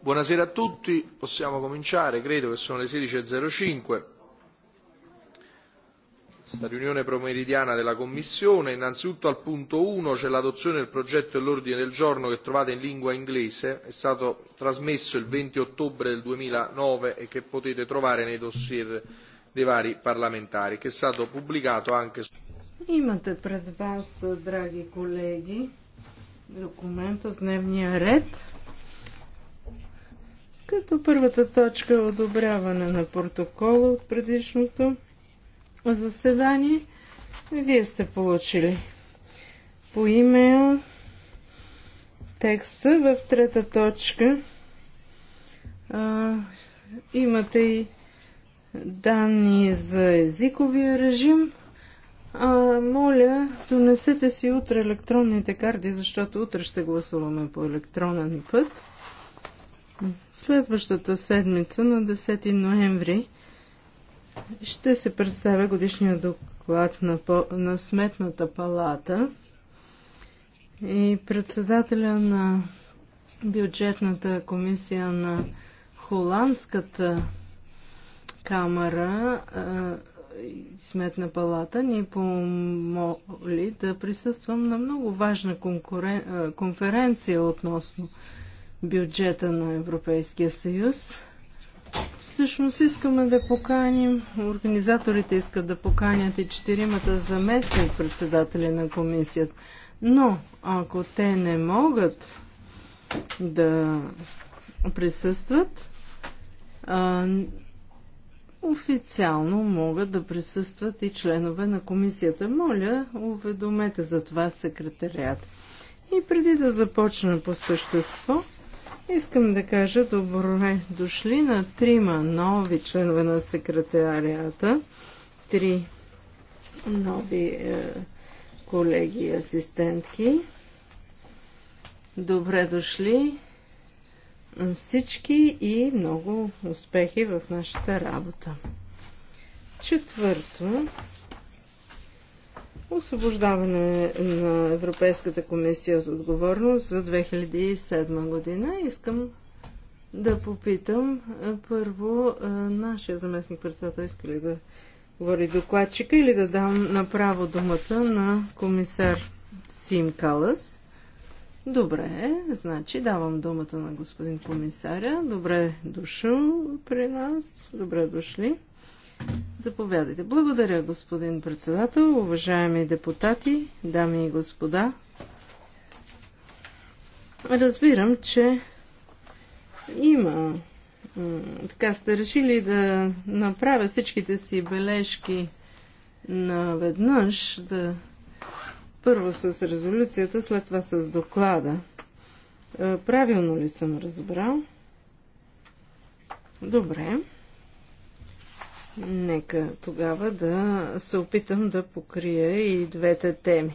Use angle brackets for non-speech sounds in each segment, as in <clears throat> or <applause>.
Buonasera a tutti, possiamo cominciare, credo che sono le 16.05. Questa riunione promeridiana della Commissione, innanzitutto al punto 1 c'è l'adozione del progetto e l'ordine del giorno che trovate in lingua inglese, è stato trasmesso il 20 ottobre del 2009 e che potete trovare nei dossier dei vari parlamentari, che è stato pubblicato anche su Имате пред вас, драги колеги, документа с дневния ред. Като първата точка е одобряване на протокола от предишното заседание. Вие сте получили по имейл текста в трета точка. А, имате и данни за езиковия режим. А, моля, донесете си утре електронните карти, защото утре ще гласуваме по електронен път. Следващата седмица, на 10 ноември, ще се представя годишния доклад на, по... на Сметната палата и председателя на бюджетната комисия на Холандската камера Сметна палата ни помоли да присъствам на много важна конкурен... конференция относно бюджета на Европейския съюз. Всъщност искаме да поканим, организаторите искат да поканят и четиримата заместник председатели на комисията. Но ако те не могат да присъстват, официално могат да присъстват и членове на комисията. Моля, уведомете за това секретарият. И преди да започнем по същество, искам да кажа добре дошли на трима нови членове на секретарията, три нови е, колеги и асистентки. Добре дошли всички и много успехи в нашата работа. Четвърто, освобождаване на Европейската комисия от отговорност за 2007 година. Искам да попитам първо нашия заместник председател иска ли да говори докладчика или да дам направо думата на комисар Сим Калас. Добре, значи давам думата на господин комисаря. Добре дошъл при нас. Добре дошли. Заповядайте. Благодаря, господин председател, уважаеми депутати, дами и господа. Разбирам, че има. Така сте решили да направя всичките си бележки наведнъж, да първо с резолюцията, след това с доклада. Е, правилно ли съм разбрал? Добре. Нека тогава да се опитам да покрия и двете теми.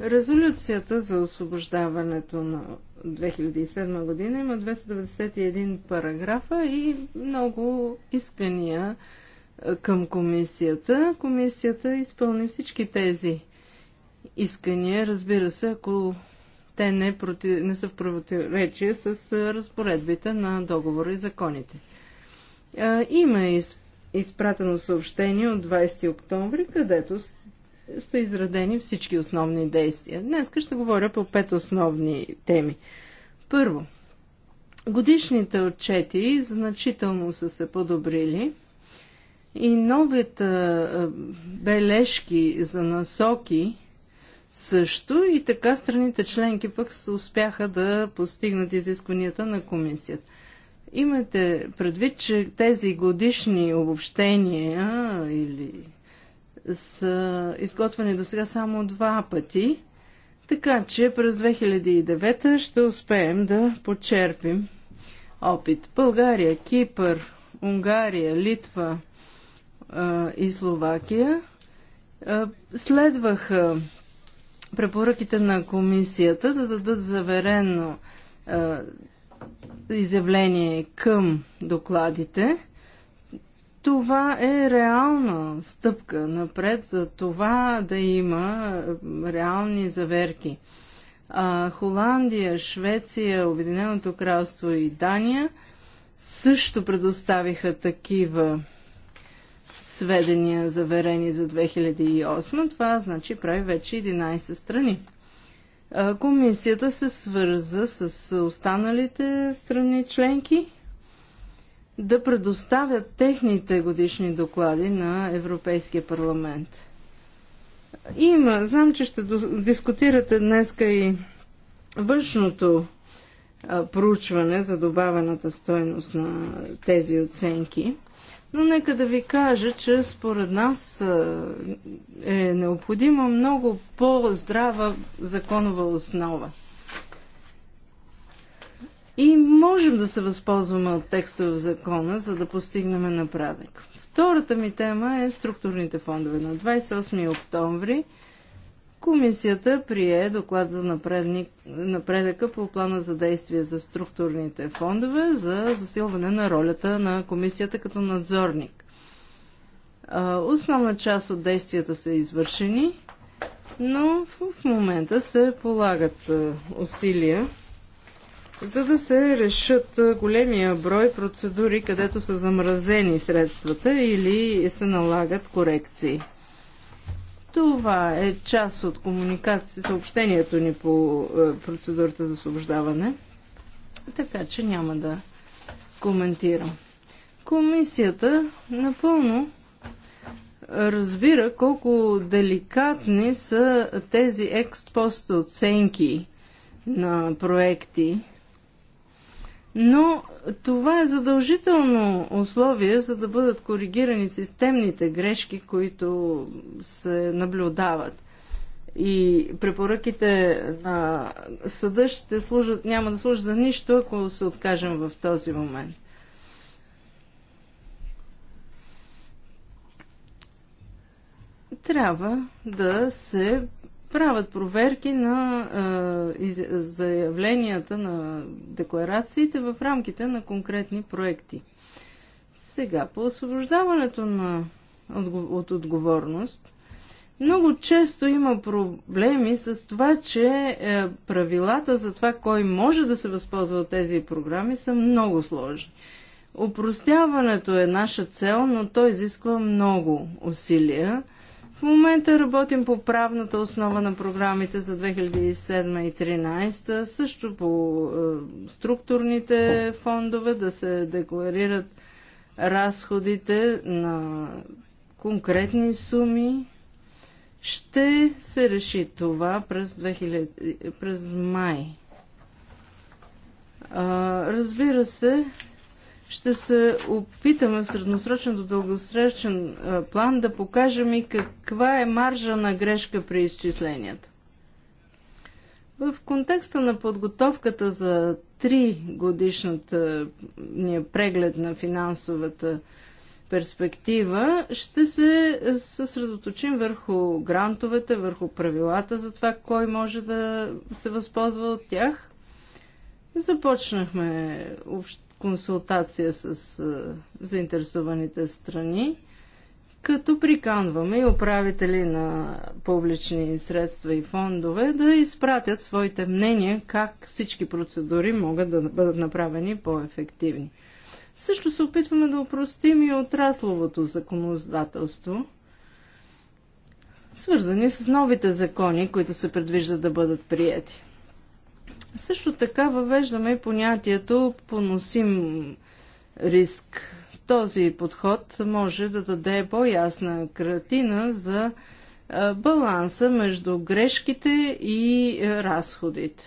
Резолюцията за освобождаването на 2007 година има 291 параграфа и много искания е, към комисията. Комисията изпълни всички тези искания, разбира се, ако те не, проти... не са в противоречие с разпоредбите на договора и законите. Има из... изпратено съобщение от 20 октомври, където са изредени всички основни действия. Днес ще говоря по пет основни теми. Първо, годишните отчети значително са се подобрили и новите бележки за насоки също и така страните членки пък успяха да постигнат изискванията на комисията. Имате предвид, че тези годишни обобщения или са изготвени до сега само два пъти, така че през 2009 ще успеем да почерпим опит. България, Кипър, Унгария, Литва и Словакия следваха препоръките на комисията да дадат заверено е, изявление към докладите. Това е реална стъпка напред за това да има реални заверки. А Холандия, Швеция, Обединеното кралство и Дания също предоставиха такива сведения заверени за 2008. Това значи прави вече 11 страни. Комисията се свърза с останалите страни членки да предоставят техните годишни доклади на Европейския парламент. Има, знам, че ще дискутирате днеска и външното проучване за добавената стойност на тези оценки – но нека да ви кажа, че според нас е необходима много по-здрава законова основа. И можем да се възползваме от текстове в закона, за да постигнем напредък. Втората ми тема е структурните фондове. На 28 октомври Комисията прие доклад за напредник, напредъка по плана за действие за структурните фондове за засилване на ролята на комисията като надзорник. Основна част от действията са извършени, но в момента се полагат усилия за да се решат големия брой процедури, където са замразени средствата или се налагат корекции. Това е част от комуникация, съобщението ни по е, процедурата за освобождаване, така че няма да коментирам. Комисията напълно разбира колко деликатни са тези експост оценки на проекти но това е задължително условие, за да бъдат коригирани системните грешки, които се наблюдават. И препоръките на съда ще служат, няма да служат за нищо, ако се откажем в този момент. трябва да се правят проверки на е, заявленията на декларациите в рамките на конкретни проекти. Сега, по освобождаването на, от, от отговорност, много често има проблеми с това, че е, правилата за това кой може да се възползва от тези програми са много сложни. Опростяването е наша цел, но то изисква много усилия в момента работим по правната основа на програмите за 2007 и 2013, също по е, структурните фондове да се декларират разходите на конкретни суми. Ще се реши това през, 2000, през май. А, разбира се, ще се опитаме в средносрочен до дългосрочен план да покажем и каква е маржа на грешка при изчисленията. В контекста на подготовката за 3 годишната преглед на финансовата перспектива ще се съсредоточим върху грантовете, върху правилата за това кой може да се възползва от тях. Започнахме общ консултация с заинтересованите страни, като приканваме и управители на публични средства и фондове да изпратят своите мнения как всички процедури могат да бъдат направени по-ефективни. Също се опитваме да упростим и отрасловото законодателство, свързани с новите закони, които се предвиждат да бъдат приети. Също така въвеждаме и понятието поносим риск. Този подход може да даде по-ясна картина за баланса между грешките и разходите.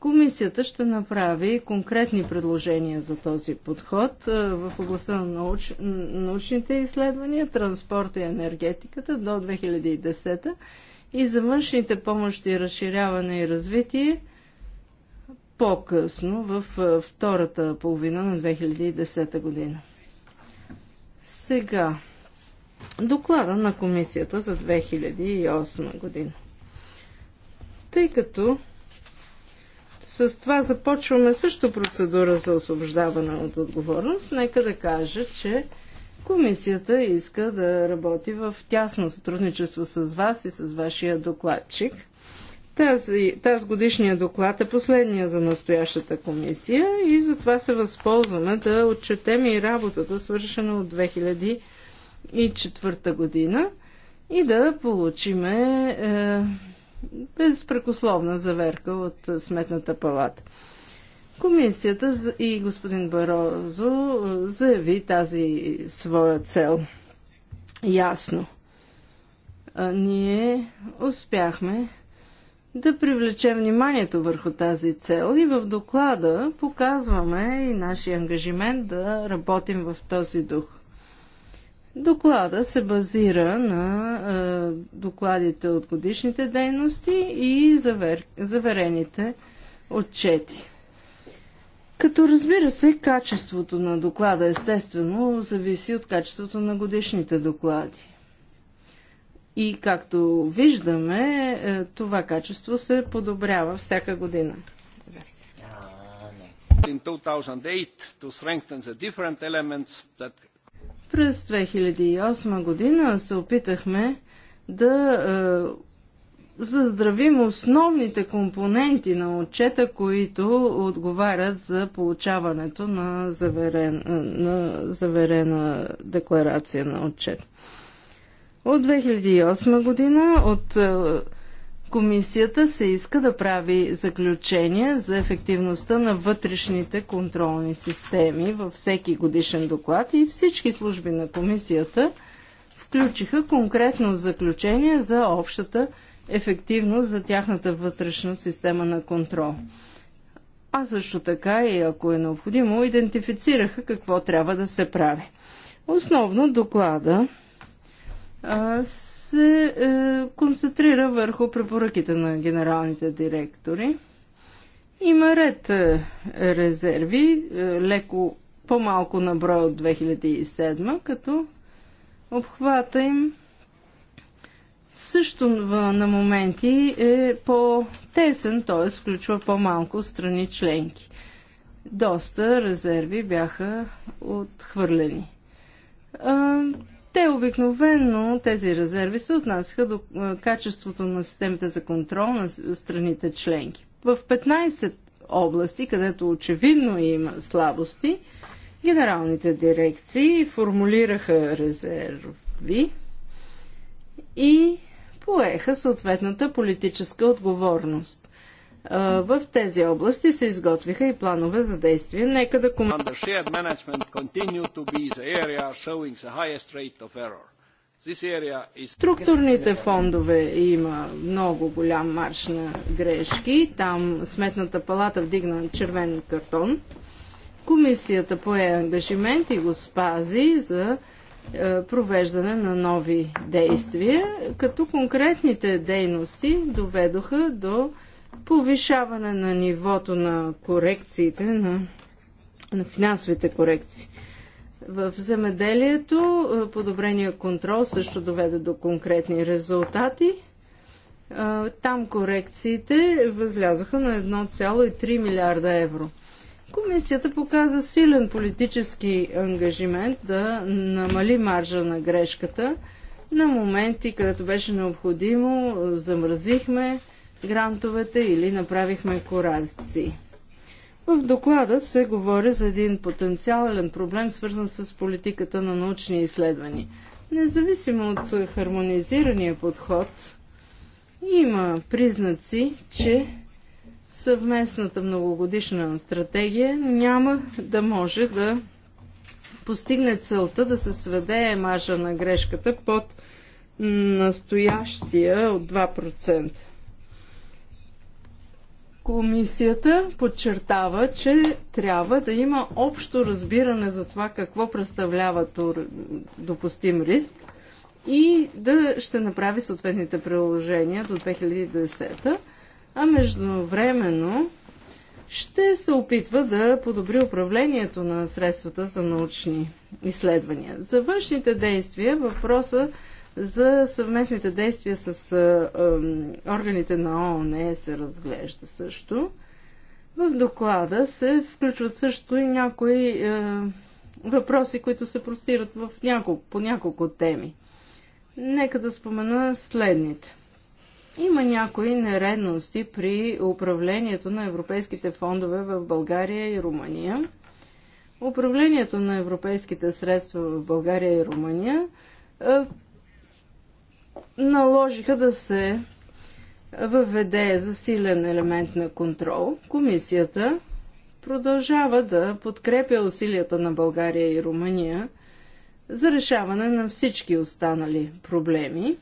Комисията ще направи конкретни предложения за този подход в областта на науч... научните изследвания, транспорта и енергетиката до 2010 и за външните помощи, разширяване и развитие – по-късно, в втората половина на 2010 година. Сега, доклада на комисията за 2008 година. Тъй като с това започваме също процедура за освобождаване от отговорност, нека да кажа, че комисията иска да работи в тясно сътрудничество с вас и с вашия докладчик – тази, тази годишния доклад е последния за настоящата комисия и затова се възползваме да отчетем и работата, свършена от 2004 година и да получиме е, безпрекословна заверка от Сметната палата. Комисията и господин Барозо е, заяви тази своя цел ясно. Е, ние успяхме да привлечем вниманието върху тази цел и в доклада показваме и нашия ангажимент да работим в този дух. Доклада се базира на е, докладите от годишните дейности и завер, заверените отчети. Като разбира се, качеството на доклада естествено зависи от качеството на годишните доклади. И както виждаме, е, това качество се подобрява всяка година. That... През 2008 година се опитахме да е, заздравим основните компоненти на отчета, които отговарят за получаването на заверена, е, на заверена декларация на отчет. От 2008 година от е, комисията се иска да прави заключение за ефективността на вътрешните контролни системи във всеки годишен доклад и всички служби на комисията включиха конкретно заключение за общата ефективност за тяхната вътрешна система на контрол. А също така и ако е необходимо, идентифицираха какво трябва да се прави. Основно доклада се е, концентрира върху препоръките на генералните директори. Има ред е, резерви, е, леко по-малко на брой от 2007, като обхвата им също на моменти е по-тесен, т.е. включва по-малко страни членки. Доста резерви бяха отхвърлени. Те обикновено, тези резерви се отнасяха до е, качеството на системите за контрол на страните членки. В 15 области, където очевидно има слабости, генералните дирекции формулираха резерви и поеха съответната политическа отговорност. В тези области се изготвиха и планове за действие. Нека да коментираме. Структурните фондове има много голям марш на грешки. Там Сметната палата вдигна червен картон. Комисията пое ангажимент и го спази за е, провеждане на нови действия, като конкретните дейности доведоха до повишаване на нивото на корекциите, на, на финансовите корекции. В земеделието е, подобрения контрол също доведе до конкретни резултати. Е, там корекциите възлязоха на 1,3 милиарда евро. Комисията показа силен политически ангажимент да намали маржа на грешката. На моменти, където беше необходимо, замразихме грантовете или направихме корекции. В доклада се говори за един потенциален проблем, свързан с политиката на научни изследвания. Независимо от хармонизирания подход, има признаци, че съвместната многогодишна стратегия няма да може да постигне целта да се сведе мажа на грешката под настоящия от 2%. Комисията подчертава, че трябва да има общо разбиране за това какво представлява допустим риск и да ще направи съответните приложения до 2010, а междувременно ще се опитва да подобри управлението на средствата за научни изследвания. За външните действия въпроса за съвместните действия с органите на ООН се разглежда също. В доклада се включват също и някои а, въпроси, които се простират в няколко, по няколко теми. Нека да спомена следните. Има някои нередности при управлението на европейските фондове в България и Румъния. Управлението на европейските средства в България и Румъния наложиха да се въведе засилен елемент на контрол. Комисията продължава да подкрепя усилията на България и Румъния за решаване на всички останали проблеми,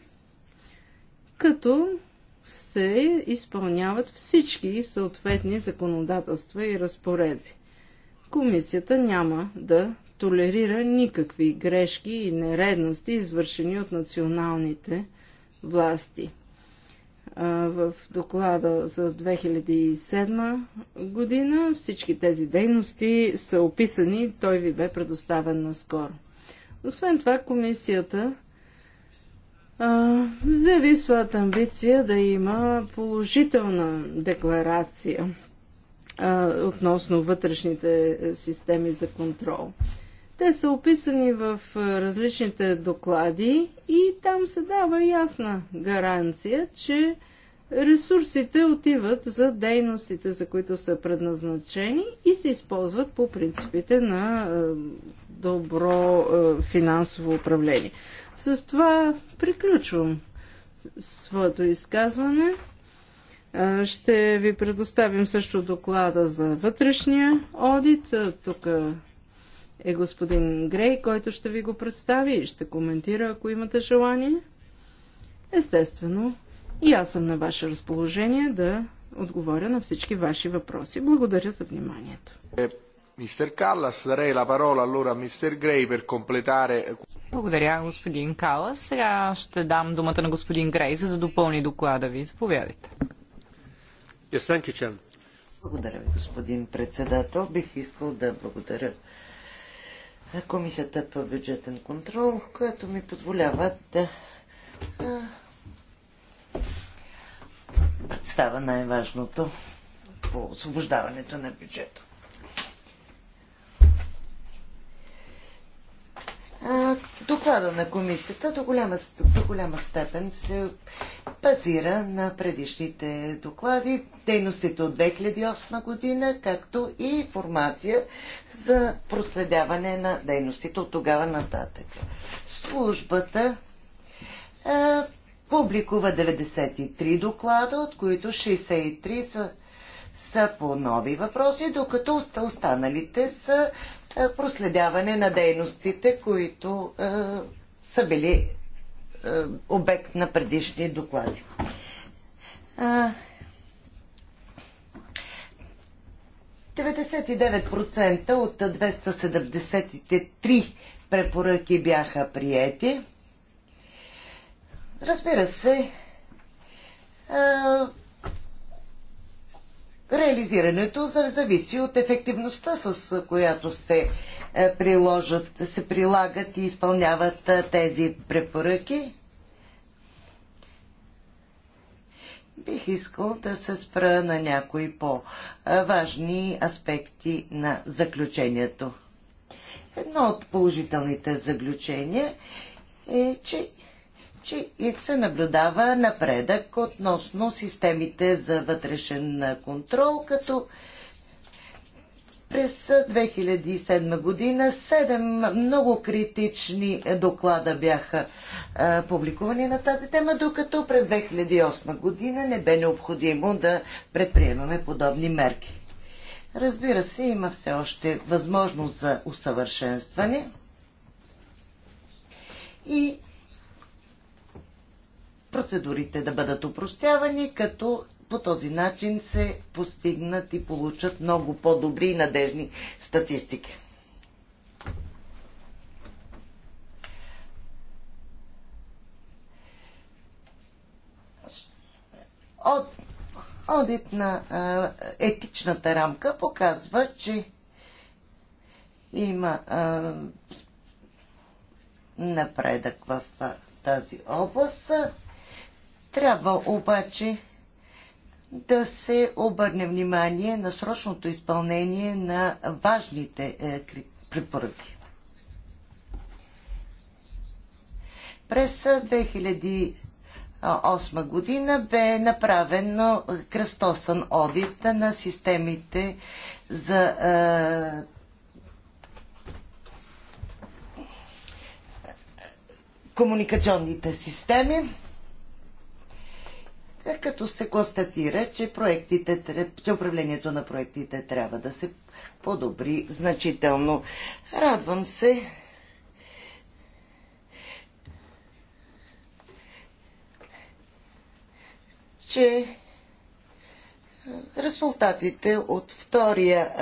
като се изпълняват всички съответни законодателства и разпоредби. Комисията няма да толерира никакви грешки и нередности, извършени от националните власти. В доклада за 2007 година всички тези дейности са описани, той ви бе предоставен наскоро. Освен това, комисията а, заяви своята амбиция да има положителна декларация а, относно вътрешните системи за контрол. Те са описани в различните доклади и там се дава ясна гаранция, че ресурсите отиват за дейностите, за които са предназначени и се използват по принципите на добро финансово управление. С това приключвам своето изказване. Ще ви предоставим също доклада за вътрешния одит. Тук е господин Грей, който ще ви го представи и ще коментира, ако имате желание. Естествено, и аз съм на ваше разположение да отговоря на всички ваши въпроси. Благодаря за вниманието. Е, мистер Калас, дарей ла парола allora мистер Грей пер комплетаре... Благодаря, господин Калас. Сега ще дам думата на господин Грей, за да допълни доклада ви. Заповядайте. Yes, thank you, Благодаря ви, господин председател. Бих искал да благодаря Комисията по бюджетен контрол, която ми позволява да представя най-важното по освобождаването на бюджета. Доклада на комисията до голяма, до голяма степен се базира на предишните доклади, дейностите от 2008 година, както и информация за проследяване на дейностите от тогава нататък. Службата е, публикува 93 доклада, от които 63 са са по нови въпроси, докато останалите са е, проследяване на дейностите, които е, са били е, обект на предишни доклади. А, 99% от 273 препоръки бяха приети. Разбира се, реализирането зависи от ефективността, с която се е, приложат, се прилагат и изпълняват е, тези препоръки. Бих искал да се спра на някои по-важни аспекти на заключението. Едно от положителните заключения е, че че и се наблюдава напредък относно системите за вътрешен контрол, като през 2007 година седем много критични доклада бяха публикувани на тази тема, докато през 2008 година не бе необходимо да предприемаме подобни мерки. Разбира се, има все още възможност за усъвършенстване и процедурите да бъдат упростявани, като по този начин се постигнат и получат много по-добри и надежни статистики. От, одит на а, етичната рамка показва, че има а, напредък в а, тази област. Трябва обаче да се обърне внимание на срочното изпълнение на важните е, препоръки. През 2008 е, година бе направено кръстосан одит на системите за е, комуникационните системи. Е, като се констатира, че, проектите, че управлението на проектите трябва да се подобри значително. Радвам се, че резултатите от втория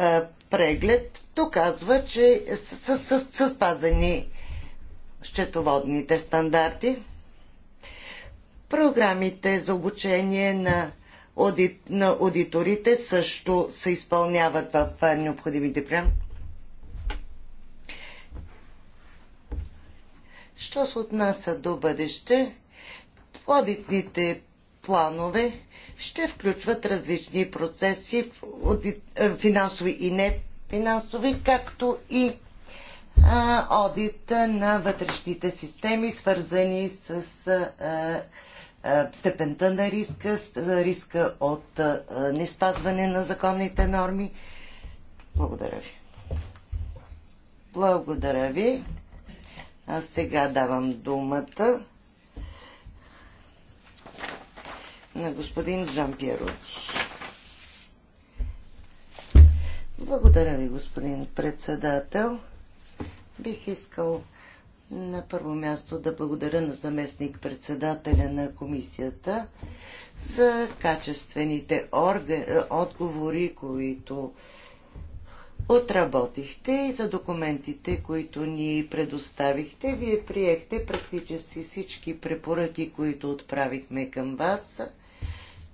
преглед доказва, че са, са спазени счетоводните стандарти. Програмите за обучение на, на аудиторите също се изпълняват в необходимите прям. Що се отнася до бъдеще, одитните планове ще включват различни процеси, финансови и не финансови, както и а, одит на вътрешните системи, свързани с а, е, степента на риска, е, риска от е, неспазване на законните норми. Благодаря ви. Благодаря ви. А сега давам думата на господин Жан Пьероти. Благодаря ви, господин председател. Бих искал на първо място да благодаря на заместник председателя на комисията за качествените орга... Е, отговори, които отработихте и за документите, които ни предоставихте. Вие приехте практически всички препоръки, които отправихме към вас,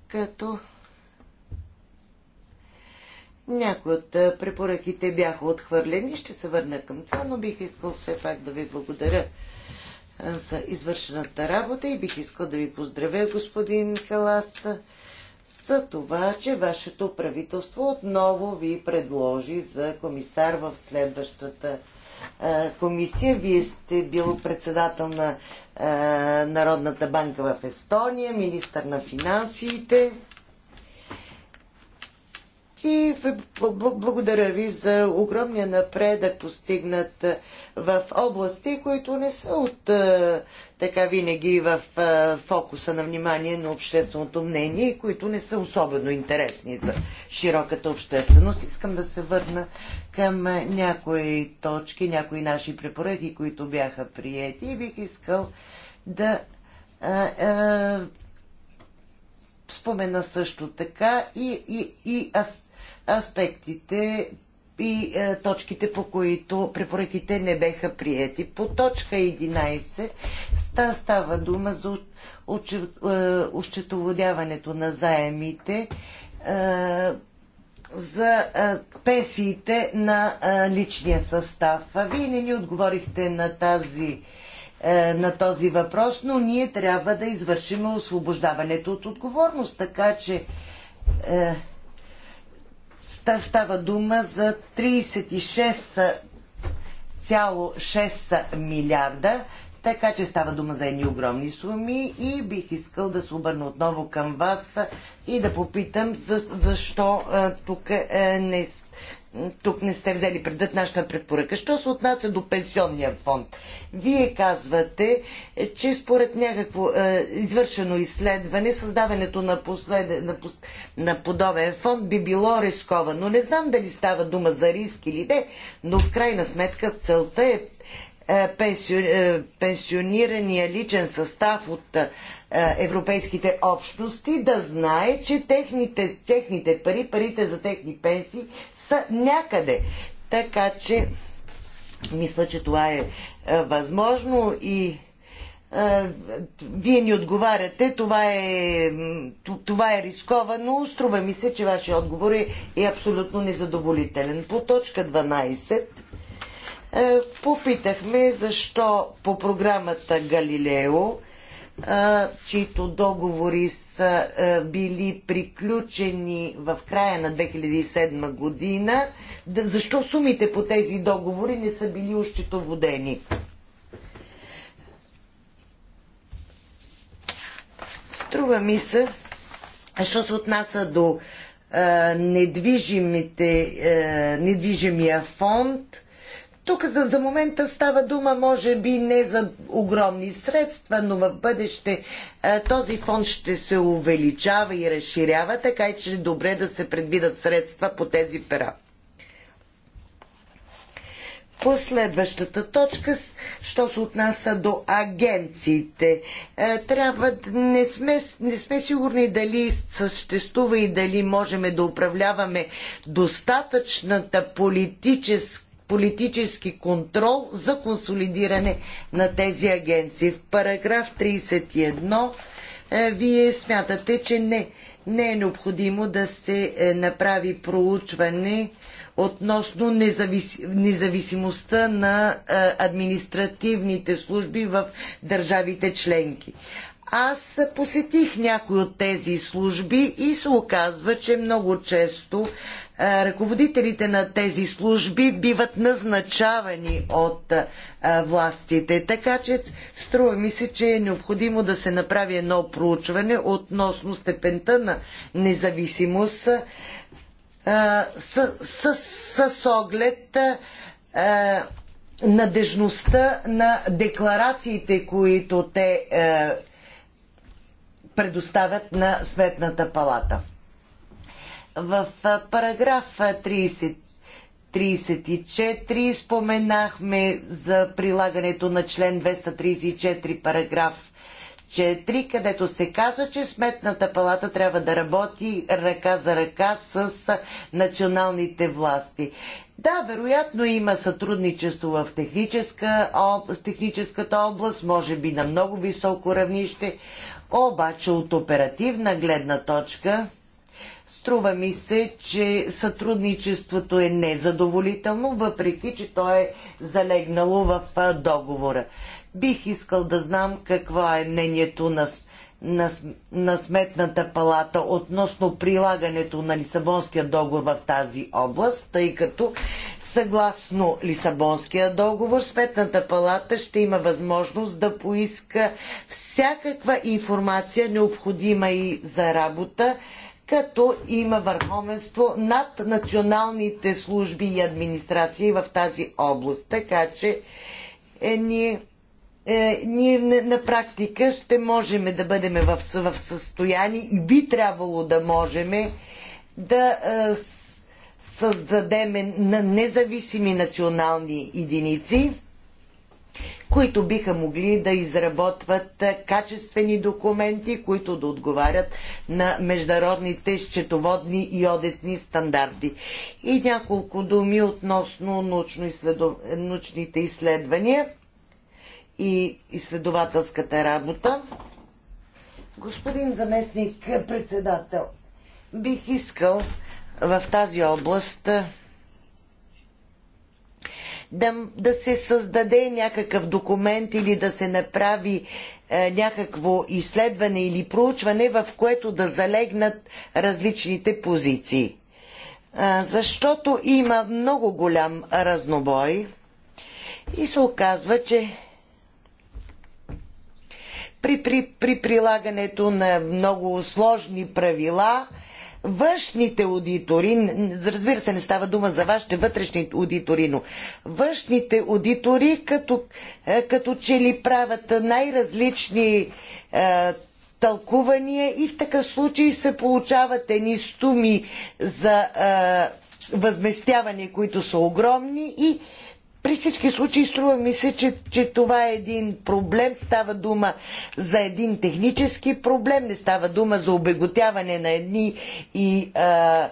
като някои от препоръките бяха отхвърлени. Ще се върна към това, но бих искал все пак да ви благодаря за извършената работа и бих искал да ви поздравя, господин Калас, за това, че вашето правителство отново ви предложи за комисар в следващата комисия. Вие сте бил председател на Народната банка в Естония, министър на финансите. И благодаря ви за огромния напредък, постигнат в области, които не са от така винаги в фокуса на внимание на общественото мнение и които не са особено интересни за широката общественост. Искам да се върна към някои точки, някои наши препоръки, които бяха приети и бих искал да спомена също така и, и, и аз аспектите и е, точките, по които препоръките не беха приети. По точка 11 ста, става дума за е, ощетоводяването на заемите е, за е, пенсиите на е, личния състав. А вие не ни отговорихте на тази е, на този въпрос, но ние трябва да извършим освобождаването от отговорност, така че е, става дума за 36,6 милиарда, така че става дума за едни огромни суми и бих искал да се обърна отново към вас и да попитам защо тук е, не тук не сте взели предвид нашата препоръка. Що се отнася до пенсионния фонд? Вие казвате, е, че според някакво е, извършено изследване, създаването на, послед... на, пос... на подобен фонд би било рисковано. Не знам дали става дума за риск или не, но в крайна сметка целта е, е, е пенсионирания личен състав от европейските общности да знае, че техните, техните пари, парите за техни пенсии са някъде. Така че, мисля, че това е, е възможно и е, вие ни отговаряте, това е, това е рисковано. Струва ми се, че вашия отговор е, е абсолютно незадоволителен. По точка 12 е, попитахме защо по програмата Галилео чието договори са били приключени в края на 2007 година, защо сумите по тези договори не са били ощетоводени? Струва ми се, що се отнася до недвижимите, недвижимия фонд – тук за, за момента става дума, може би, не за огромни средства, но в бъдеще а, е, този фонд ще се увеличава и разширява, така и че е добре да се предвидат средства по тези пера. Последващата точка, що се отнася до агенциите. Е, трябва, не сме, не сме сигурни дали съществува и дали можем да управляваме достатъчната политическа политически контрол за консолидиране на тези агенции. В параграф 31 е, вие смятате, че не, не е необходимо да се е, направи проучване относно независ... независимостта на е, административните служби в държавите членки. Аз посетих някои от тези служби и се оказва, че много често ръководителите на тези служби биват назначавани от властите. Така че струва ми се, че е необходимо да се направи едно проучване относно степента на независимост с, с, с, с оглед надежността на декларациите, които те предоставят на Сметната палата. В параграф 30 34 споменахме за прилагането на член 234 параграф 4, където се казва, че Сметната палата трябва да работи ръка за ръка с националните власти. Да, вероятно има сътрудничество в, техническа, в техническата област, може би на много високо равнище, обаче от оперативна гледна точка Струва ми се, че сътрудничеството е незадоволително, въпреки че то е залегнало в договора. Бих искал да знам какво е мнението на, на, на Сметната палата относно прилагането на Лисабонския договор в тази област, тъй като съгласно Лисабонския договор Сметната палата ще има възможност да поиска всякаква информация, необходима и за работа като има върховенство над националните служби и администрации в тази област. Така че е, ние, е, ние на практика ще можем да бъдем в, в състояние и би трябвало да можем да е, създадем независими национални единици които биха могли да изработват качествени документи, които да отговарят на международните счетоводни и одитни стандарти. И няколко думи относно научните изследвания и изследователската работа. Господин заместник председател, бих искал в тази област да, да се създаде някакъв документ или да се направи е, някакво изследване или проучване, в което да залегнат различните позиции. Е, защото има много голям разнобой и се оказва, че при, при, при прилагането на много сложни правила, външните аудитори, разбира се, не става дума за вашите вътрешни аудитори, но външните аудитори като, е, като че ли правят най-различни е, тълкувания и в такъв случай се получават едни стуми за е, възместяване, които са огромни и при всички случаи струва ми се, че, че това е един проблем. Става дума за един технически проблем, не става дума за обеготяване на едни и а,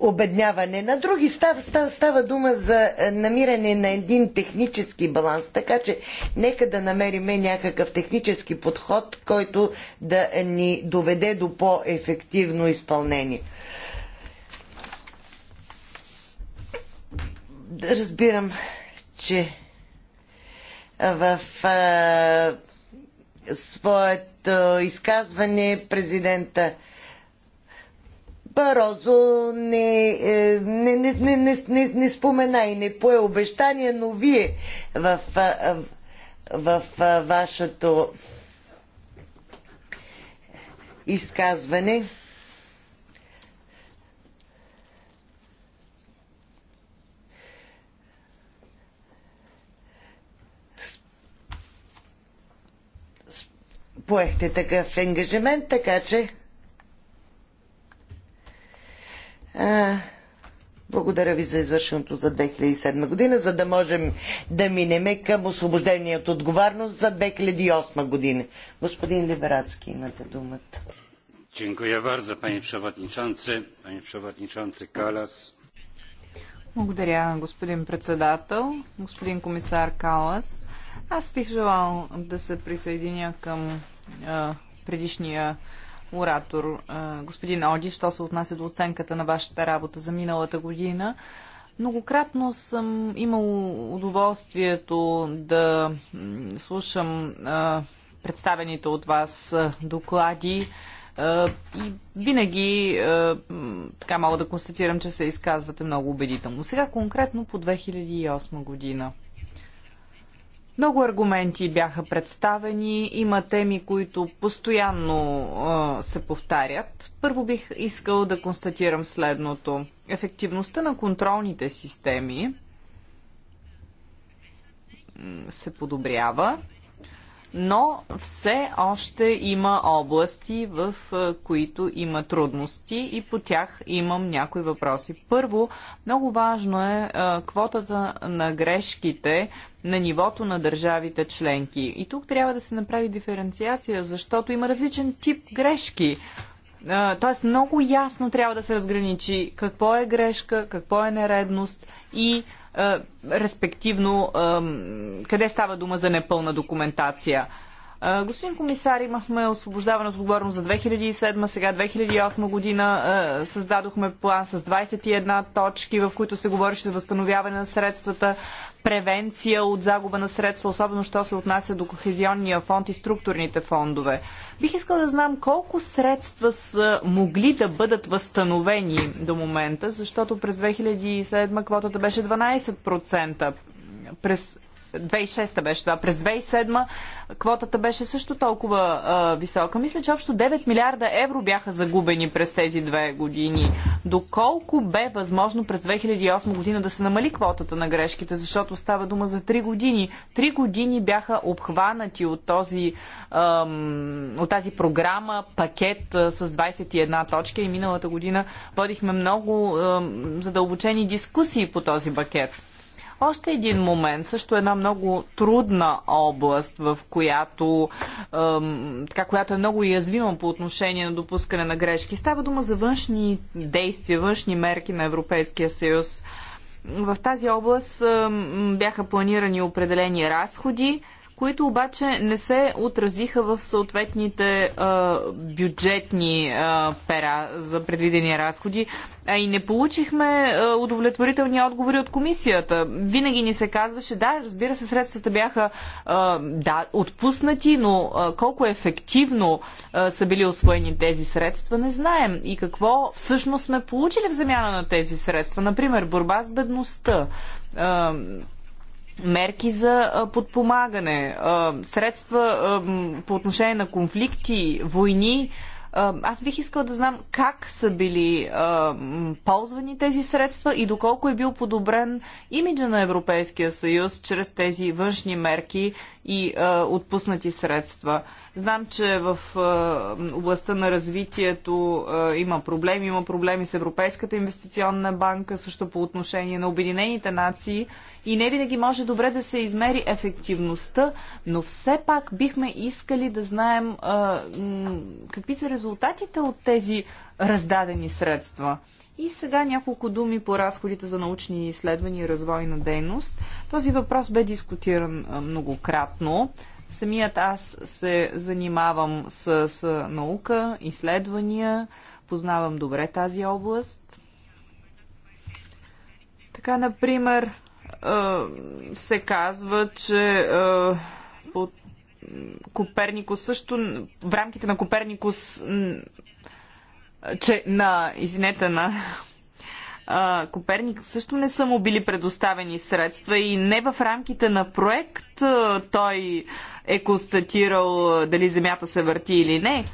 обедняване на други. Става, става, става дума за намиране на един технически баланс. Така че нека да намерим някакъв технически подход, който да ни доведе до по-ефективно изпълнение. Разбирам, че в а, своето изказване президента Барозо не, е, не, не, не, не, не, не спомена и не пое обещания, но вие в, а, в, в вашето изказване поехте такъв ангажимент, така че а, благодаря ви за извършеното за 2007 година, за да можем да минеме към освобождение от отговорност за 2008 година. Господин Либерацки, имате думата. Дякую bardzo, пани przewodniczący, пани przewodniczący Калас. Благодаря, господин председател, господин комисар Калас. Аз бих желал да се присъединя към предишния оратор, господин Оди, що се отнася до оценката на вашата работа за миналата година. Многократно съм имал удоволствието да слушам представените от вас доклади и винаги така мога да констатирам, че се изказвате много убедително. Сега конкретно по 2008 година. Много аргументи бяха представени. Има теми, които постоянно а, се повтарят. Първо бих искал да констатирам следното. Ефективността на контролните системи се подобрява но все още има области, в които има трудности и по тях имам някои въпроси. Първо, много важно е квотата на грешките на нивото на държавите членки. И тук трябва да се направи диференциация, защото има различен тип грешки. Тоест много ясно трябва да се разграничи какво е грешка, какво е нередност и е, респективно е, къде става дума за непълна документация. Господин комисар, имахме освобождаване от отговорност за 2007, сега 2008 година създадохме план с 21 точки, в които се говореше за възстановяване на средствата, превенция от загуба на средства, особено що се отнася до кохезионния фонд и структурните фондове. Бих искал да знам колко средства са могли да бъдат възстановени до момента, защото през 2007 квотата беше 12%. През 2006 беше това. През 2007 квотата беше също толкова а, висока. Мисля, че общо 9 милиарда евро бяха загубени през тези две години. Доколко бе възможно през 2008 година да се намали квотата на грешките, защото става дума за 3 години. 3 години бяха обхванати от, този, ам, от тази програма, пакет а, с 21 точки и миналата година водихме много ам, задълбочени дискусии по този пакет. Още един момент, също една много трудна област, в която, е, така, която е много язвима по отношение на допускане на грешки. Става дума за външни действия, външни мерки на Европейския съюз. В тази област е, бяха планирани определени разходи които обаче не се отразиха в съответните а, бюджетни а, пера за предвидени разходи, а и не получихме а, удовлетворителни отговори от комисията. Винаги ни се казваше, да, разбира се, средствата бяха а, да, отпуснати, но а, колко ефективно а, са били освоени тези средства, не знаем. И какво всъщност сме получили в замяна на тези средства? Например, борба с бедността. А, мерки за подпомагане, средства по отношение на конфликти, войни. Аз бих искала да знам как са били ползвани тези средства и доколко е бил подобрен имиджа на Европейския съюз чрез тези външни мерки и а, отпуснати средства. Знам, че в а, областта на развитието а, има проблеми. Има проблеми с Европейската инвестиционна банка, също по отношение на Обединените нации. И не винаги може добре да се измери ефективността, но все пак бихме искали да знаем а, какви са резултатите от тези раздадени средства. И сега няколко думи по разходите за научни изследвания и развойна дейност. Този въпрос бе дискутиран многократно. Самият аз се занимавам с, с наука, изследвания, познавам добре тази област. Така, например, се казва, че Коперникус също, в рамките на Коперникус че на, извинете, на а, Коперник също не са му били предоставени средства и не в рамките на проект а, той е констатирал а, дали Земята се върти или не.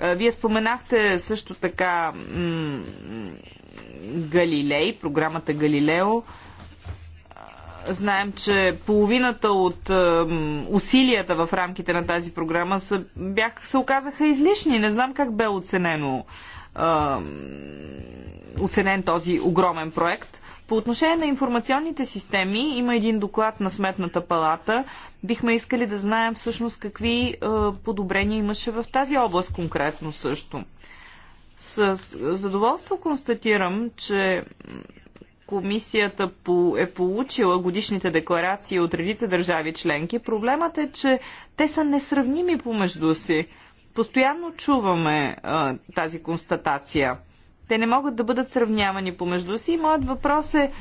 А, вие споменахте също така Галилей, програмата Галилео. Знаем, че половината от е, усилията в рамките на тази програма са, бях, се оказаха излишни. Не знам как бе оценено оценен този огромен проект. По отношение на информационните системи, има един доклад на Сметната палата. Бихме искали да знаем всъщност какви подобрения имаше в тази област конкретно също. С задоволство констатирам, че комисията е получила годишните декларации от редица държави членки. Проблемът е, че те са несравними помежду си. Постоянно чуваме а, тази констатация. Те не могат да бъдат сравнявани помежду си. моят въпрос е,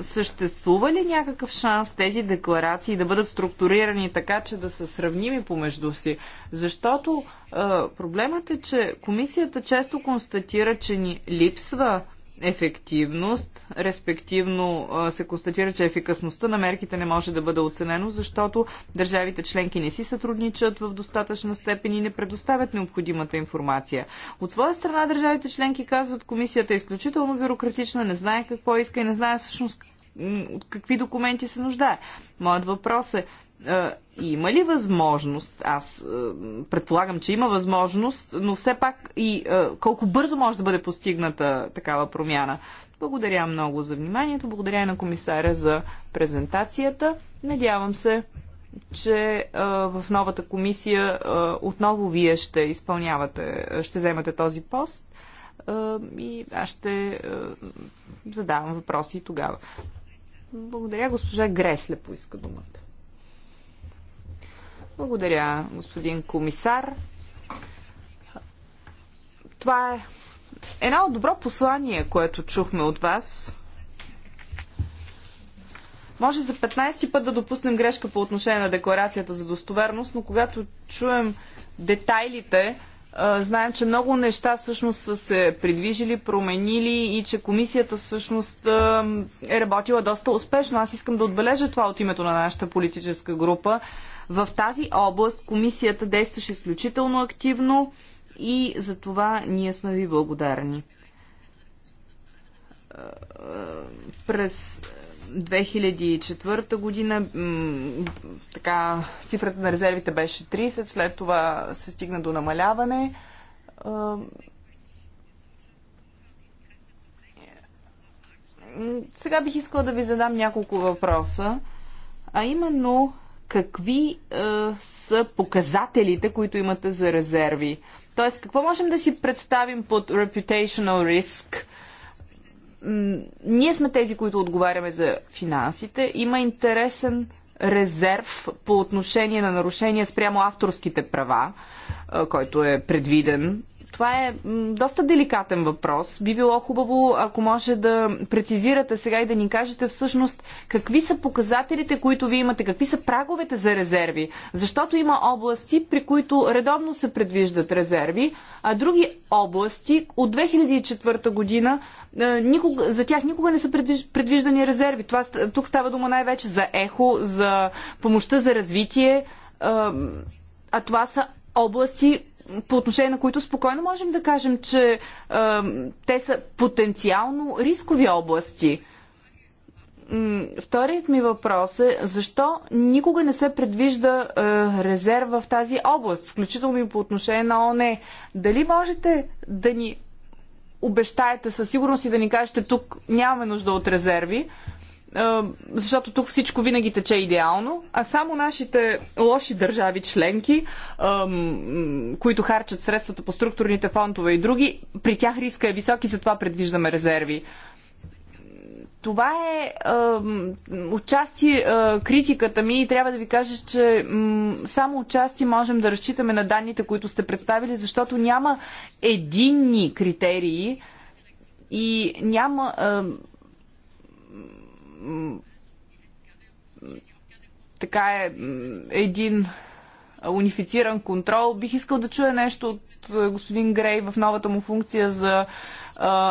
съществува ли някакъв шанс тези декларации да бъдат структурирани така, че да са сравними помежду си? Защото а, проблемът е, че комисията често констатира, че ни липсва ефективност, респективно се констатира, че ефикасността на мерките не може да бъде оценено, защото държавите членки не си сътрудничат в достатъчна степен и не предоставят необходимата информация. От своя страна държавите членки казват, комисията е изключително бюрократична, не знае какво иска и не знае всъщност от какви документи се нуждае. Моят въпрос е, има ли възможност, аз предполагам, че има възможност, но все пак и колко бързо може да бъде постигната такава промяна. Благодаря много за вниманието, благодаря и на комисаря за презентацията. Надявам се, че в новата комисия отново вие ще изпълнявате, ще вземате този пост и аз ще задавам въпроси и тогава. Благодаря, госпожа Гресле поиска думата. Благодаря, господин комисар. Това е едно добро послание, което чухме от вас. Може за 15 ти път да допуснем грешка по отношение на декларацията за достоверност, но когато чуем детайлите, знаем, че много неща всъщност са се придвижили, променили и че комисията всъщност е работила доста успешно. Аз искам да отбележа това от името на нашата политическа група. В тази област комисията действаше изключително активно и за това ние сме ви благодарни. През 2004 година така, цифрата на резервите беше 30, след това се стигна до намаляване. Сега бих искала да ви задам няколко въпроса, а именно какви е, са показателите, които имате за резерви. Тоест, какво можем да си представим под reputational risk – ние сме тези, които отговаряме за финансите. Има интересен резерв по отношение на нарушения спрямо авторските права, който е предвиден. Това е доста деликатен въпрос. Би било хубаво, ако може да прецизирате сега и да ни кажете всъщност какви са показателите, които вие имате, какви са праговете за резерви. Защото има области, при които редовно се предвиждат резерви, а други области от 2004 година никога, за тях никога не са предвиждани резерви. Това, тук става дума най-вече за ехо, за помощта за развитие, а това са области, по отношение на които спокойно можем да кажем, че те са потенциално рискови области. Вторият ми въпрос е защо никога не се предвижда е, резерва в тази област, включително и по отношение на ОНЕ. Дали можете да ни обещаете със сигурност и да ни кажете тук нямаме нужда от резерви, защото тук всичко винаги тече идеално, а само нашите лоши държави членки, които харчат средствата по структурните фондове и други, при тях риска е висок и затова предвиждаме резерви. Това е, е отчасти критиката ми и трябва да ви кажа, че м, само отчасти можем да разчитаме на данните, които сте представили, защото няма единни критерии и няма. така е, един унифициран контрол. Бих искал да чуя нещо от господин Грей в новата му функция за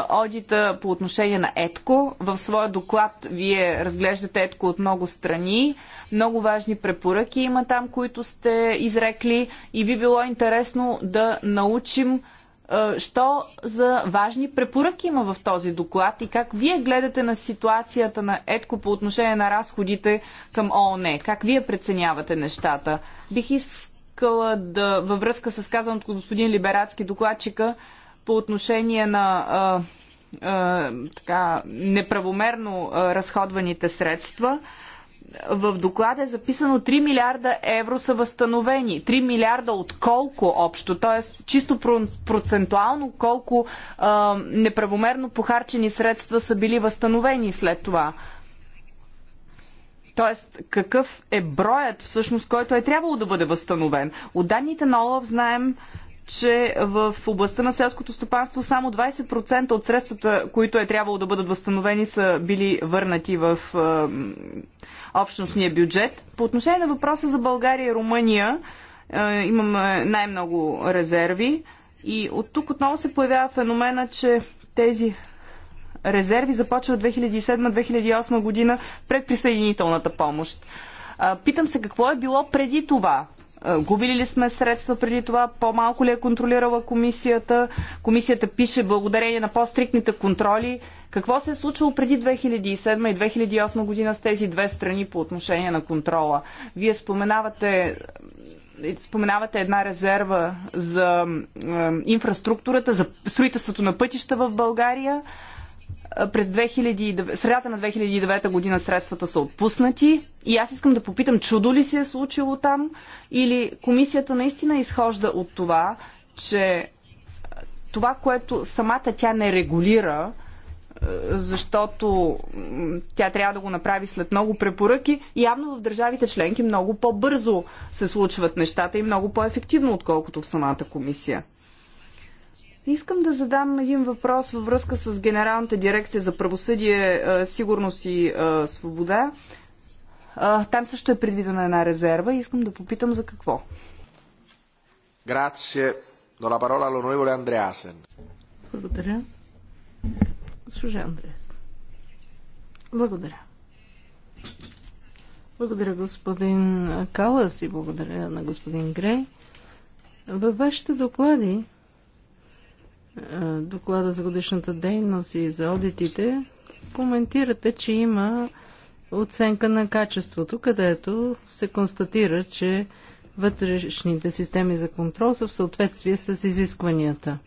одита по отношение на ЕТКО. В своя доклад вие разглеждате ЕТКО от много страни. Много важни препоръки има там, които сте изрекли и би било интересно да научим що за важни препоръки има в този доклад и как вие гледате на ситуацията на ЕТКО по отношение на разходите към ООН? Как вие преценявате нещата? Бих искала да, във връзка с казаното господин Либератски докладчика, по отношение на а, а, така, неправомерно а, разходваните средства, в доклада е записано 3 милиарда евро са възстановени. 3 милиарда от колко общо? Т.е. чисто процентуално колко а, неправомерно похарчени средства са били възстановени след това. Тоест, какъв е броят всъщност, който е трябвало да бъде възстановен? От данните на ОЛАВ знаем, че в областта на селското стопанство само 20% от средствата, които е трябвало да бъдат възстановени, са били върнати в общностния бюджет. По отношение на въпроса за България и Румъния, имаме най-много резерви. И от тук отново се появява феномена, че тези резерви започват 2007-2008 година пред присъединителната помощ. Питам се какво е било преди това. Губили ли сме средства преди това? По-малко ли е контролирала комисията? Комисията пише благодарение на по-стрикните контроли. Какво се е случило преди 2007 и 2008 година с тези две страни по отношение на контрола? Вие споменавате е, споменавате една резерва за е, инфраструктурата, за строителството на пътища в България през 2009, средата на 2009 година средствата са отпуснати и аз искам да попитам, чудо ли се е случило там или комисията наистина изхожда от това, че това, което самата тя не регулира, защото тя трябва да го направи след много препоръки. Явно в държавите членки много по-бързо се случват нещата и много по-ефективно, отколкото в самата комисия. Искам да задам един въпрос във връзка с Генералната дирекция за правосъдие, е, сигурност и е, свобода. Е, там също е предвидена една резерва и искам да попитам за какво. Грация. До на парола all'onorevole Андреасен. Благодаря. Служа Андреас. Благодаря. Благодаря господин Калас и благодаря на господин Грей. Във вашите доклади доклада за годишната дейност и за одитите, коментирате, че има оценка на качеството, където се констатира, че вътрешните системи за контрол са в съответствие с изискванията.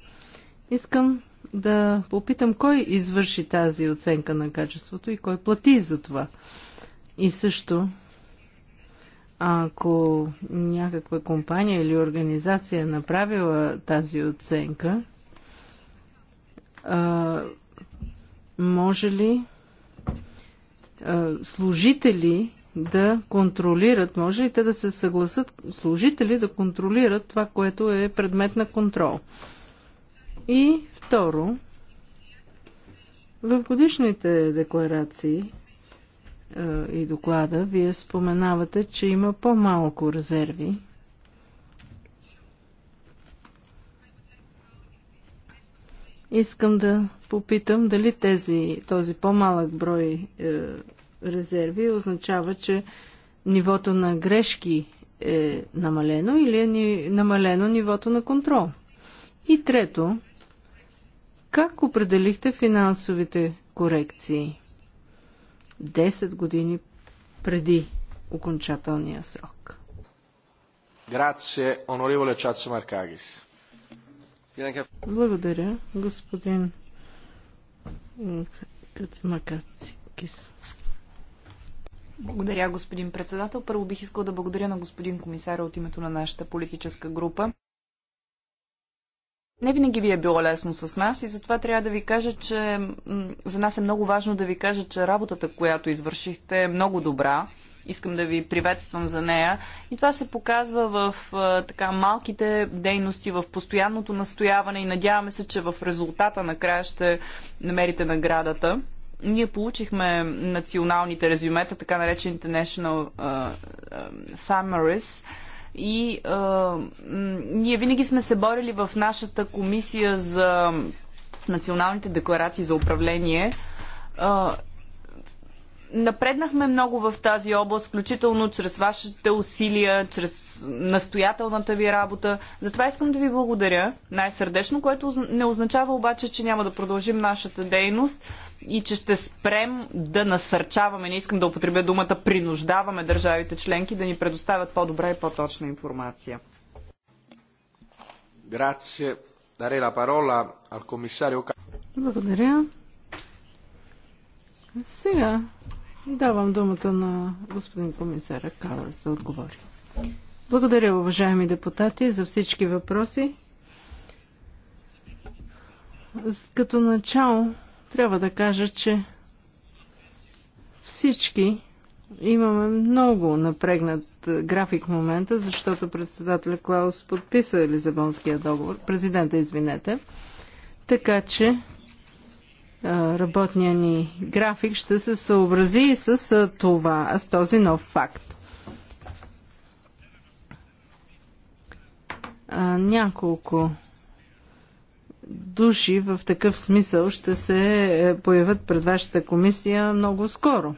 Искам да попитам кой извърши тази оценка на качеството и кой плати за това. И също, ако някаква компания или организация е направила тази оценка, а, може ли а, служители да контролират, може ли те да се съгласат служители да контролират това, което е предмет на контрол? И второ, в годишните декларации и доклада, вие споменавате, че има по-малко резерви Искам да попитам дали тези, този по-малък брой е, резерви означава, че нивото на грешки е намалено или е ни, намалено нивото на контрол. И трето, как определихте финансовите корекции 10 години преди окончателния срок? Grazie, onorevole Chatsimarkakis. Благодаря, господин Кацимакацикис. Благодаря, господин председател. Първо бих искал да благодаря на господин комисаря от името на нашата политическа група. Не винаги ви е било лесно с нас и затова трябва да ви кажа, че за нас е много важно да ви кажа, че работата, която извършихте е много добра искам да ви приветствам за нея. И това се показва в така малките дейности, в постоянното настояване и надяваме се, че в резултата накрая ще намерите наградата. Ние получихме националните резюмета, така наречените National uh, uh, Summaries. И а, ние винаги сме се борили в нашата комисия за националните декларации за управление. А, напреднахме много в тази област, включително чрез вашите усилия, чрез настоятелната ви работа. Затова искам да ви благодаря най-сърдечно, което не означава обаче, че няма да продължим нашата дейност и че ще спрем да насърчаваме, не искам да употребя думата, принуждаваме държавите членки да ни предоставят по-добра и по-точна информация. Благодаря. Сега Давам думата на господин комисара Калас да отговори. Благодаря, уважаеми депутати, за всички въпроси. Като начало трябва да кажа, че всички имаме много напрегнат график в момента, защото председателя Клаус подписа Лизабонския договор, президента, извинете. Така че работния ни график ще се съобрази с това, с този нов факт. Няколко души в такъв смисъл ще се е, появят пред вашата комисия много скоро.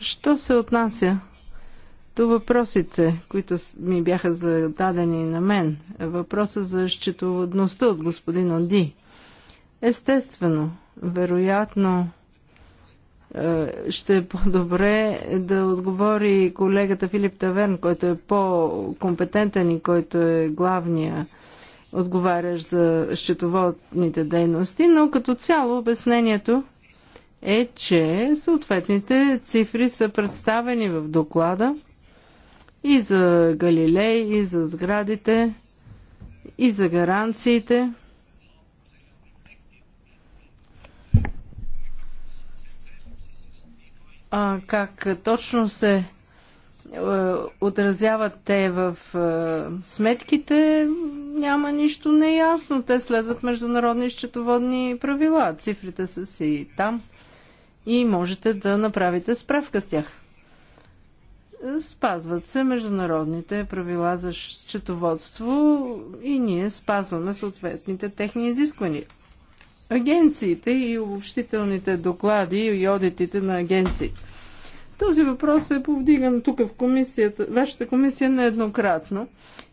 Що се отнася до въпросите, които ми бяха зададени на мен. Въпроса за счетоводността от господин Оди. Естествено, вероятно, е, ще е по-добре да отговори колегата Филип Таверн, който е по-компетентен и който е главния отговарящ за счетоводните дейности, но като цяло обяснението е, че съответните цифри са представени в доклада и за Галилей, и за сградите, и за гаранциите. А как точно се е, отразяват те в е, сметките, няма нищо неясно. Те следват международни счетоводни правила. Цифрите са си там и можете да направите справка с тях. Спазват се международните правила за счетоводство и ние спазваме съответните техни изисквания. Агенциите и обобщителните доклади и одитите на агенции. Този въпрос е повдиган тук в комисията, вашата комисия нееднократно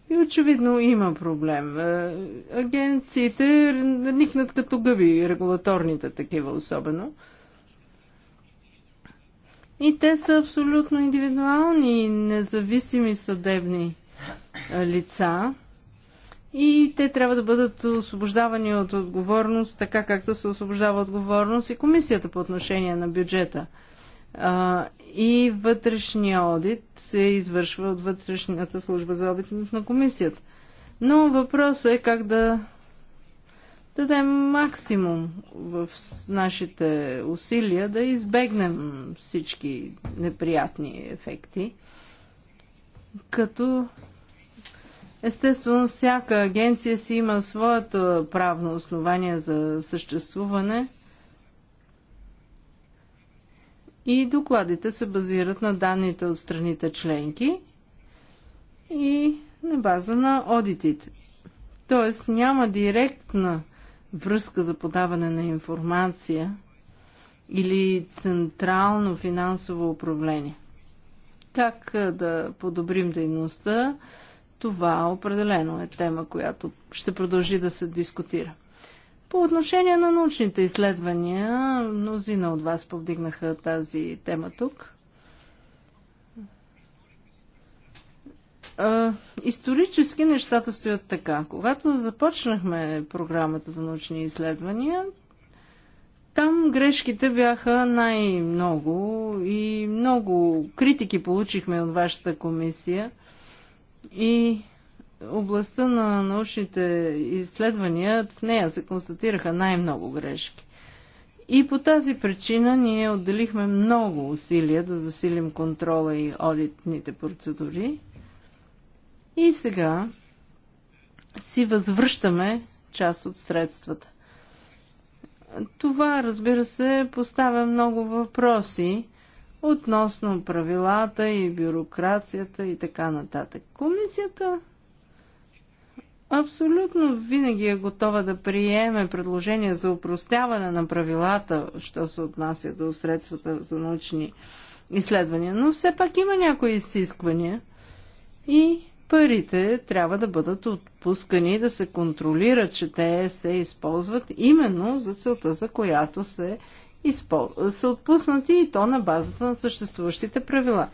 и очевидно има проблем. Е, агенциите никнат като гъби, регулаторните такива особено. И те са абсолютно индивидуални, независими съдебни лица. И те трябва да бъдат освобождавани от отговорност, така както се освобождава отговорност и комисията по отношение на бюджета. А, и вътрешния одит се извършва от вътрешната служба за одит на комисията. Но въпросът е как да дадем максимум в нашите усилия да избегнем всички неприятни ефекти, като естествено всяка агенция си има своето правно основание за съществуване и докладите се базират на данните от страните членки и на база на одитите. Тоест няма директна връзка за подаване на информация или централно финансово управление. Как да подобрим дейността? Това определено е тема, която ще продължи да се дискутира. По отношение на научните изследвания, мнозина от вас повдигнаха тази тема тук. а, исторически нещата стоят така. Когато започнахме програмата за научни изследвания, там грешките бяха най-много и много критики получихме от вашата комисия. И областта на научните изследвания, в нея се констатираха най-много грешки. И по тази причина ние отделихме много усилия да засилим контрола и одитните процедури. И сега си възвръщаме част от средствата. Това, разбира се, поставя много въпроси относно правилата и бюрокрацията и така нататък. Комисията абсолютно винаги е готова да приеме предложения за упростяване на правилата, що се отнася до средствата за научни изследвания, но все пак има някои изисквания и парите трябва да бъдат отпускани, да се контролира, че те се използват именно за целта, за която се изпол... са отпуснати и то на базата на съществуващите правила.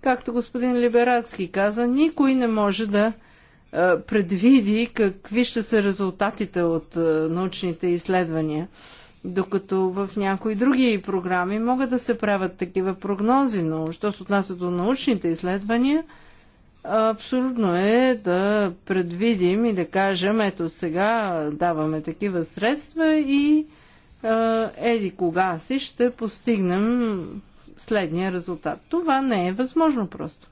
Както господин Либерацки каза, никой не може да предвиди какви ще са резултатите от научните изследвания. Докато в някои други програми могат да се правят такива прогнози, но що се отнася до научните изследвания – Абсурдно е да предвидим и да кажем, ето сега даваме такива средства и еди кога си ще постигнем следния резултат. Това не е възможно просто.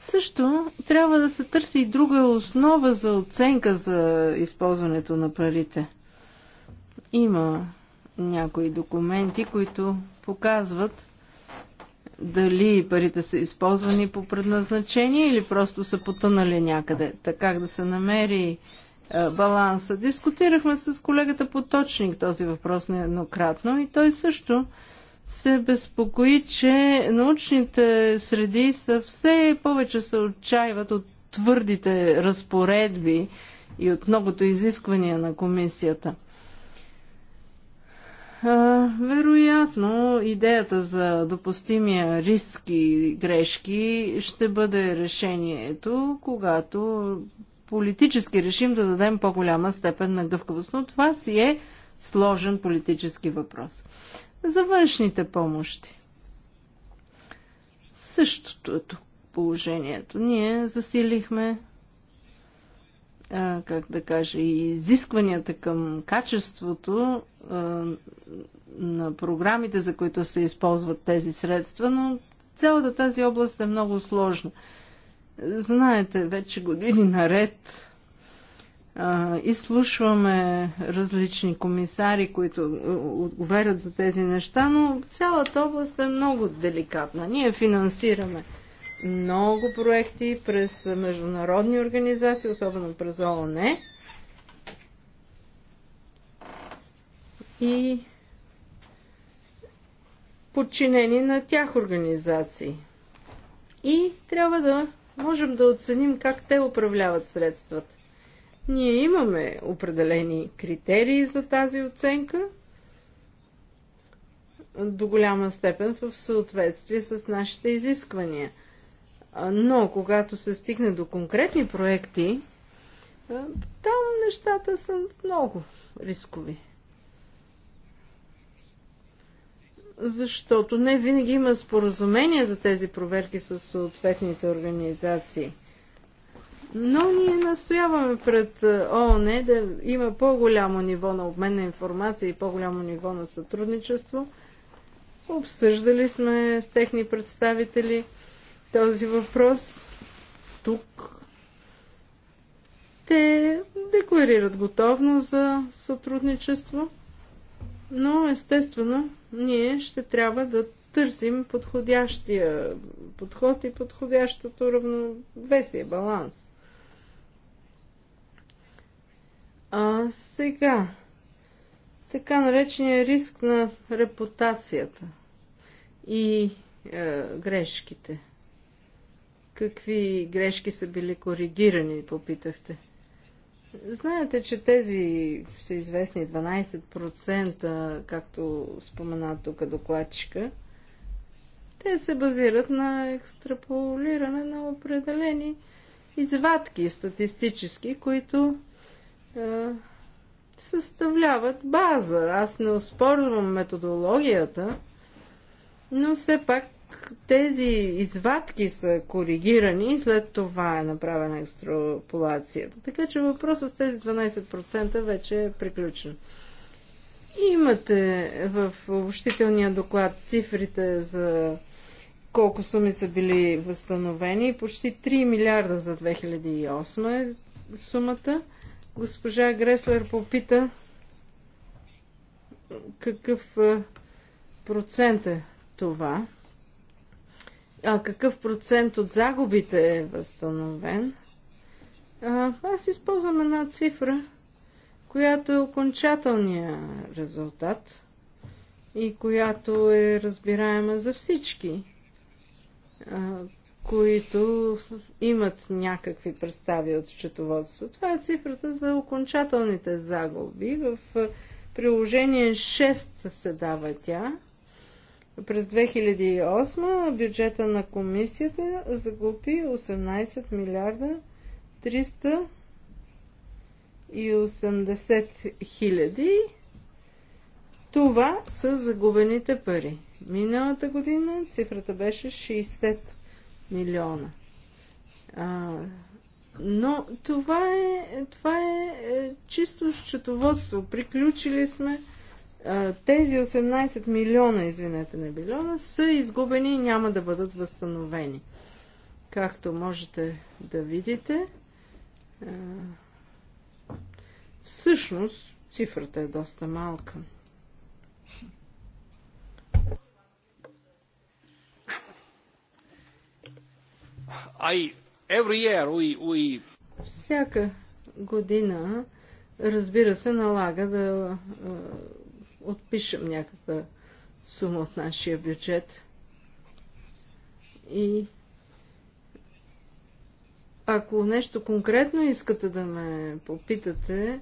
Също трябва да се търси и друга основа за оценка за използването на парите. Има някои документи, които показват, дали парите са използвани по предназначение или просто са потънали някъде. Така да се намери е, баланса. Дискутирахме с колегата Поточник този въпрос нееднократно и той също се безпокои, че научните среди са все повече се отчаиват от твърдите разпоредби и от многото изисквания на комисията вероятно идеята за допустимия риск и грешки ще бъде решението, когато политически решим да дадем по-голяма степен на гъвкавост. Но това си е сложен политически въпрос. За външните помощи. Същото е тук положението. Ние засилихме как да кажа, изискванията към качеството е, на програмите, за които се използват тези средства, но цялата тази област е много сложна. Знаете, вече години наред изслушваме различни комисари, които е, отговарят за тези неща, но цялата област е много деликатна. Ние финансираме много проекти през международни организации, особено през ООН, и подчинени на тях организации. И трябва да можем да оценим как те управляват средствата. Ние имаме определени критерии за тази оценка, до голяма степен в съответствие с нашите изисквания. Но когато се стигне до конкретни проекти, там нещата са много рискови. защото не винаги има споразумение за тези проверки с съответните организации. Но ние настояваме пред е, ООН да има по-голямо ниво на обмен на информация и по-голямо ниво на сътрудничество. Обсъждали сме с техни представители този въпрос тук. Те декларират готовно за сътрудничество но естествено ние ще трябва да търсим подходящия подход и подходящото равновесие, баланс. А сега, така наречения риск на репутацията и е, грешките. Какви грешки са били коригирани, попитахте. Знаете, че тези всеизвестни 12%, както спомена тук докладчика, те се базират на екстраполиране на определени извадки статистически, които е, съставляват база. Аз не оспорвам методологията, но все пак тези извадки са коригирани и след това е направена екстраполацията. Така че въпросът с тези 12% вече е приключен. Имате в общителния доклад цифрите за колко суми са били възстановени. Почти 3 милиарда за 2008 е сумата. Госпожа Греслер попита какъв е, процент е това а, какъв процент от загубите е възстановен. А, аз използвам една цифра, която е окончателния резултат и която е разбираема за всички, а, които имат някакви представи от счетоводство. Това е цифрата за окончателните загуби. В приложение 6 се дава тя. През 2008 бюджета на комисията загуби 18 милиарда 380 хиляди. Това са загубените пари. Миналата година цифрата беше 60 милиона. А, но това е, това е, е чисто счетоводство. Приключили сме тези 18 милиона, извинете, не билиона, са изгубени и няма да бъдат възстановени. Както можете да видите, всъщност цифрата е доста малка. I, every year we, we... Всяка година, разбира се, налага да отпишем някаква сума от нашия бюджет и ако нещо конкретно искате да ме попитате,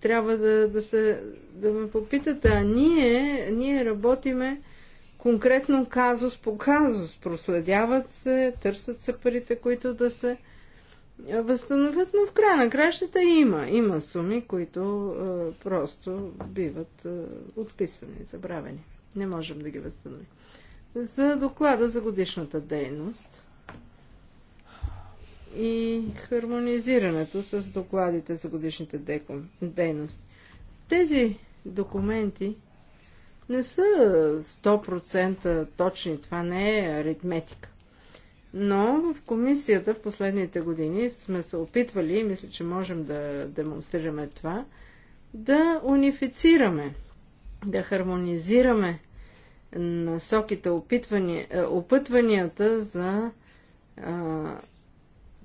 трябва да, да, се, да ме попитате. А ние, ние работиме конкретно казус по казус. Проследяват се, търсят се парите, които да се възстановят, но в края на кращата има. Има суми, които а, просто биват а, отписани, забравени. Не можем да ги възстановим. За доклада за годишната дейност и хармонизирането с докладите за годишните деком, дейности. Тези документи не са 100% точни, това не е аритметика. Но в комисията в последните години сме се опитвали, и мисля, че можем да демонстрираме това, да унифицираме, да хармонизираме насоките, е, опътванията за а,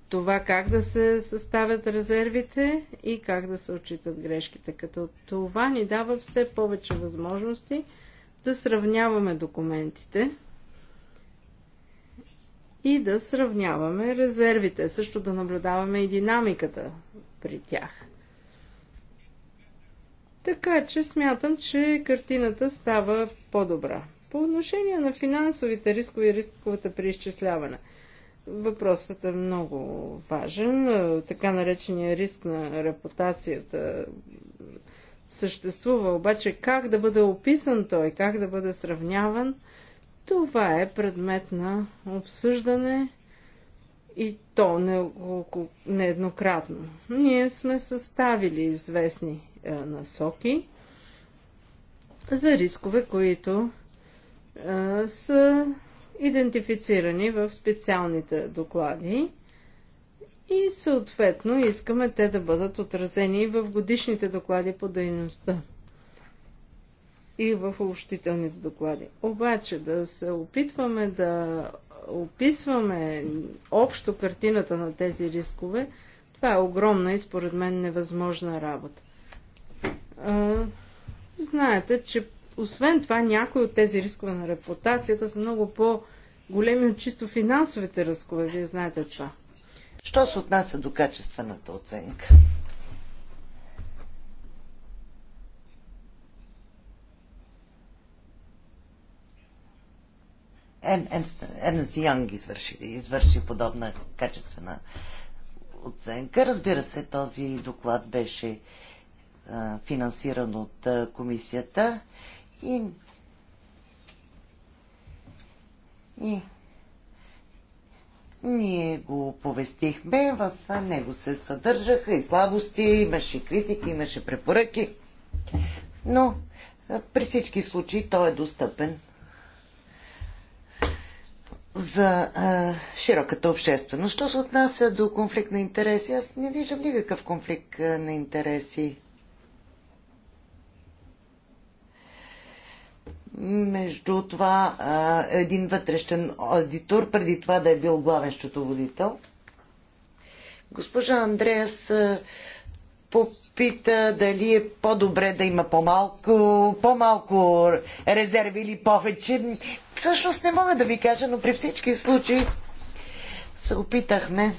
това как да се съставят резервите и как да се отчитат грешките. Като това ни дава все повече възможности да сравняваме документите, и да сравняваме резервите, също да наблюдаваме и динамиката при тях. Така че смятам, че картината става по-добра. По отношение на финансовите рискови и рисковата при изчисляване. Въпросът е много важен. Така наречения риск на репутацията съществува, обаче как да бъде описан той, как да бъде сравняван – това е предмет на обсъждане и то неколко, нееднократно. Ние сме съставили известни е, насоки за рискове, които е, са идентифицирани в специалните доклади и съответно искаме те да бъдат отразени в годишните доклади по дейността и в общителните доклади. Обаче да се опитваме да описваме общо картината на тези рискове, това е огромна и според мен невъзможна работа. А, знаете, че освен това някои от тези рискове на репутацията са много по-големи от чисто финансовите рискове. Вие знаете това. Що се отнася до качествената оценка? Ернест Янг извърши, извърши подобна качествена оценка. Разбира се, този доклад беше а, финансиран от а, комисията и, и ние го повестихме. В него се съдържаха и слабости, имаше критики, имаше препоръки. Но при всички случаи той е достъпен за а, широката общественост. Що се отнася до конфликт на интереси, аз не виждам никакъв конфликт на интереси. Между това, а, един вътрешен аудитор, преди това да е бил главен счетоводител. Госпожа Андреас а, по пита дали е по-добре да има по-малко, по-малко резерви или повече. Всъщност не мога да ви кажа, но при всички случаи се опитахме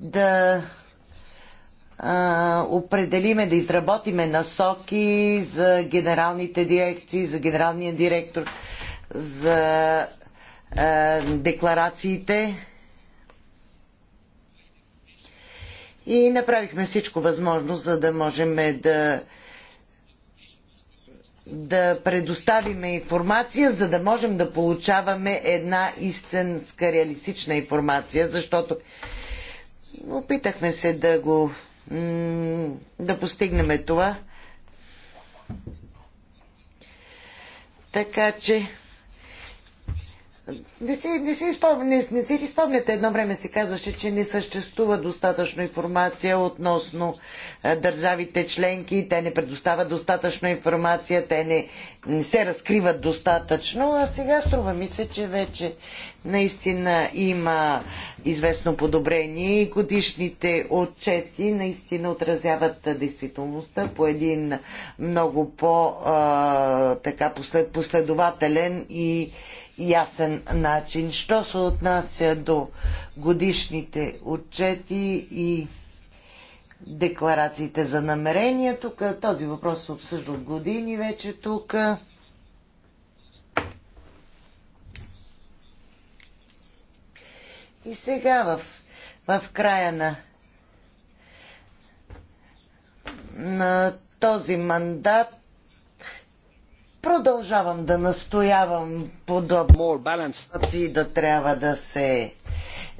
да а, определиме, да изработиме насоки за генералните дирекции, за генералния директор, за а, декларациите И направихме всичко възможно, за да можем да да предоставиме информация, за да можем да получаваме една истинска, реалистична информация, защото опитахме се да го да постигнем това. Така че не си, не, си спомня, не, не си ли спомняте, едно време се казваше, че не съществува достатъчно информация относно държавите членки, те не предоставят достатъчно информация, те не, не се разкриват достатъчно, а сега струва ми се, че вече наистина има известно подобрение и годишните отчети наистина отразяват действителността по един много по последователен и ясен начин. Що се отнася до годишните отчети и декларациите за намерения, тук този въпрос се обсъжда от години вече тук. И сега в, в края на, на този мандат Продължавам да настоявам подобно да трябва да се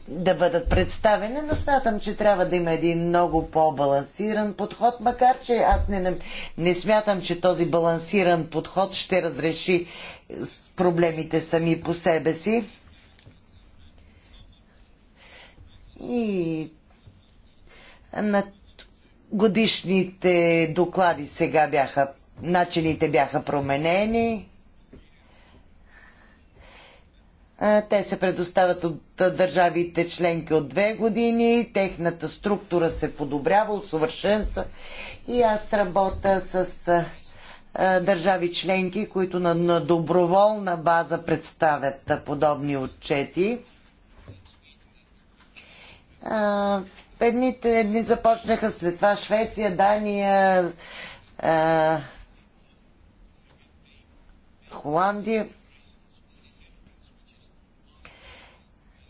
да бъдат представени, но смятам, че трябва да има един много по-балансиран подход, макар че аз не, не смятам, че този балансиран подход ще разреши проблемите сами по себе си. И на годишните доклади сега бяха начините бяха променени. Те се предоставят от държавите членки от две години, техната структура се подобрява, усъвършенства и аз работя с държави членки, които на, на доброволна база представят подобни отчети. Едните едни започнаха след това Швеция, Дания, Холандия.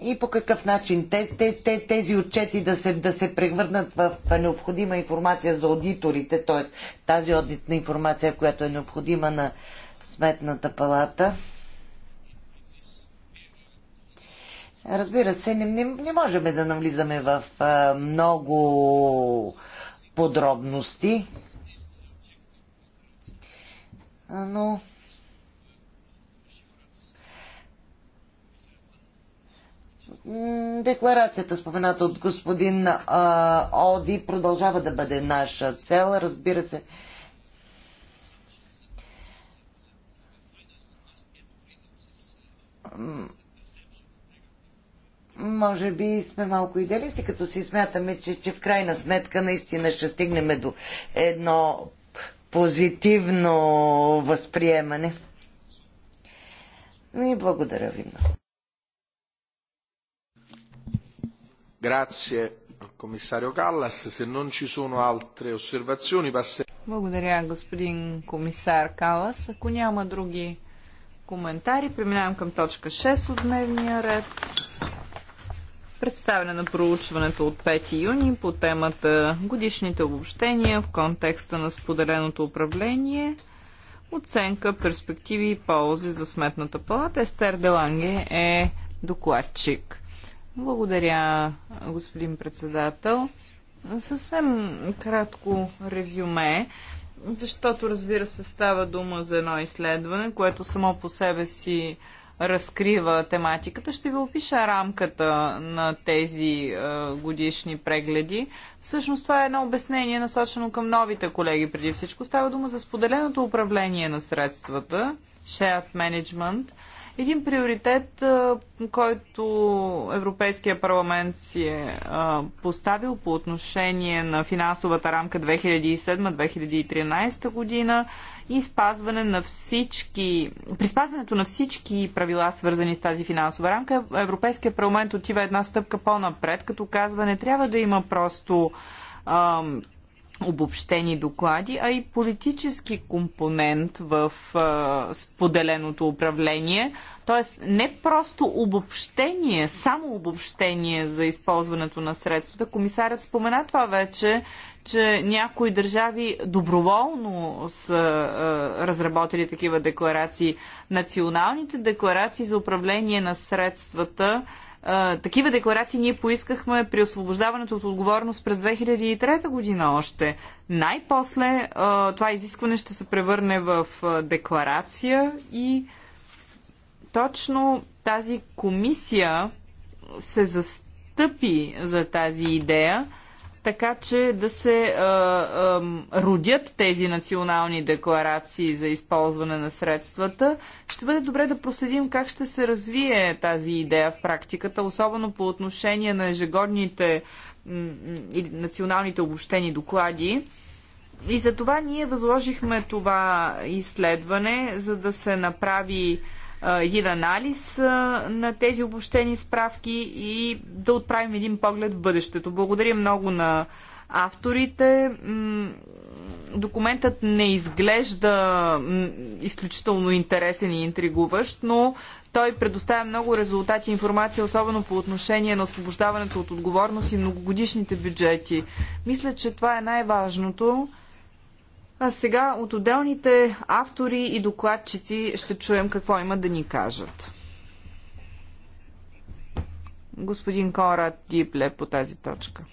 И по какъв начин тези, тези отчети да се, да се превърнат в необходима информация за аудиторите, т.е. тази одитна информация, която е необходима на Сметната палата. Разбира се, не, не, не можем да навлизаме в а, много подробности, но Декларацията, спомената от господин а, Оди, продължава да бъде наша цел. Разбира се, може би сме малко идеалисти, като си смятаме, че, че в крайна сметка наистина ще стигнем до едно позитивно възприемане. И благодаря ви много. Grazie al commissario Callas. Se non ci sono altre osservazioni, passeremo. Благодаря, господин комисар Калас. Ако няма други коментари, преминавам към точка 6 от дневния ред. Представяне на проучването от 5 юни по темата Годишните обобщения в контекста на споделеното управление, оценка, перспективи и ползи за Сметната палата. Естер Деланге е докладчик. Благодаря, господин председател. Съвсем кратко резюме, защото разбира се става дума за едно изследване, което само по себе си разкрива тематиката. Ще ви опиша рамката на тези е, годишни прегледи. Всъщност това е едно обяснение насочено към новите колеги преди всичко. Става дума за споделеното управление на средствата, shared management – един приоритет, който Европейския парламент си е поставил по отношение на финансовата рамка 2007-2013 година и спазване на всички, при спазването на всички правила, свързани с тази финансова рамка, Европейския парламент отива една стъпка по-напред, като казва не трябва да има просто обобщени доклади, а и политически компонент в а, споделеното управление. Тоест не просто обобщение, само обобщение за използването на средствата. Комисарят спомена това вече, че някои държави доброволно са а, разработили такива декларации. Националните декларации за управление на средствата такива декларации ние поискахме при освобождаването от отговорност през 2003 година още. Най-после това изискване ще се превърне в а, декларация и точно тази комисия се застъпи за тази идея така че да се а, а, родят тези национални декларации за използване на средствата. Ще бъде добре да проследим как ще се развие тази идея в практиката, особено по отношение на ежегодните и националните обобщени доклади. И за това ние възложихме това изследване, за да се направи един анализ на тези обобщени справки и да отправим един поглед в бъдещето. Благодаря много на авторите. Документът не изглежда изключително интересен и интригуващ, но той предоставя много резултати и информация, особено по отношение на освобождаването от отговорност и многогодишните бюджети. Мисля, че това е най-важното. А сега от отделните автори и докладчици ще чуем какво има да ни кажат. Господин Конрад Дипле по тази точка.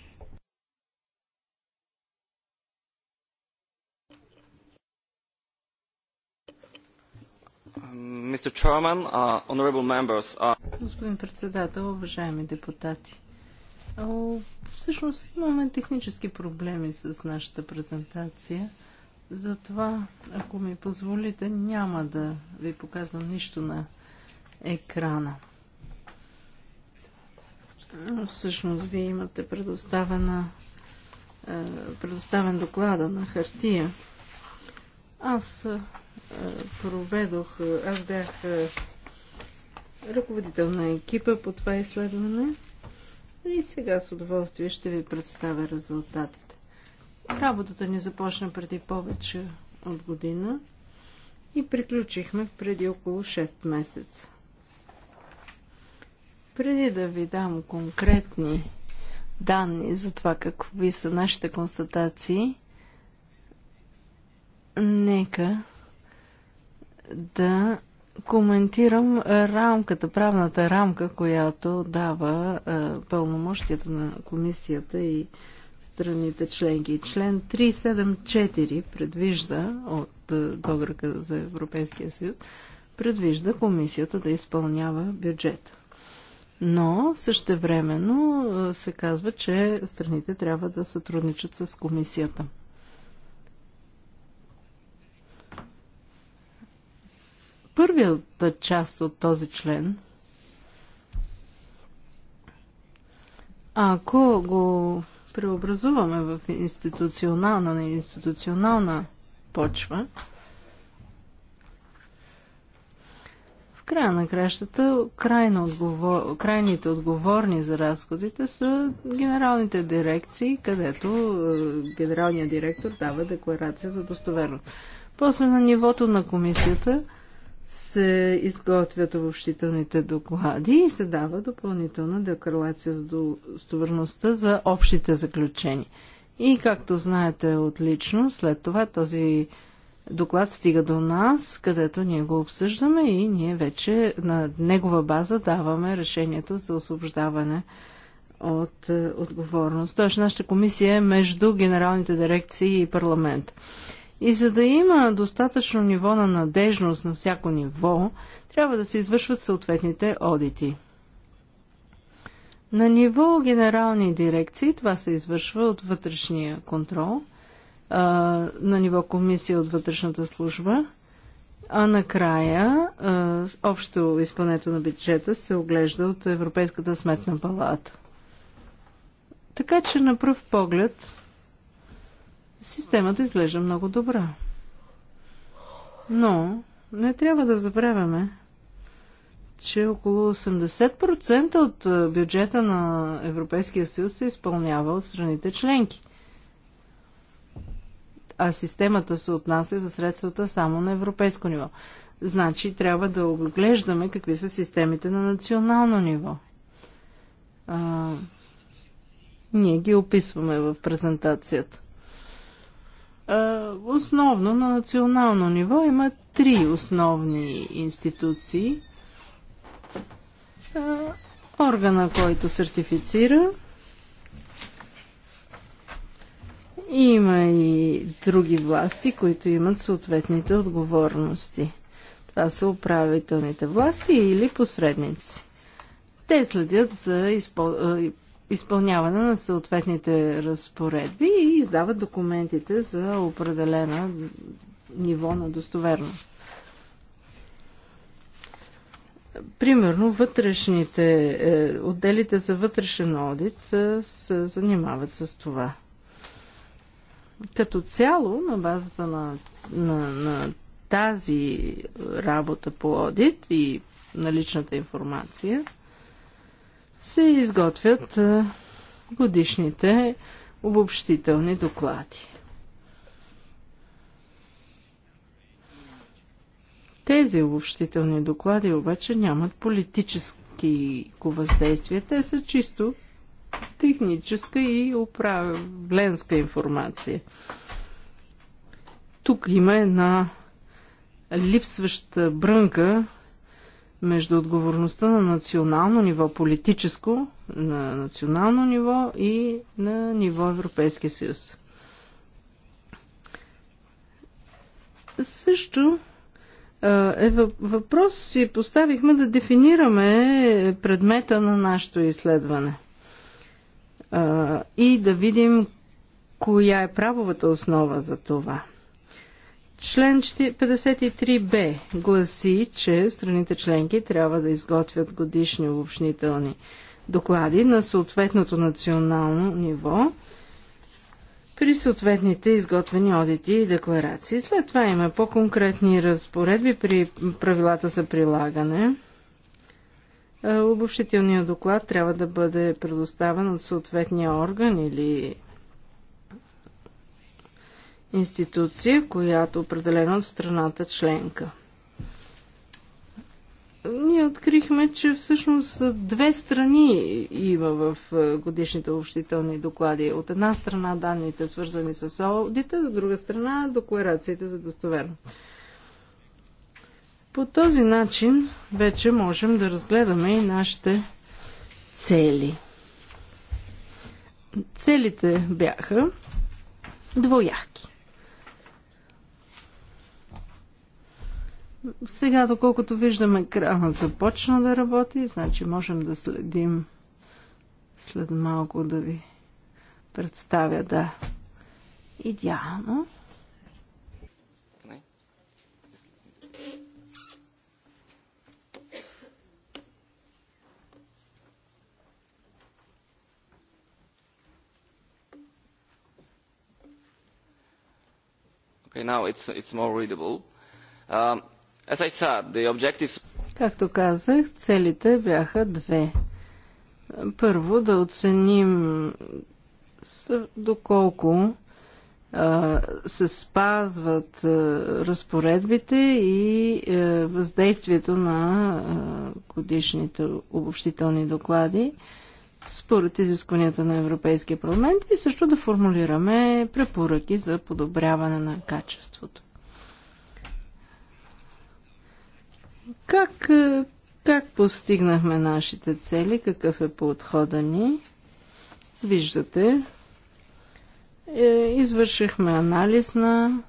Господин председател, уважаеми депутати. Всъщност имаме технически проблеми с нашата презентация. Затова, ако ми позволите, няма да ви показвам нищо на екрана. Всъщност, вие имате предоставена, е, предоставен доклада на хартия. Аз е, проведох, е, аз бях ръководител на екипа по това изследване и сега с удоволствие ще ви представя резултатите. Работата ни започна преди повече от година и приключихме преди около 6 месеца. Преди да ви дам конкретни данни за това какви са нашите констатации, нека да коментирам рамката, правната рамка, която дава е, пълномощията на комисията и страните членки. Член 374 предвижда от е, договора за Европейския съюз, предвижда комисията да изпълнява бюджета. Но същевременно е, се казва, че страните трябва да сътрудничат с комисията. Първията част от този член, ако го преобразуваме в институционална, на институционална почва. В края на кращата крайно отговор... крайните отговорни за разходите са генералните дирекции, където е, генералният директор дава декларация за достоверност. После на нивото на комисията – се изготвят обобщителните доклади и се дава допълнителна декларация за достоверността за общите заключения. И както знаете отлично, след това този доклад стига до нас, където ние го обсъждаме и ние вече на негова база даваме решението за освобождаване от е, отговорност. Тоест, нашата комисия е между генералните дирекции и парламент. И за да има достатъчно ниво на надежност на всяко ниво, трябва да се извършват съответните одити. На ниво генерални дирекции това се извършва от вътрешния контрол, на ниво комисия от вътрешната служба, а накрая общо изпълнението на бюджета се оглежда от Европейската сметна палата. Така че на пръв поглед Системата изглежда много добра. Но не трябва да забравяме, че около 80% от бюджета на Европейския съюз се изпълнява от страните членки. А системата се отнася за средствата само на европейско ниво. Значи трябва да оглеждаме какви са системите на национално ниво. А, ние ги описваме в презентацията. Е, основно на национално ниво има три основни институции. Е, органа, който сертифицира, има и други власти, които имат съответните отговорности. Това са управителните власти или посредници. Те следят за изпо... Е, изпълняване на съответните разпоредби и издават документите за определена ниво на достоверност. Примерно, вътрешните, е, отделите за вътрешен одит е, се занимават с това. Като цяло, на базата на, на, на тази работа по одит и наличната информация, се изготвят годишните обобщителни доклади. Тези обобщителни доклади обаче нямат политически въздействие. Те са чисто техническа и управленска информация. Тук има една липсваща брънка между отговорността на национално ниво, политическо, на национално ниво и на ниво Европейския съюз. Също е въпрос си поставихме да дефинираме предмета на нашето изследване и да видим коя е правовата основа за това – Член 53б гласи, че страните членки трябва да изготвят годишни обобщителни доклади на съответното национално ниво при съответните изготвени одити и декларации. След това има по-конкретни разпоредби при правилата за прилагане. Е, обобщителният доклад трябва да бъде предоставен от съответния орган или институция, която е определена от страната членка. Ние открихме, че всъщност две страни има в е, годишните общителни доклади. От една страна данните свързани с аудита, от друга страна декларациите за достоверност. По този начин вече можем да разгледаме и нашите цели. Целите бяха двояки. Сега, доколкото виждаме, крана започна да работи, значи можем да следим след малко да ви представя, да. Идеално. Okay, now it's, it's more readable. Um, Както казах, целите бяха две. Първо да оценим доколко се спазват разпоредбите и е, въздействието на годишните обобщителни доклади според изискванията на Европейския парламент и също да формулираме препоръки за подобряване на качеството. Как, е, как постигнахме нашите цели? Какъв е подхода ни? Виждате, е, извършихме анализ на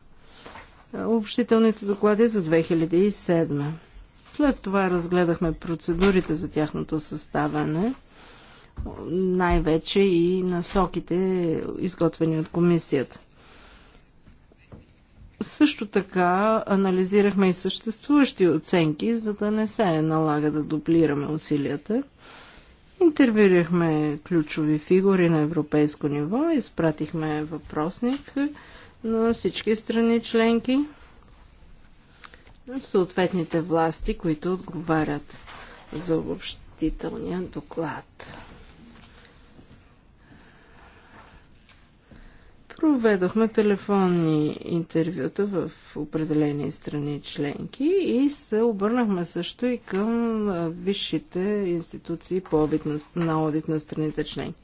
е, общителните доклади за 2007. След това разгледахме процедурите за тяхното съставане, най-вече и насоките, изготвени от комисията. Също така анализирахме и съществуващи оценки, за да не се налага да дублираме усилията. Интервюирахме ключови фигури на европейско ниво, изпратихме въпросник на всички страни членки, на съответните власти, които отговарят за обобщителния доклад. Проведохме телефонни интервюта в определени страни членки и се обърнахме също и към висшите институции по обид на, на одит на страните членки.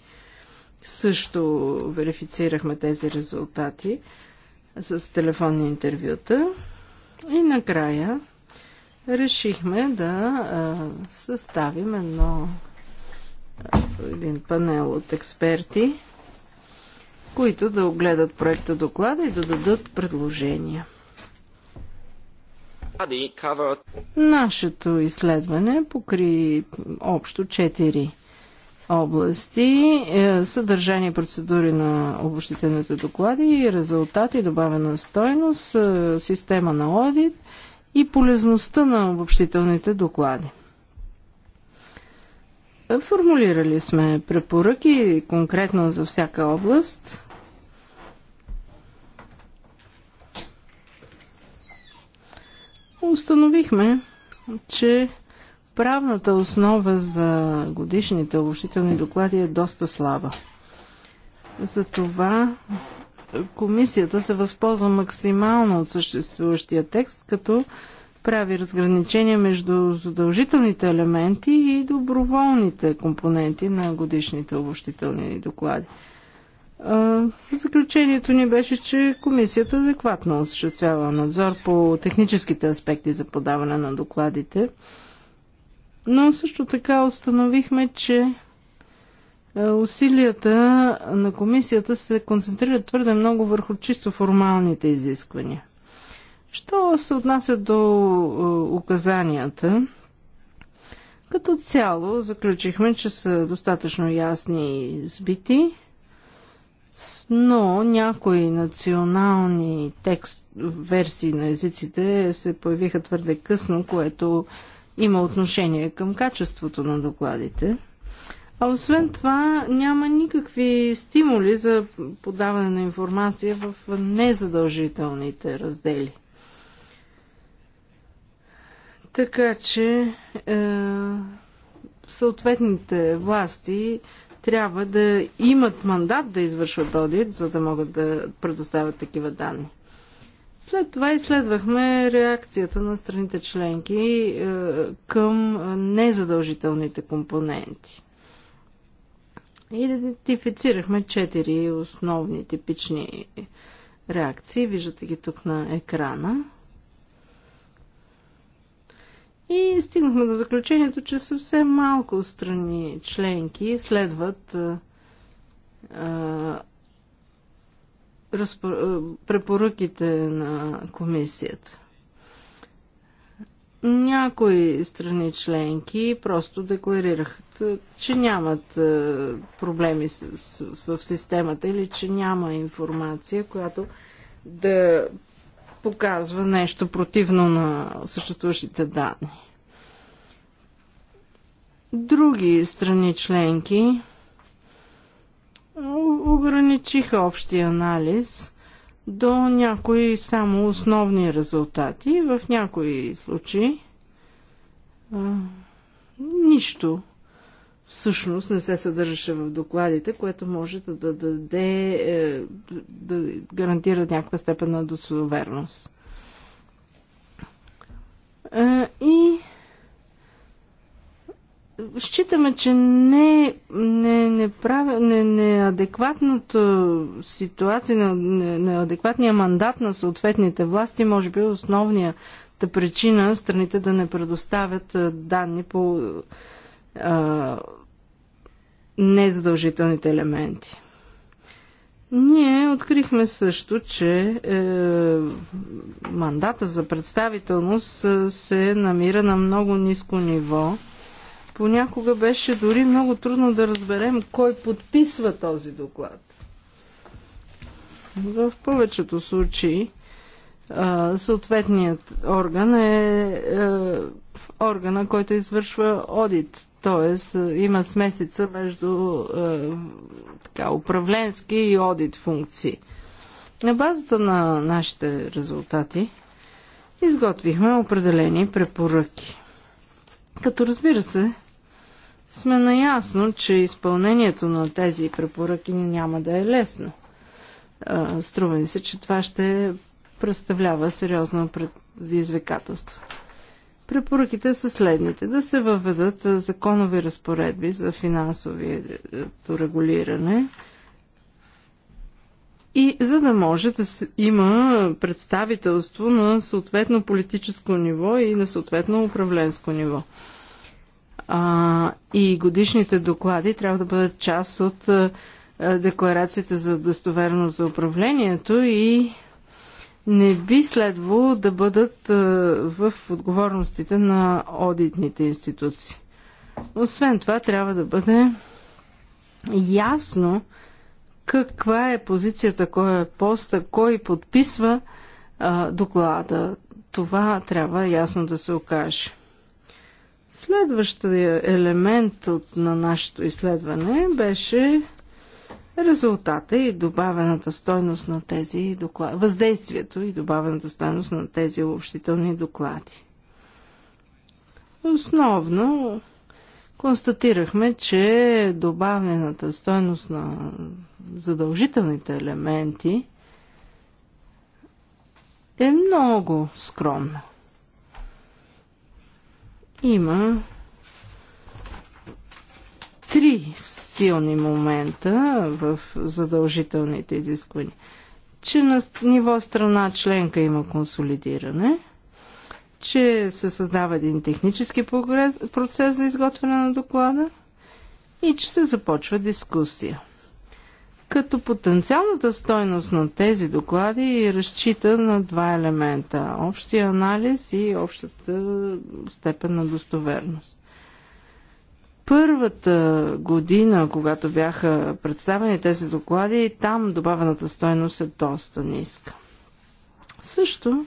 Също верифицирахме тези резултати с телефонни интервюта и накрая решихме да съставим едно един панел от експерти, които да огледат проекта доклада и да дадат предложения. Нашето изследване покри общо четири области е, съдържание процедури на обобщителните доклади, резултати, добавена стойност, е, система на одит и полезността на обобщителните доклади. Формулирали сме препоръки конкретно за всяка област. Установихме, че правната основа за годишните обобщителни доклади е доста слаба. Затова комисията се възползва максимално от съществуващия текст, като прави разграничение между задължителните елементи и доброволните компоненти на годишните обобщителни доклади. Заключението ни беше, че комисията адекватно осъществява надзор по техническите аспекти за подаване на докладите, но също така установихме, че усилията на комисията се концентрират твърде много върху чисто формалните изисквания. Що се отнася до е, указанията, като цяло заключихме, че са достатъчно ясни и сбити, но някои национални текст, версии на езиците се появиха твърде късно, което има отношение към качеството на докладите. А освен това, няма никакви стимули за подаване на информация в незадължителните раздели. Така че е, съответните власти трябва да имат мандат да извършват одит, за да могат да предоставят такива данни. След това изследвахме реакцията на страните членки е, към незадължителните компоненти. Идентифицирахме четири основни типични реакции. Виждате ги тук на екрана. И стигнахме до заключението, че съвсем малко страни членки следват а, а, разпор... препоръките на комисията. Някои страни членки просто декларираха, че нямат проблеми с, с, в системата или че няма информация, която да показва нещо противно на съществуващите данни други страни членки ограничиха общия анализ до някои само основни резултати. В някои случаи а, нищо всъщност не се съдържаше в докладите, което може да, да даде, е, да гарантира някаква степен на достоверност. и Считаме, че не, не, не, прави, не неадекватната е, ситуация, не, неадекватния мандат на съответните власти може би е основната причина страните да не предоставят е, данни по а, незадължителните елементи. Ние открихме също, че е, мандата за представителност се намира на много ниско ниво Понякога беше дори много трудно да разберем кой подписва този доклад. В повечето случаи съответният орган е, е органа, който извършва одит. Т.е. има смесица между е, така, управленски и одит функции. На базата на нашите резултати изготвихме определени препоръки. Като разбира се, сме наясно, че изпълнението на тези препоръки няма да е лесно. Струва ни се, че това ще представлява сериозно предизвикателство. Препоръките са следните. Да се въведат законови разпоредби за финансовото регулиране и за да може да има представителство на съответно политическо ниво и на съответно управленско ниво а, и годишните доклади трябва да бъдат част от а, декларацията за достоверност за управлението и не би следвало да бъдат а, в отговорностите на одитните институции. Освен това, трябва да бъде ясно каква е позицията, кой е поста, кой подписва а, доклада. Това трябва ясно да се окаже. Следващия елемент от, на нашето изследване беше резултата и добавената стойност на тези доклади, въздействието и добавената стойност на тези общителни доклади. Основно констатирахме, че добавената стойност на задължителните елементи е много скромна. Има три силни момента в задължителните изисквания. Че на ниво страна членка има консолидиране, че се създава един технически процес за изготвяне на доклада и че се започва дискусия. Като потенциалната стойност на тези доклади разчита на два елемента – общия анализ и общата степен на достоверност. Първата година, когато бяха представени тези доклади, там добавената стойност е доста ниска. Също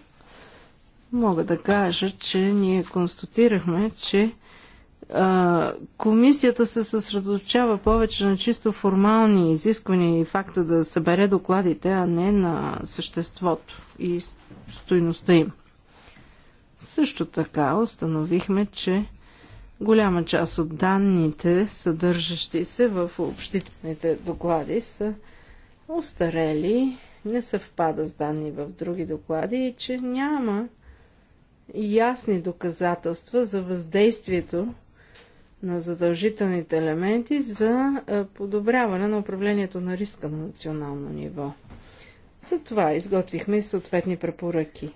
мога да кажа, че ние констатирахме, че комисията се съсредоточава повече на чисто формални изисквания и факта да събере докладите, а не на съществото и стойността им. Също така установихме, че голяма част от данните, съдържащи се в общите доклади, са устарели, не съвпада с данни в други доклади и че няма ясни доказателства за въздействието на задължителните елементи за подобряване на управлението на риска на национално ниво. За това изготвихме и съответни препоръки.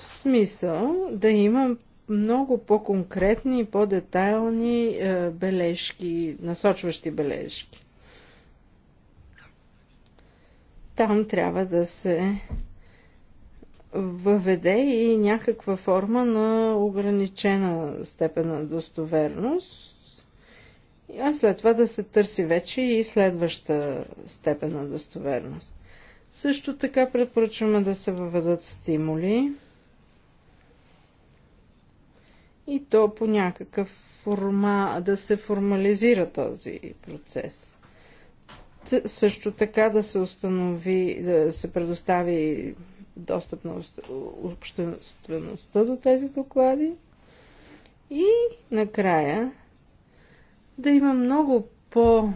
В смисъл да имам много по-конкретни и по-детайлни бележки, насочващи бележки. Там трябва да се въведе и някаква форма на ограничена степен на достоверност, а след това да се търси вече и следваща степен на достоверност. Също така препоръчваме да се въведат стимули и то по някакъв форма да се формализира този процес. Също така да се установи, да се предостави достъп на обществеността до тези доклади. И накрая да има много по-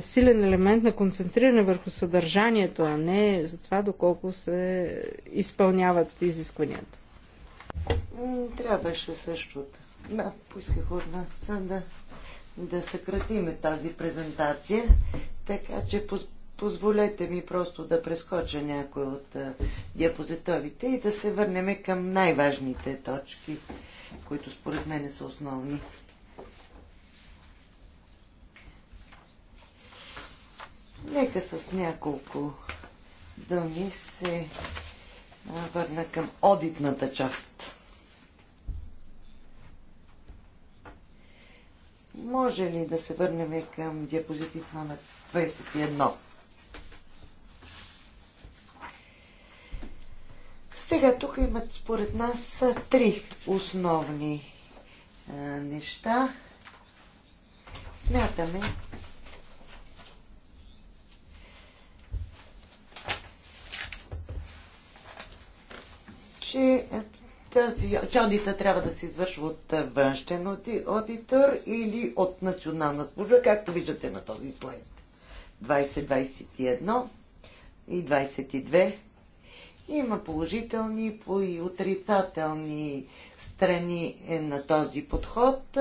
силен елемент на концентриране върху съдържанието, а не за това доколко се изпълняват изискванията. Трябваше също. Да, поисках от нас да, да съкратиме тази презентация, така че Позволете ми просто да прескоча някои от диапозитовите и да се върнем към най-важните точки, които според мен са основни. Нека с няколко думи се върна към одитната част. Може ли да се върнем към диапозитив номер 21? Сега тук имат според нас три основни а, неща. Смятаме, че тази, че одита трябва да се извършва от външен аудитор или от национална служба, както виждате на този слайд. 20, 21 и 22. Има положителни и отрицателни страни е на този подход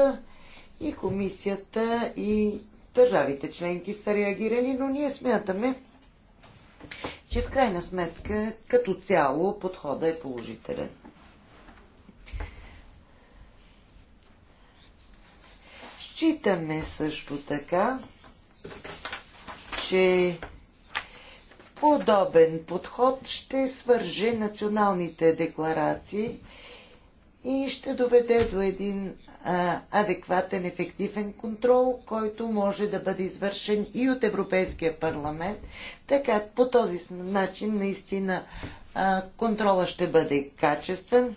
и комисията и държавите членки са реагирали, но ние смятаме, че в крайна сметка като цяло подхода е положителен. Считаме също така, че подобен подход ще свърже националните декларации и ще доведе до един а, адекватен, ефективен контрол, който може да бъде извършен и от Европейския парламент. Така, по този начин наистина а, контрола ще бъде качествен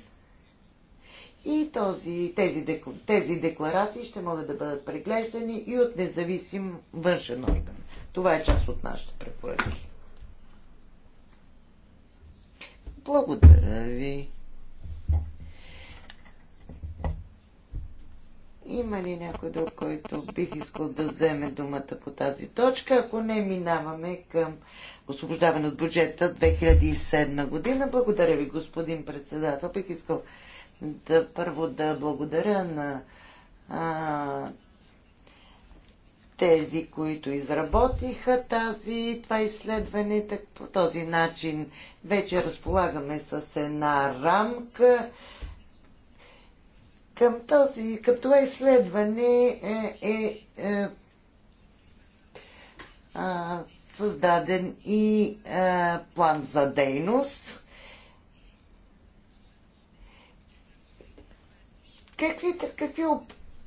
и този, тези, тези декларации ще могат да бъдат преглеждани и от независим външен орган. Това е част от нашите препоръки. Благодаря ви. Има ли някой друг, който бих искал да вземе думата по тази точка? Ако не, минаваме към освобождаване от бюджета 2007 година. Благодаря ви, господин председател. Бих искал да първо да благодаря на а, тези, които изработиха тази, това изследване. Так, по този начин вече разполагаме с една рамка. Към, този, към това изследване е, е, е а, създаден и а, план за дейност. Какви, какви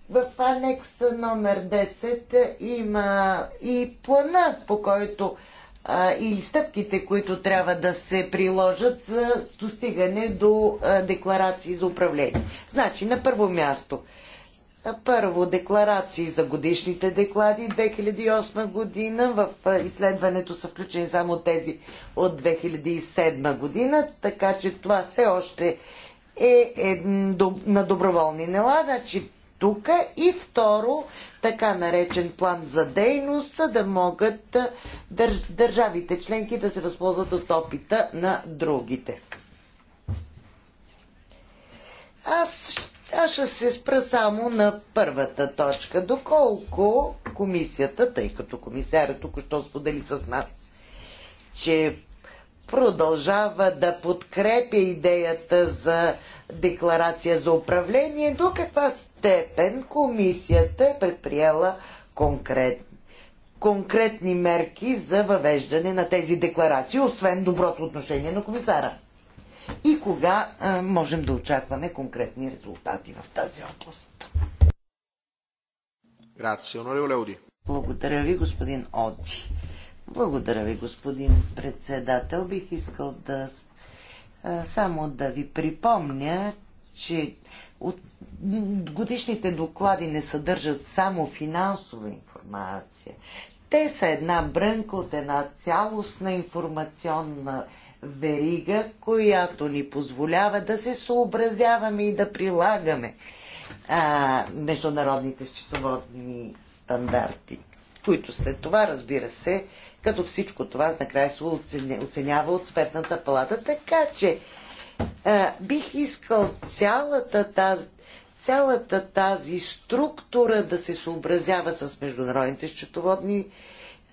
в анекс номер 10 има и плана, по който а, или стъпките, които трябва да се приложат за достигане до а, декларации за управление. Значи, на първо място, първо декларации за годишните деклади 2008 година. В изследването са включени само тези от 2007 година, така че това все още е, е на доброволни нела. Значи тук и второ така наречен план за дейност, за да могат държавите членки да се възползват от опита на другите. Аз, аз ще се спра само на първата точка. Доколко комисията, тъй като комисарят тук що сподели с нас, че продължава да подкрепя идеята за декларация за управление, до каква степен комисията е предприела конкретно конкретни мерки за въвеждане на тези декларации, освен доброто отношение на комисара? И кога а, можем да очакваме конкретни резултати в тази област? Благодаря ви, господин Оди. Благодаря ви, господин председател. Бих искал да само да ви припомня, че от годишните доклади не съдържат само финансова информация. Те са една брънка от една цялостна информационна верига, която ни позволява да се съобразяваме и да прилагаме а, международните счетоводни стандарти, които след това, разбира се, като всичко това накрая се оценява от Сметната палата. Така че а, бих искал цялата тази, цялата тази структура да се съобразява с международните счетоводни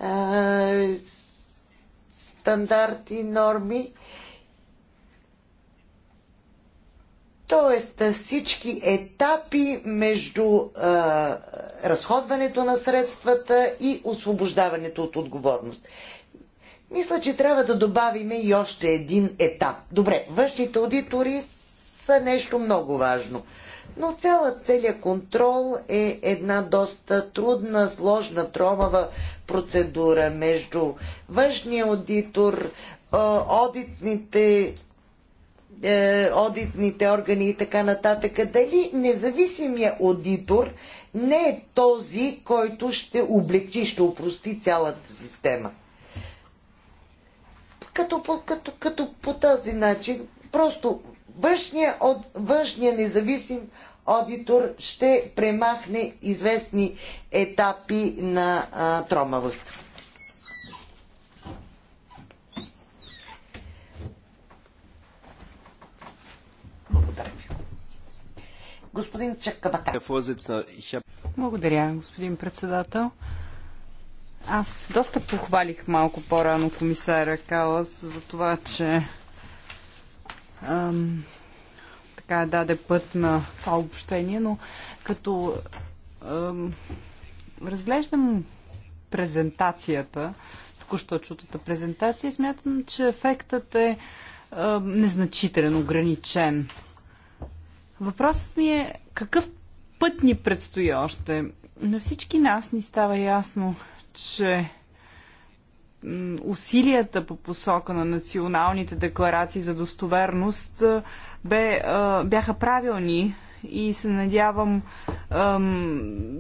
а, стандарти, норми Тоест всички етапи между а, разходването на средствата и освобождаването от отговорност. Мисля, че трябва да добавим и още един етап. Добре, външните аудитори са нещо много важно. Но цялата целият контрол е една доста трудна, сложна, тромава процедура между външния аудитор, одитните е, одитните органи и така нататък, дали независимия аудитор не е този, който ще облегчи, ще упрости цялата система. Като, като, като по този начин, просто външния, от, външния независим аудитор ще премахне известни етапи на а, тромавост. Благодаря ви. Господин Чакабата. Благодаря, господин председател. Аз доста похвалих малко по-рано комисаря Калас за това, че ам, така даде път на това общение, но като ам, разглеждам презентацията, току-що чутата презентация, смятам, че ефектът е ам, незначителен, ограничен. Въпросът ми е какъв път ни предстои още. На всички нас ни става ясно, че усилията по посока на националните декларации за достоверност бе, бяха правилни и се надявам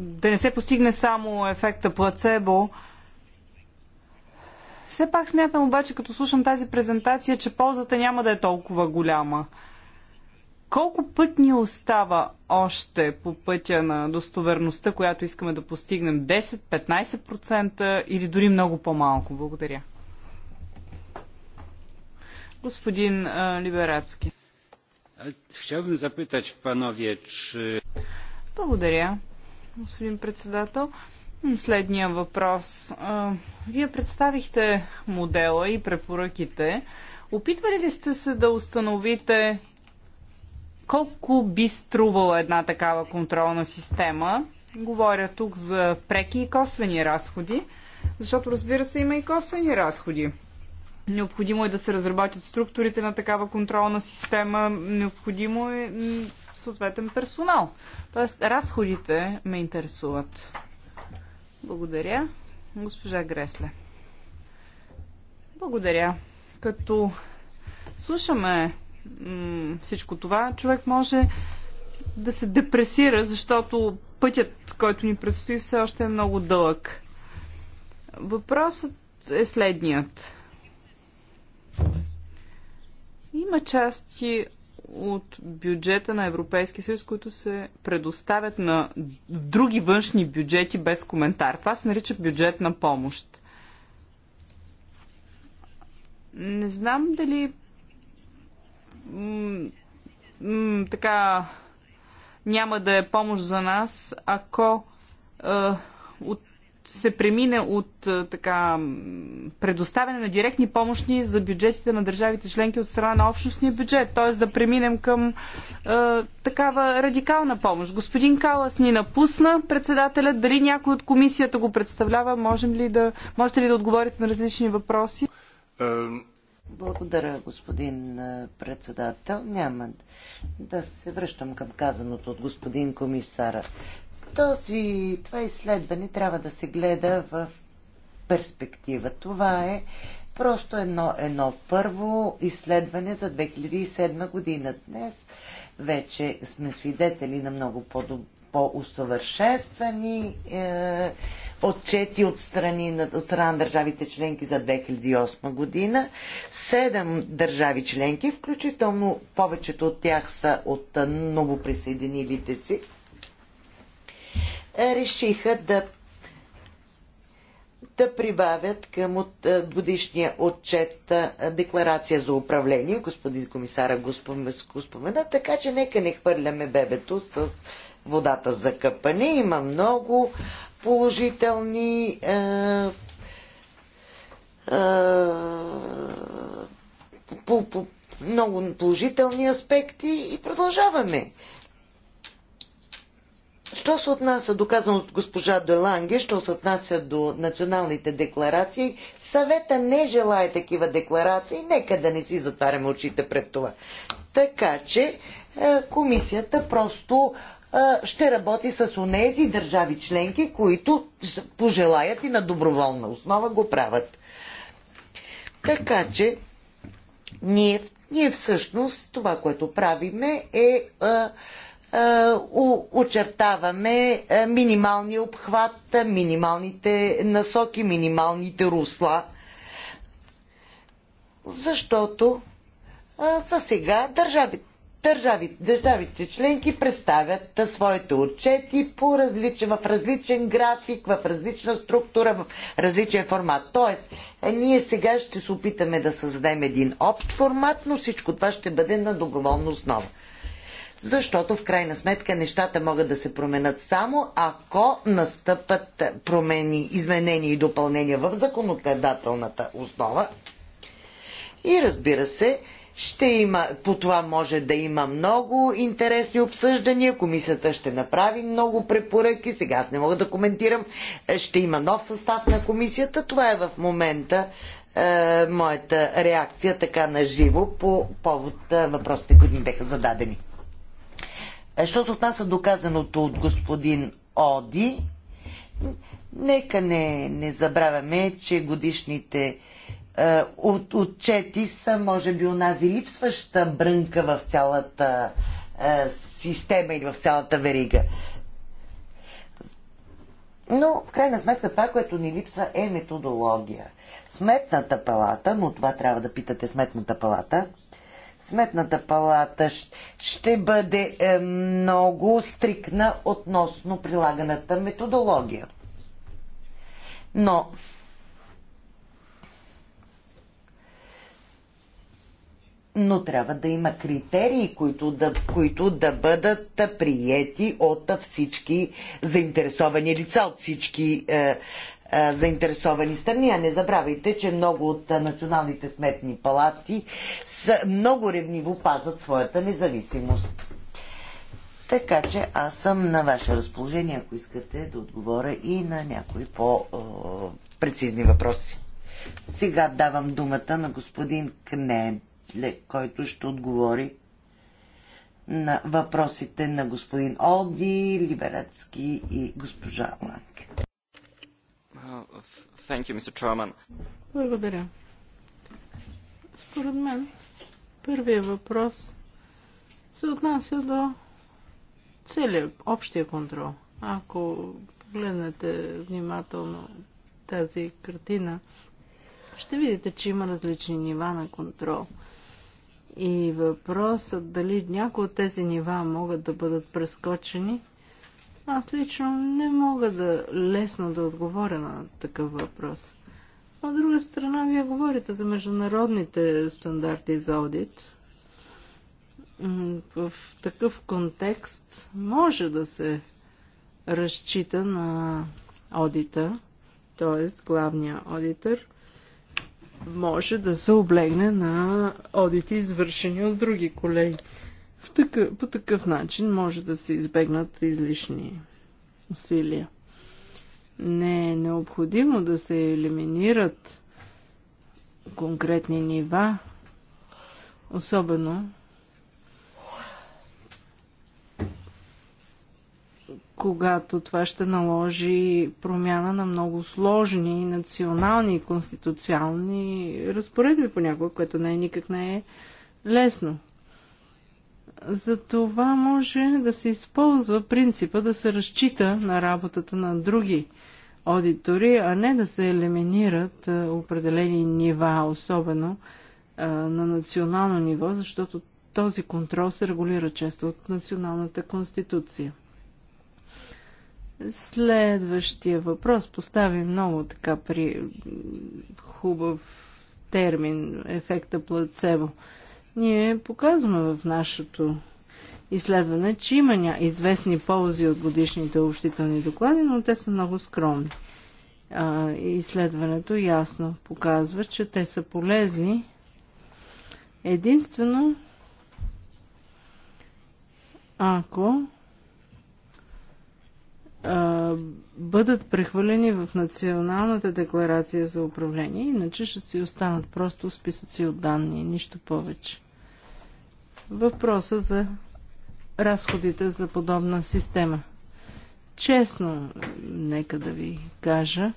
да не се постигне само ефекта плацебо. Все пак смятам обаче, като слушам тази презентация, че ползата няма да е толкова голяма. Колко път ни остава още по пътя на достоверността, която искаме да постигнем? 10-15% или дори много по-малко? Благодаря. Господин а, Либерацки. Chciałbym zapytać панове, че... Благодаря, господин председател. Следния въпрос. Вие представихте модела и препоръките. Опитвали ли сте се да установите колко би струвала една такава контролна система? Говоря тук за преки и косвени разходи, защото разбира се има и косвени разходи. Необходимо е да се разработят структурите на такава контролна система, необходимо е съответен персонал. Тоест, разходите ме интересуват. Благодаря. Госпожа Гресле. Благодаря. Като слушаме всичко това, човек може да се депресира, защото пътят, който ни предстои, все още е много дълъг. Въпросът е следният. Има части от бюджета на Европейския съюз, които се предоставят на други външни бюджети без коментар. Това се нарича бюджетна помощ. Не знам дали така няма да е помощ за нас, ако от, се премине от така предоставяне на директни помощни за бюджетите на държавите членки от страна на общностния бюджет, т.е. да преминем към е, такава радикална помощ. Господин Калас ни напусна, председателя, дали някой от комисията го представлява, можем ли да, можете ли да отговорите на различни въпроси? Благодаря, господин председател. Няма да се връщам към казаното от господин комисара. Този, това изследване трябва да се гледа в перспектива. Това е просто едно, едно първо изследване за 2007 година. Днес вече сме свидетели на много по-добро по-усъвършенствани е, отчети от, страни, от страна на държавите членки за 2008 година. Седем държави членки, включително повечето от тях са от новоприсъединилите си, е, решиха да да прибавят към от, е, годишния отчет е, декларация за управление. Господин комисара господин, спомена, така че нека не хвърляме бебето с водата за къпане. Има много положителни е, е, много положителни аспекти и продължаваме. Що се отнася, доказано от госпожа Деланге, що се отнася до националните декларации, съвета не желая такива декларации, нека да не си затваряме очите пред това. Така че е, комисията просто ще работи с онези държави членки, които пожелаят и на доброволна основа го правят. Така че ние, ние всъщност това, което правиме е а, а, очертаваме минималния обхват, минималните насоки, минималните русла, защото а, за сега държави, държавите, държавите членки представят своите отчети по различен, в различен график, в различна структура, в различен формат. Тоест, е, ние сега ще се опитаме да създадем един общ формат, но всичко това ще бъде на доброволна основа. Защото в крайна сметка нещата могат да се променят само ако настъпат промени, изменения и допълнения в законодателната основа. И разбира се, ще има, по това може да има много интересни обсъждания. Комисията ще направи много препоръки. Сега аз не мога да коментирам. Е, ще има нов състав на комисията. Това е в момента е, моята реакция така на живо по повод е, въпросите, които ми бяха зададени. Е, що се отнася до казаното от господин Оди, нека не, не забравяме, че годишните е, от, отчети са, може би, онази липсваща брънка в цялата е, система или в цялата верига. Но, в крайна сметка, това, което ни липсва е методология. Сметната палата, но това трябва да питате Сметната палата, Сметната палата ще бъде е, много стрикна относно прилаганата методология. Но но трябва да има критерии, които да, които да бъдат приети от всички заинтересовани лица, от всички е, е, заинтересовани страни. А не забравяйте, че много от националните сметни палати са много ревниво пазат своята независимост. Така че аз съм на ваше разположение, ако искате да отговоря и на някои по-прецизни е, въпроси. Сега давам думата на господин Кнен който ще отговори на въпросите на господин Олди, Либерацки и госпожа Ланке. You, Благодаря. Според мен, първият въпрос се отнася до целият общия контрол. Ако погледнете внимателно тази картина, ще видите, че има различни нива на контрол – и въпросът дали някои от тези нива могат да бъдат прескочени, аз лично не мога да лесно да отговоря на такъв въпрос. От друга страна, вие говорите за международните стандарти за аудит. В такъв контекст може да се разчита на одита, т.е. главния одитър, може да се облегне на одити, извършени от други колеги. В такъв, по такъв начин може да се избегнат излишни усилия. Не е необходимо да се елиминират конкретни нива, особено когато това ще наложи промяна на много сложни национални и конституционални разпоредби понякога, което не е никак не е лесно. За това може да се използва принципа да се разчита на работата на други аудитори, а не да се елиминират определени нива, особено на национално ниво, защото този контрол се регулира често от националната конституция. Следващия въпрос постави много така при хубав термин ефекта плацебо. Ние показваме в нашето изследване, че има известни ползи от годишните общителни доклади, но те са много скромни. А, изследването ясно показва, че те са полезни единствено ако а, бъдат прехвърлени в Националната декларация за управление, иначе ще си останат просто списъци от данни, нищо повече. Въпроса за разходите за подобна система. Честно, нека да ви кажа,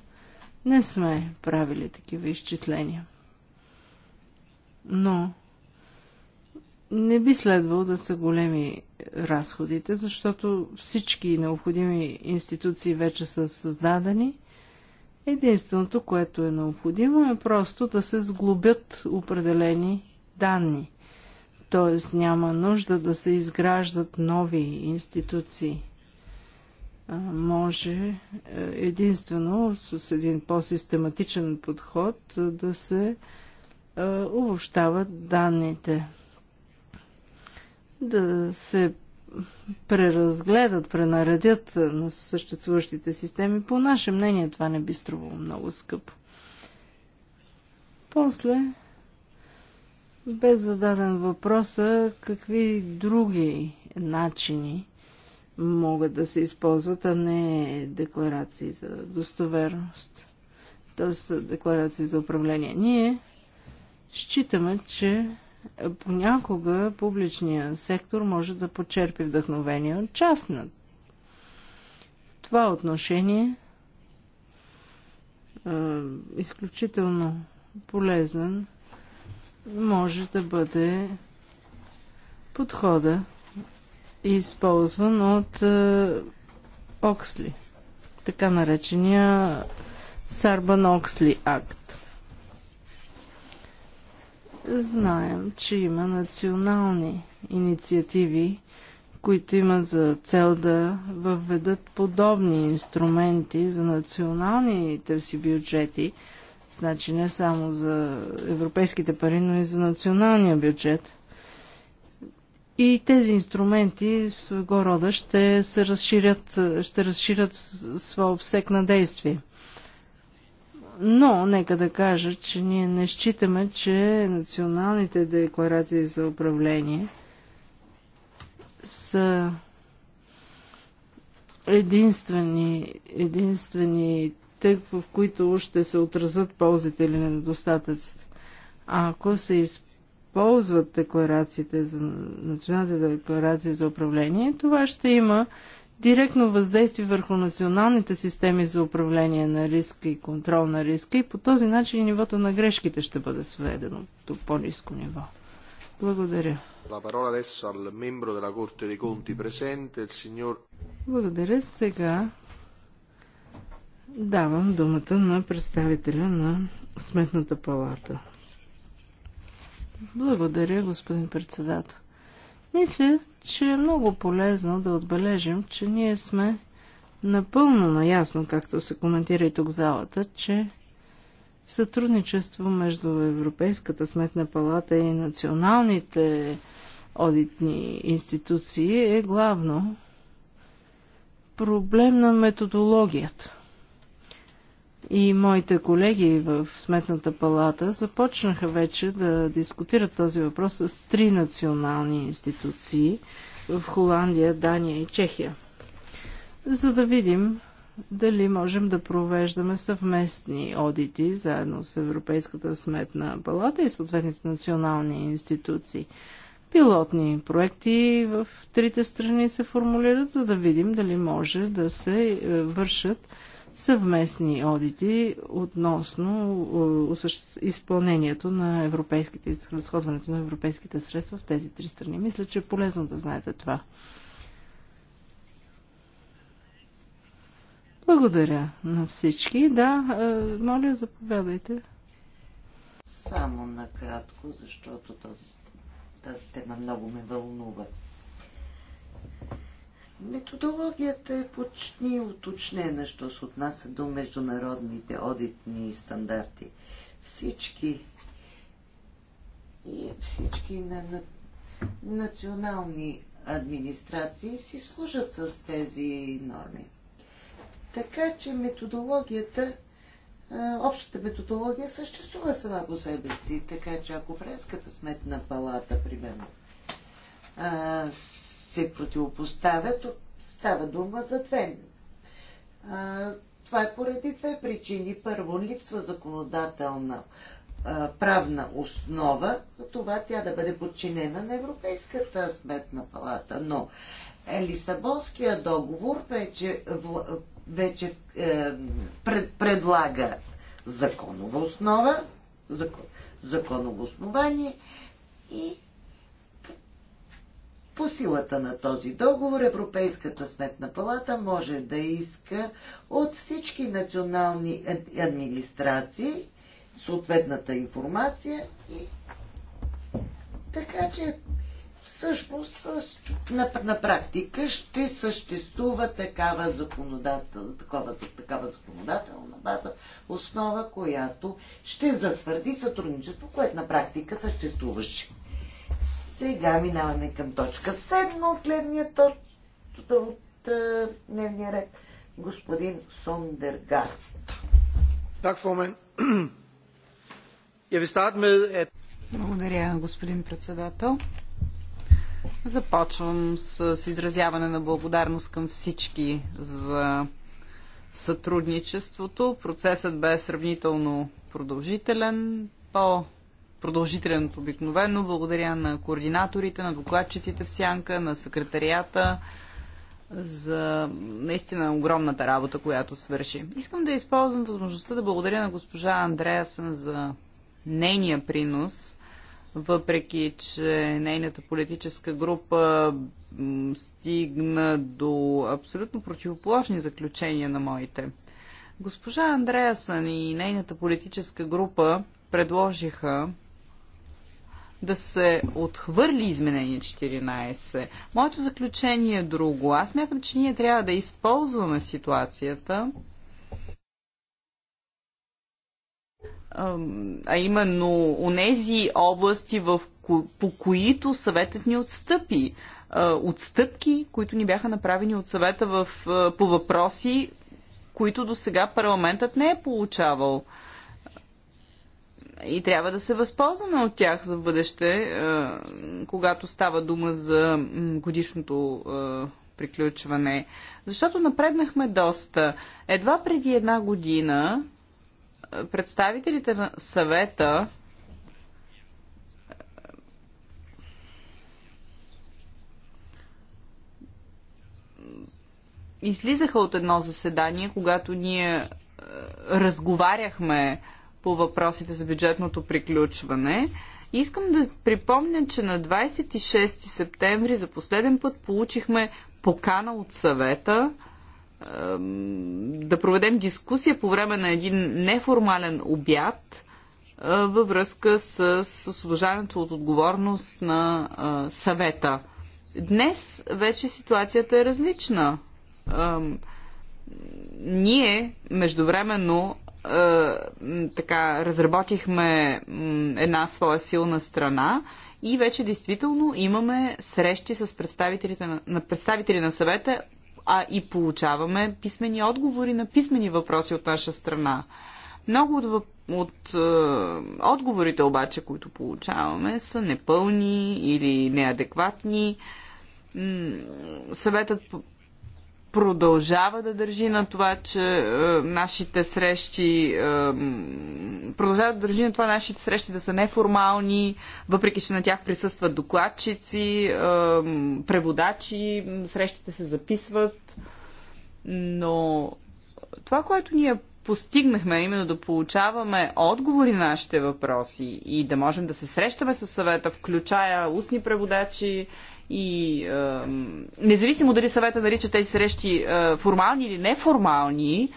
не сме правили такива изчисления. Но не би следвало да са големи разходите, защото всички необходими институции вече са създадени. Единственото, което е необходимо е просто да се сглобят определени данни. Тоест няма нужда да се изграждат нови институции. Може е, единствено с един по-систематичен подход е, да се е, обобщават данните да се преразгледат, пренаредят на съществуващите системи. По наше мнение това не би струвало много скъпо. После бе зададен въпроса какви други начини могат да се използват, а не декларации за достоверност, т.е. декларации за управление. Ние считаме, че понякога публичният сектор може да почерпи вдъхновение от частна. това отношение е, изключително полезен може да бъде подхода използван от е, Оксли, така наречения Сарбан Оксли акт. Знаем, че има национални инициативи, които имат за цел да въведат подобни инструменти за националните си бюджети, значи не само за европейските пари, но и за националния бюджет. И тези инструменти своего рода ще се разширят, ще разширят своя обсек на действие. Но нека да кажа, че ние не считаме, че националните декларации за управление са единствени, единствени тък, в които ще се отразят ползите или недостатъците. А ако се използват декларациите за националните декларации за управление, това ще има директно въздействие върху националните системи за управление на риска и контрол на риска и по този начин нивото на грешките ще бъде сведено до по-низко ниво. Благодаря. Благодаря. Сега давам думата на представителя на Сметната палата. Благодаря, господин председател. Мисля, че е много полезно да отбележим, че ние сме напълно наясно, както се коментира и тук залата, че сътрудничество между Европейската сметна палата и националните одитни институции е главно проблем на методологията и моите колеги в Сметната палата започнаха вече да дискутират този въпрос с три национални институции в Холандия, Дания и Чехия, за да видим дали можем да провеждаме съвместни одити заедно с Европейската сметна палата и съответните национални институции. Пилотни проекти в трите страни се формулират, за да видим дали може да се е, вършат съвместни одити относно е, изпълнението на европейските, разходването на европейските средства в тези три страни. Мисля, че е полезно да знаете това. Благодаря на всички. Да, е, моля, заповядайте. Само накратко, защото тази тема много ме вълнува. Методологията е почти уточнена, що се отнася до международните одитни стандарти. Всички и всички на, на, национални администрации си служат с тези норми. Така че методологията, общата методология съществува сама по себе си, така че ако френската сметна палата, примерно, се противопоставят, става дума за две. А, това е поради две причини. Първо, липсва законодателна а, правна основа, за това тя да бъде подчинена на Европейската сметна палата. Но Лисабонския договор вече, вече е, пред, предлага законова основа, закон, законово основание и по силата на този договор Европейската сметна палата може да иска от всички национални администрации съответната информация и така че всъщност на, на практика ще съществува такава, законодателна, такова, такава законодателна база, основа, която ще затвърди сътрудничество, което на практика съществуваше. Сега минаваме към точка 7 от гледния от, от е, дневния ред. Господин Сондергар. Так, Фомен. <clears throat> Я ви med е, Благодаря, господин председател. Започвам с изразяване на благодарност към всички за сътрудничеството. Процесът бе сравнително продължителен. По продължителен от обикновено. Благодаря на координаторите, на докладчиците в Сянка, на секретарията за наистина огромната работа, която свърши. Искам да използвам възможността да благодаря на госпожа Андреасен за нейния принос, въпреки че нейната политическа група стигна до абсолютно противоположни заключения на моите. Госпожа Андреасън и нейната политическа група предложиха да се отхвърли изменение 14. Моето заключение е друго. Аз мятам, че ние трябва да използваме ситуацията, а именно онези области, в, по които съветът ни отстъпи. Отстъпки, които ни бяха направени от съвета в, по въпроси, които до сега парламентът не е получавал и трябва да се възползваме от тях за бъдеще, е, когато става дума за годишното е, приключване. Защото напреднахме доста. Едва преди една година е, представителите на съвета излизаха от едно заседание, когато ние разговаряхме по въпросите за бюджетното приключване. Искам да припомня, че на 26 септември за последен път получихме покана от съвета да проведем дискусия по време на един неформален обяд във връзка с, освобождаването от отговорност на съвета. Днес вече ситуацията е различна. Ние, междувременно, е, така, разработихме една своя силна страна и вече действително имаме срещи с представителите на, на представители на съвета, а и получаваме писмени отговори на писмени въпроси от наша страна. Много от, от, от е, отговорите обаче, които получаваме, са непълни или неадекватни. Съветът продължава да държи на това, че е, нашите срещи е, продължава да държи на това нашите срещи да са неформални, въпреки че на тях присъстват докладчици, е, преводачи, срещите се записват. Но това, което ние постигнахме, е именно да получаваме отговори на нашите въпроси и да можем да се срещаме с съвета, включая устни преводачи и е, независимо дали съвета нарича тези срещи е, формални или неформални, е,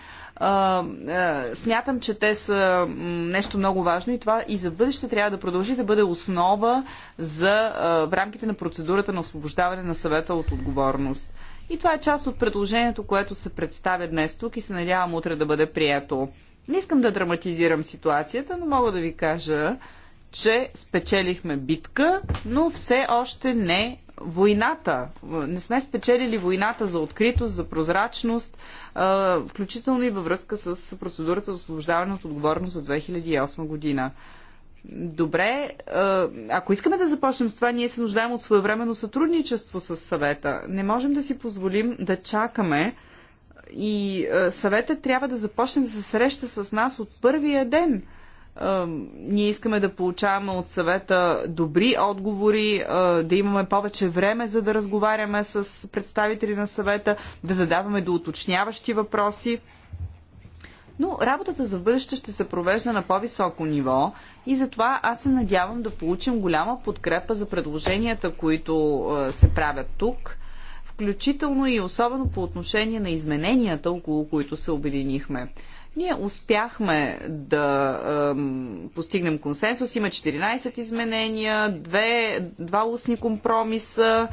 е, смятам, че те са нещо много важно и това и за бъдеще трябва да продължи да бъде основа за е, в рамките на процедурата на освобождаване на съвета от отговорност. И това е част от предложението, което се представя днес тук и се надявам утре да бъде прието. Не искам да драматизирам ситуацията, но мога да ви кажа, че спечелихме битка, но все още не войната. Не сме спечелили войната за откритост, за прозрачност, включително и във връзка с процедурата за освобождаване от отговорност за 2008 година. Добре, ако искаме да започнем с това, ние се нуждаем от своевременно сътрудничество с съвета. Не можем да си позволим да чакаме и съветът трябва да започне да се среща с нас от първия ден – ние искаме да получаваме от съвета добри отговори, да имаме повече време за да разговаряме с представители на съвета, да задаваме доуточняващи въпроси. Но работата за бъдеще ще се провежда на по-високо ниво и затова аз се надявам да получим голяма подкрепа за предложенията, които се правят тук, включително и особено по отношение на измененията, около които се обединихме. Ние успяхме да е, постигнем консенсус. Има 14 изменения, две, два устни компромиса,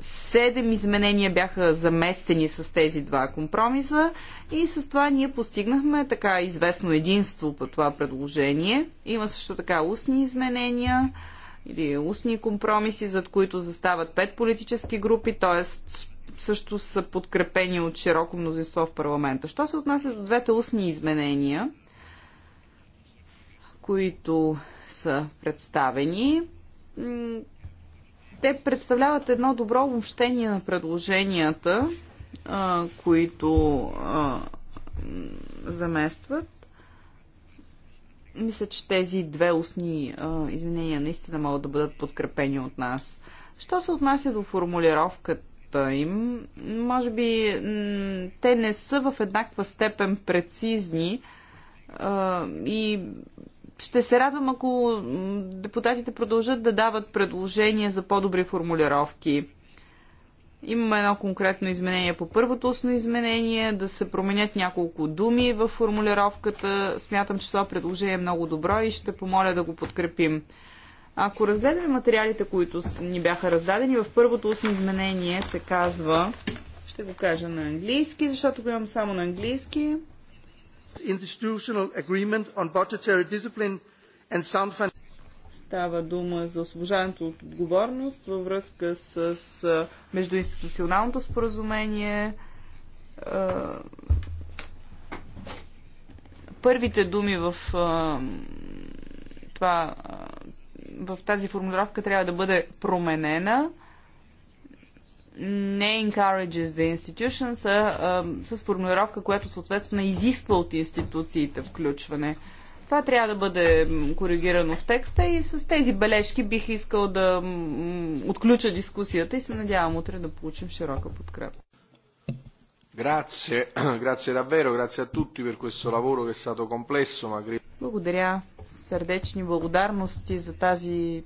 7 изменения бяха заместени с тези два компромиса и с това ние постигнахме така известно единство по това предложение. Има също така устни изменения или устни компромиси, зад които застават пет политически групи, т.е също са подкрепени от широко мнозинство в парламента. Що се отнася до двете устни изменения, които са представени, те представляват едно добро обобщение на предложенията, които заместват. Мисля, че тези две устни изменения наистина могат да бъдат подкрепени от нас. Що се отнася до формулировката, работата им. Може би те не са в еднаква степен прецизни и ще се радвам, ако депутатите продължат да дават предложения за по-добри формулировки. Имаме едно конкретно изменение по първото устно изменение, да се променят няколко думи в формулировката. Смятам, че това предложение е много добро и ще помоля да го подкрепим. Ако разгледаме материалите, които ни бяха раздадени, в първото устно изменение се казва, ще го кажа на английски, защото го имам само на английски. Institutional agreement on budgetary discipline and sound financial става дума за освобождаването от отговорност във връзка с, с междуинституционалното споразумение. Първите думи в това в тази формулировка трябва да бъде променена. Не encourages the institutions, а, а с формулировка, която съответствено изисква от институциите включване. Това трябва да бъде коригирано в текста и с тези бележки бих искал да отключа дискусията и се надявам утре да получим широка подкрепа. Grazie, <clears throat> grazie davvero, grazie a tutti per questo lavoro che è stato complesso ma credo благодаря. Сърдечни благодарности за тази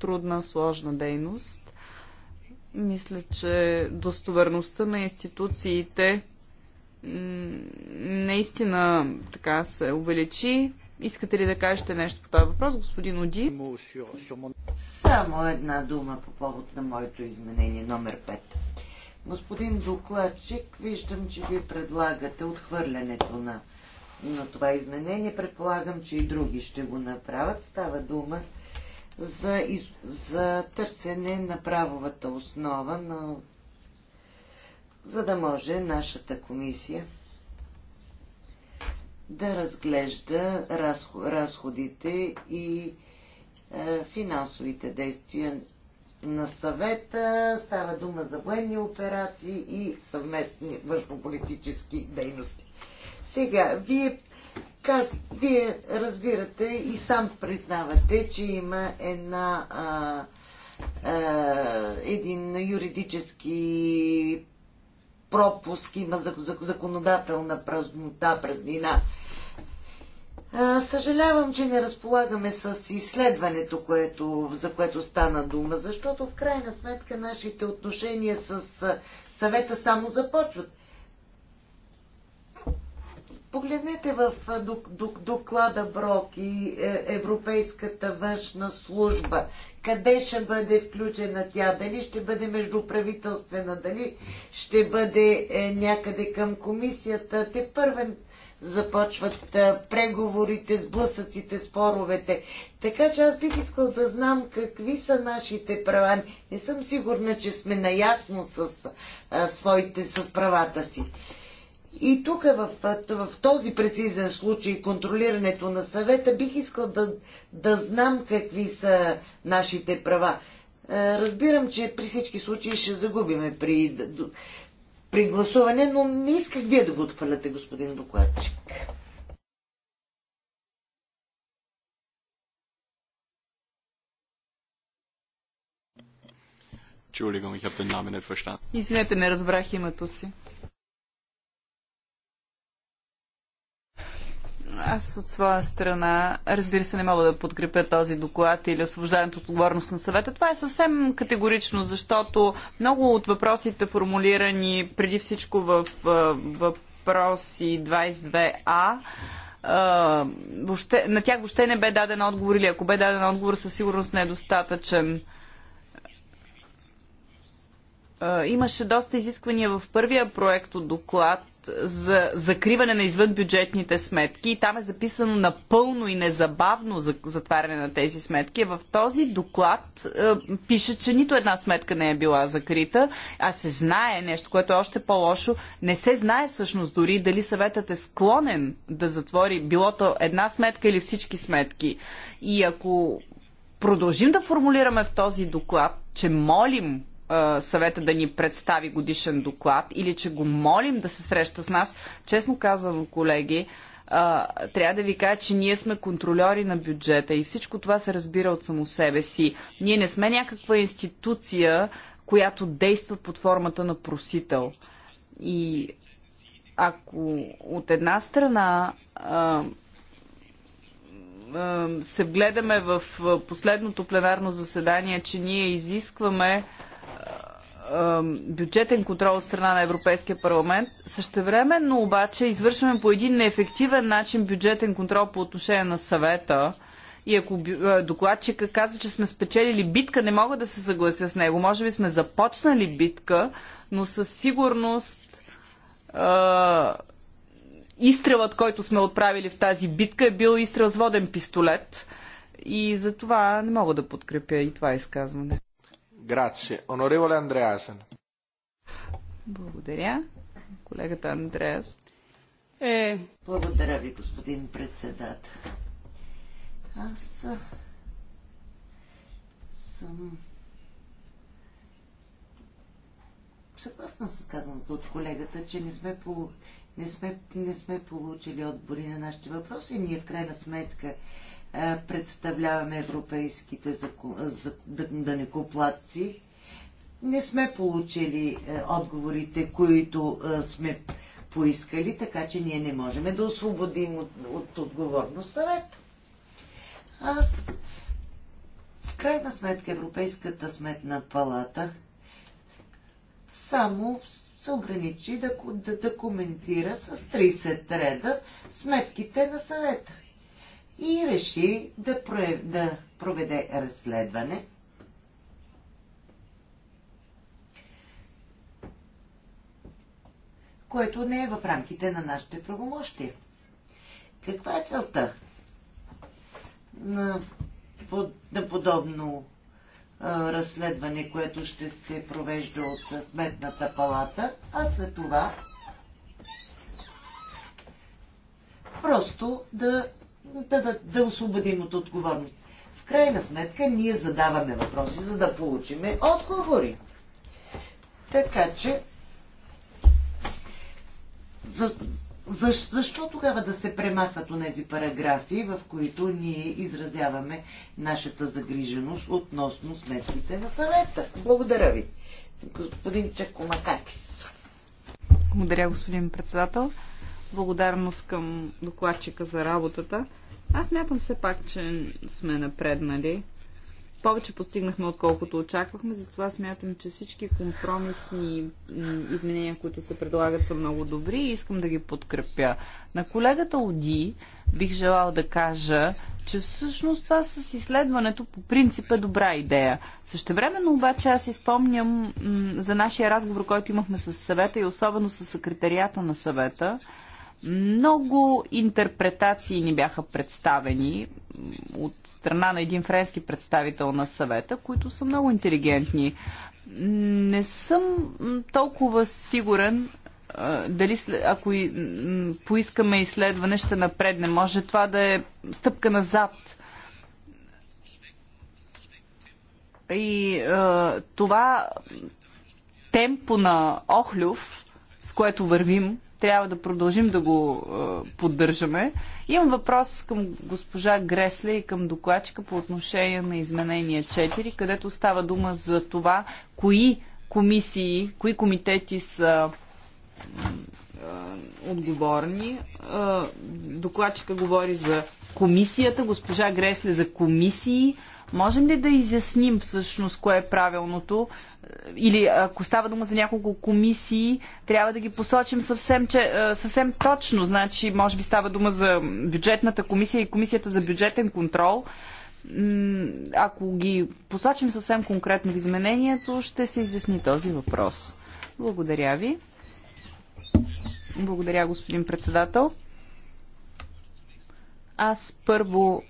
трудна, сложна дейност. Мисля, че достоверността на институциите наистина така се увеличи. Искате ли да кажете нещо по този въпрос, господин Оди? Само една дума по повод на моето изменение номер 5. Господин докладчик, виждам, че ви предлагате отхвърлянето на на това изменение. Предполагам, че и други ще го направят. Става дума за, из... за търсене на правовата основа, на... за да може нашата комисия да разглежда разходите и е, финансовите действия на съвета. Става дума за военни операции и съвместни външнополитически дейности. Сега, вие, каз, вие разбирате и сам признавате, че има една, а, а, един юридически пропуск, има законодателна празнота, празнина. Съжалявам, че не разполагаме с изследването, което, за което стана дума, защото в крайна сметка нашите отношения с съвета само започват. Погледнете в доклада Брок и е, Европейската външна служба. Къде ще бъде включена тя? Дали ще бъде междуправителствена? Дали ще бъде е, някъде към комисията? Те първен започват е, преговорите, сблъсъците, споровете. Така че аз бих искал да знам какви са нашите права. Не съм сигурна, че сме наясно с, своите, с правата си. И тук в, в този прецизен случай контролирането на съвета бих искал да, да знам какви са нашите права. Е, разбирам, че при всички случаи ще загубиме при, при гласуване, но не исках вие да го отхвърляте, господин докладчик. Извинете, не разбрах името си. Аз от своя страна, разбира се, не мога да подкрепя този доклад или освобождането от отговорност на съвета. Това е съвсем категорично, защото много от въпросите, формулирани преди всичко в въпроси 22а, въобще, на тях въобще не бе даден отговор или ако бе даден отговор, със сигурност не е достатъчен. Имаше доста изисквания в първия проект от доклад за закриване на извънбюджетните сметки и там е записано напълно и незабавно за затваряне на тези сметки. В този доклад пише, че нито една сметка не е била закрита, а се знае нещо, което е още по-лошо. Не се знае всъщност дори дали съветът е склонен да затвори билото една сметка или всички сметки. И ако продължим да формулираме в този доклад, че молим съвета да ни представи годишен доклад или че го молим да се среща с нас, честно казвам, колеги, а, трябва да ви кажа, че ние сме контролери на бюджета и всичко това се разбира от само себе си. Ние не сме някаква институция, която действа под формата на просител. И ако от една страна а, а, се вгледаме в последното пленарно заседание, че ние изискваме бюджетен контрол от страна на Европейския парламент. Същевременно обаче извършваме по един неефективен начин бюджетен контрол по отношение на съвета. И ако докладчика казва, че сме спечелили битка, не мога да се съглася с него. Може би сме започнали битка, но със сигурност е, изстрелът, който сме отправили в тази битка, е бил изстрел с воден пистолет. И затова не мога да подкрепя и това изказване. Грация. Оноревале Андреасен. Благодаря. Колегата Андреас. Е. Благодаря ви, господин председател. Аз съм съгласна с казаното от колегата, че не сме, полу... не сме, не сме получили отбори на нашите въпроси. Ние в крайна сметка е, представляваме европейските данекоплатци. Не сме получили е, отговорите, които е, сме поискали, така че ние не можем да освободим от, от отговорност съвет. Аз в крайна сметка Европейската сметна палата само се ограничи да, да, да коментира с 30 реда сметките на съвета и реши да, прояв... да проведе разследване. което не е в рамките на нашите правомощия. Каква е целта на, на подобно а, разследване, което ще се провежда от Сметната палата, а след това просто да да, да, да освободим от отговорност. В крайна сметка ние задаваме въпроси, за да получиме отговори. Така че, за, за, защо тогава да се премахват тези параграфи, в които ние изразяваме нашата загриженост относно сметките на съвета? Благодаря ви. Господин Чакомакакис. Благодаря, господин председател. Благодарност към докладчика за работата. Аз мятам все пак, че сме напреднали. Повече постигнахме, отколкото очаквахме, затова смятам, че всички компромисни изменения, които се предлагат, са много добри и искам да ги подкрепя. На колегата Оди бих желал да кажа, че всъщност това с изследването по принцип е добра идея. Същевременно обаче аз изпомням за нашия разговор, който имахме с съвета и особено с секретарията на съвета, много интерпретации ни бяха представени от страна на един френски представител на съвета, които са много интелигентни. Не съм толкова сигурен дали ако поискаме изследване, ще напредне. Може това да е стъпка назад. И е, това темпо на Охлюв, с което вървим, трябва да продължим да го е, поддържаме. Имам въпрос към госпожа Гресле и към докладчика по отношение на изменение 4, където става дума за това, кои комисии, кои комитети са е, отговорни. Е, докладчика говори за комисията, госпожа Гресле за комисии. Можем ли да изясним всъщност кое е правилното? Е, или ако става дума за няколко комисии, трябва да ги посочим съвсем, че, е, съвсем точно. Значи, може би става дума за бюджетната комисия и комисията за бюджетен контрол ако ги посочим съвсем конкретно в изменението, ще се изясни този въпрос. Благодаря ви. Благодаря, господин председател. Аз първо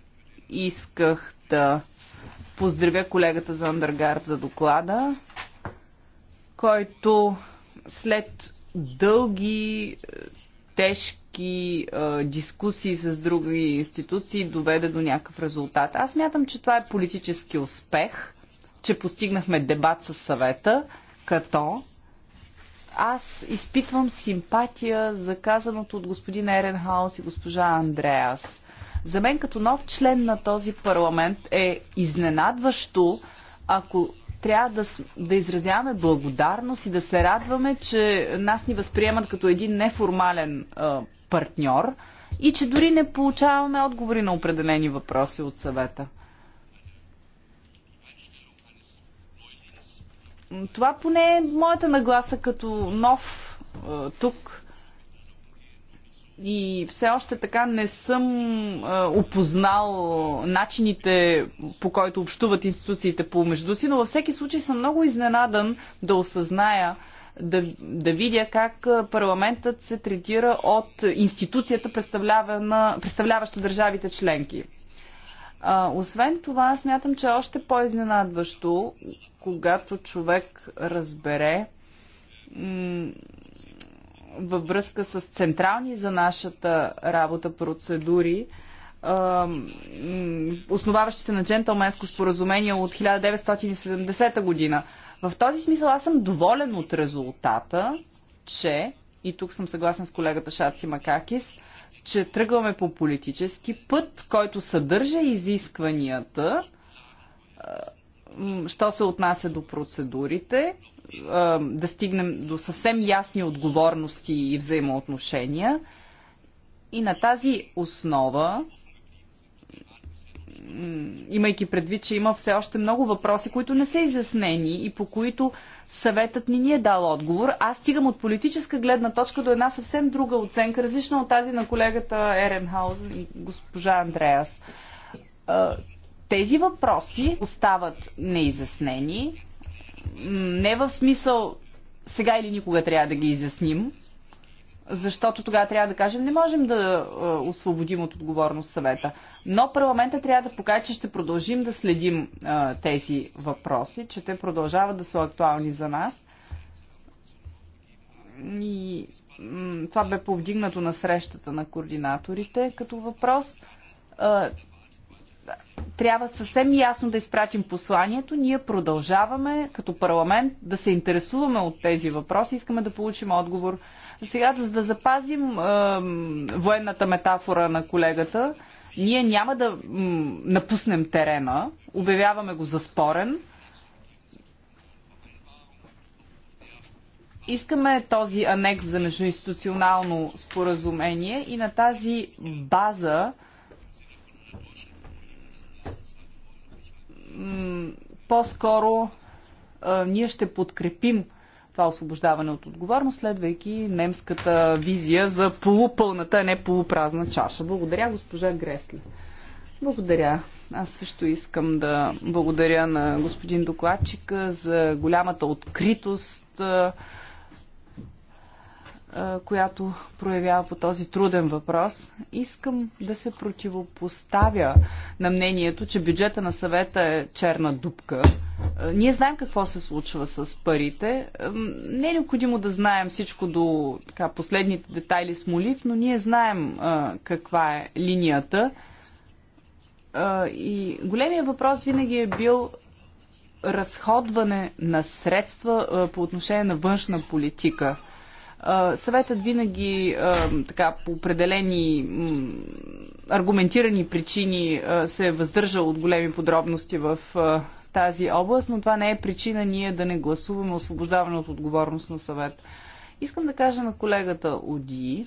исках да поздравя колегата за Андергард за доклада, който след дълги, тежки е, дискусии с други институции доведе до някакъв резултат. Аз мятам, че това е политически успех, че постигнахме дебат с съвета, като аз изпитвам симпатия за казаното от господин Еренхаус и госпожа Андреас. За мен като нов член на този парламент е изненадващо, ако трябва да, да изразяваме благодарност и да се радваме, че нас ни възприемат като един неформален а, партньор и че дори не получаваме отговори на определени въпроси от съвета. Това поне е моята нагласа като нов а, тук и все още така не съм а, опознал начините по който общуват институциите помежду си, но във всеки случай съм много изненадан да осъзная, да, да видя как парламентът се третира от институцията, представляваща държавите членки. А, освен това, смятам, че е още по-изненадващо, когато човек разбере във връзка с централни за нашата работа процедури, основаващи се на джентълменско споразумение от 1970 година. В този смисъл аз съм доволен от резултата, че, и тук съм съгласен с колегата Шаци Макакис, че тръгваме по политически път, който съдържа изискванията, що се отнася до процедурите да стигнем до съвсем ясни отговорности и взаимоотношения. И на тази основа, имайки предвид, че има все още много въпроси, които не са изяснени и по които съветът ни ни е дал отговор, аз стигам от политическа гледна точка до една съвсем друга оценка, различна от тази на колегата Еренхаус и госпожа Андреас. Тези въпроси остават неизяснени не в смисъл сега или никога трябва да ги изясним, защото тогава трябва да кажем, не можем да е, освободим от отговорност съвета. Но парламента трябва да покаже, че ще продължим да следим а, е, тези въпроси, че те продължават да са актуални за нас. И това бе повдигнато на срещата на координаторите като въпрос. Е, трябва съвсем ясно да изпратим посланието. Ние продължаваме като парламент да се интересуваме от тези въпроси. Искаме да получим отговор. Сега, за да запазим е, военната метафора на колегата, ние няма да напуснем терена. Обявяваме го за спорен. Искаме този анекс за междуинституционално споразумение и на тази база по-скоро ние ще подкрепим това освобождаване от отговорност, следвайки немската визия за полупълната, а не полупразна чаша. Благодаря, госпожа Гресле. Благодаря. Аз също искам да благодаря на господин докладчика за голямата откритост, която проявява по този труден въпрос. Искам да се противопоставя на мнението, че бюджета на съвета е черна дупка. Ние знаем какво се случва с парите. Не е необходимо да знаем всичко до така, последните детайли с молив, но ние знаем а, каква е линията. А, и големия въпрос винаги е бил разходване на средства а, по отношение на външна политика – Съветът винаги така по определени аргументирани причини се е въздържал от големи подробности в тази област, но това не е причина ние да не гласуваме освобождаване от отговорност на съвет. Искам да кажа на колегата Оди,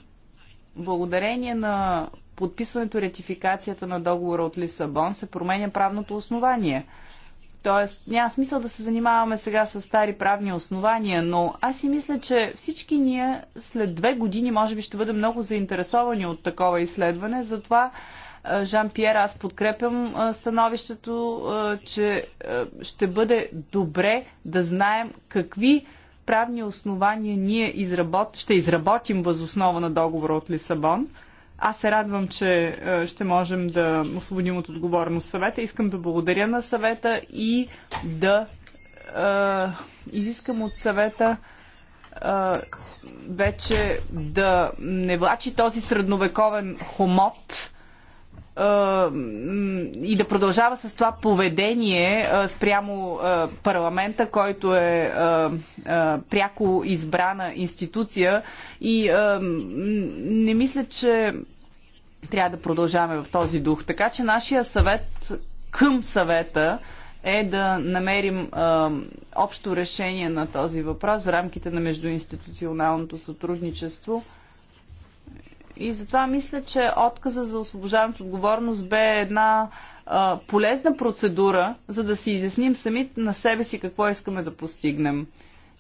благодарение на подписването и ратификацията на договора от Лисабон се променя правното основание – Тоест, няма смисъл да се занимаваме сега с стари правни основания, но аз си мисля, че всички ние след две години може би ще бъдем много заинтересовани от такова изследване. Затова, е, Жан-Пьер, аз подкрепям е, становището, е, че ще бъде добре да знаем какви правни основания ние изработ... ще изработим възоснова на договора от Лисабон – аз се радвам, че е, ще можем да освободим от отговорност съвета. Искам да благодаря на съвета и да е, изискам от съвета е, вече да не влачи този средновековен хомот и да продължава с това поведение спрямо парламента, който е пряко избрана институция и не мисля, че трябва да продължаваме в този дух. Така че нашия съвет към съвета е да намерим а, общо решение на този въпрос в рамките на междуинституционалното сътрудничество и затова мисля, че отказа за освобождаване от отговорност бе една а, полезна процедура, за да си изясним сами на себе си какво искаме да постигнем.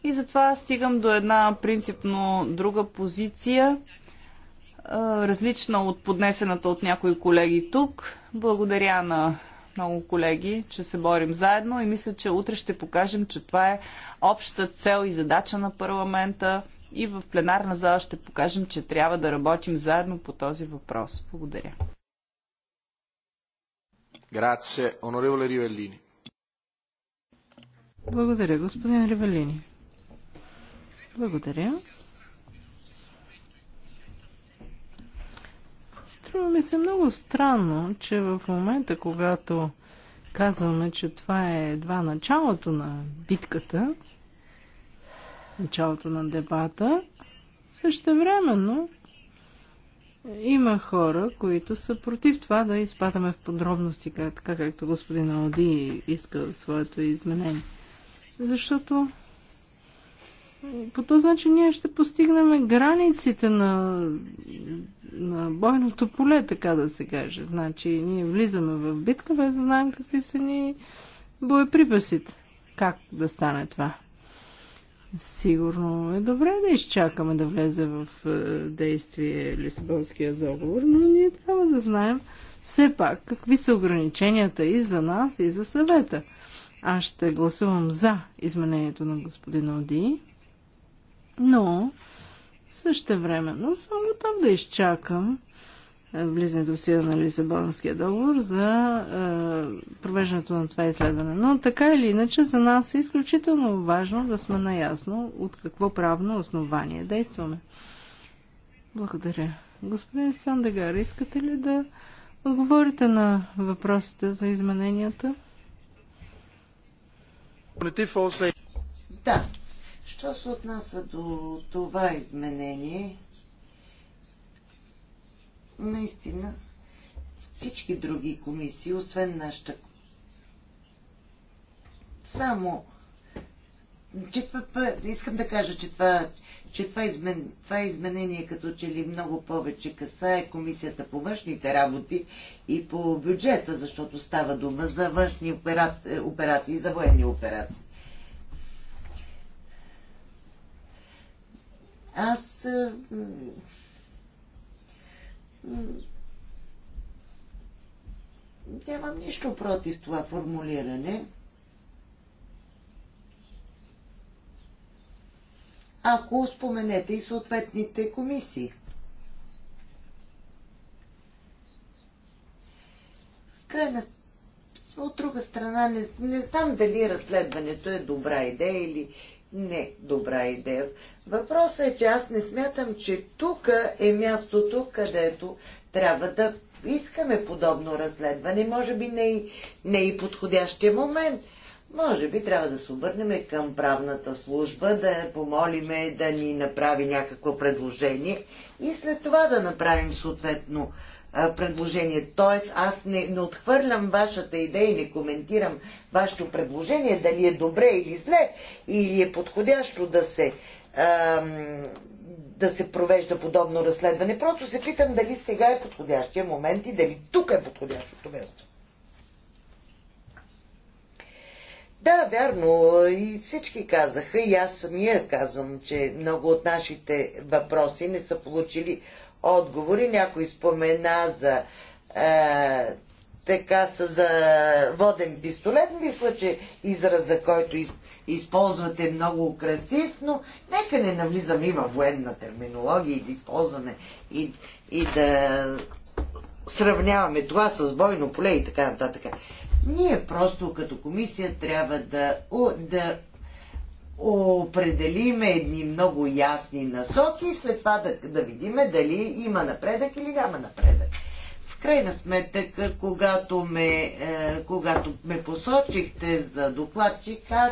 И затова стигам до една принципно друга позиция, а, различна от поднесената от някои колеги тук. Благодаря на много колеги, че се борим заедно и мисля, че утре ще покажем, че това е обща цел и задача на парламента и в пленарна зала ще покажем, че трябва да работим заедно по този въпрос. Благодаря. Грация, Благодаря, господин Ривелини. Благодаря. Струва ми се много странно, че в момента, когато казваме, че това е едва началото на битката, началото на дебата, същевременно има хора, които са против това да изпадаме в подробности, така както господин Ауди иска своето изменение. Защото по този начин ние ще постигнем границите на, на бойното поле, така да се каже. Значи ние влизаме в битка, без да знаем какви са ни боеприпасите. Как да стане това? Сигурно е добре да изчакаме да влезе в е, действие Лисабонския договор, но ние трябва да знаем все пак какви са ограниченията и за нас, и за съвета. Аз ще гласувам за изменението на господин Оди. Но също времено съм готов да изчакам е, влизането в сила на Лисабонския договор за е, провеждането на това изследване. Но така или иначе за нас е изключително важно да сме наясно от какво правно основание действаме. Благодаря. Господин Сандегар, искате ли да отговорите на въпросите за измененията? Да, Що се отнася до това изменение, наистина всички други комисии, освен нашата, само че това, искам да кажа, че това, че това, измен, това изменение като че ли много повече касае комисията по външните работи и по бюджета, защото става дума за външни е, операции, за военни операции. Аз нямам нищо против това формулиране. Ако споменете и съответните комисии. Крайна от друга страна, не, не знам дали разследването е добра идея или, не добра идея. Въпросът е, че аз не смятам, че тук е мястото, където трябва да искаме подобно разследване. Може би не и, не и подходящия момент. Може би трябва да се обърнем към правната служба, да я помолиме да ни направи някакво предложение и след това да направим съответно предложение. Тоест, аз не, не отхвърлям вашата идея и не коментирам вашето предложение, дали е добре или зле, или е подходящо да се, а, да се провежда подобно разследване. Просто се питам дали сега е подходящия момент и дали тук е подходящото място. Да, вярно. И всички казаха, и аз самия казвам, че много от нашите въпроси не са получили отговори. Някой спомена за е, така за воден пистолет. Мисля, че израза, който из, използвате е много красив, но нека не навлизаме и във военна терминология и да използваме и, и да сравняваме това с бойно поле и така нататък. Ние просто като комисия трябва да, да Определим едни много ясни насоки и след това да, да видим дали има напредък или няма напредък. В крайна сметка, когато ме, е, когато ме посочихте за докладчик, аз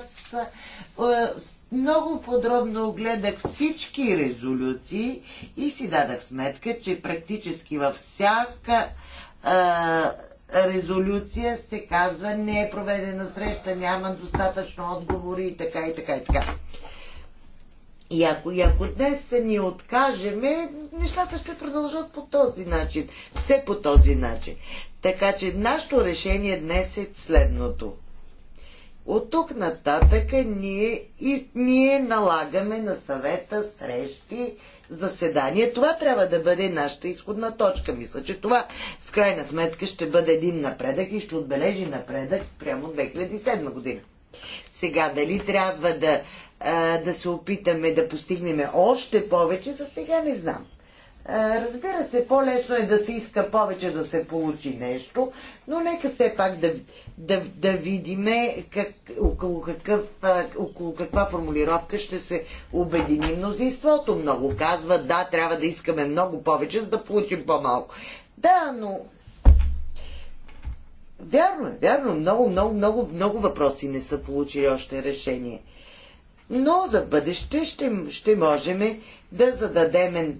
е, много подробно огледах всички резолюции и си дадах сметка, че практически във всяка е, резолюция се казва не е проведена среща, няма достатъчно отговори и така и така и така. И ако, и ако днес се ни откажеме, нещата ще продължат по този начин. Все по този начин. Така че нашето решение днес е следното. От тук нататък ние, и, ние налагаме на съвета срещи заседание. Това трябва да бъде нашата изходна точка. Мисля, че това в крайна сметка ще бъде един напредък и ще отбележи напредък прямо 2007 година. Сега, дали трябва да, а, да се опитаме да постигнем още повече, за сега не знам. Е, разбира се, по-лесно е да се иска повече да се получи нещо, но нека все пак да, да, да видиме как, около, какъв, е, около каква формулировка ще се обедини мнозинството. Много казва, да, трябва да искаме много повече, за да получим по-малко. Да, но... Вярно, е, вярно, много, много, много, много въпроси не са получили още решение – но за бъдеще ще, ще можем да зададем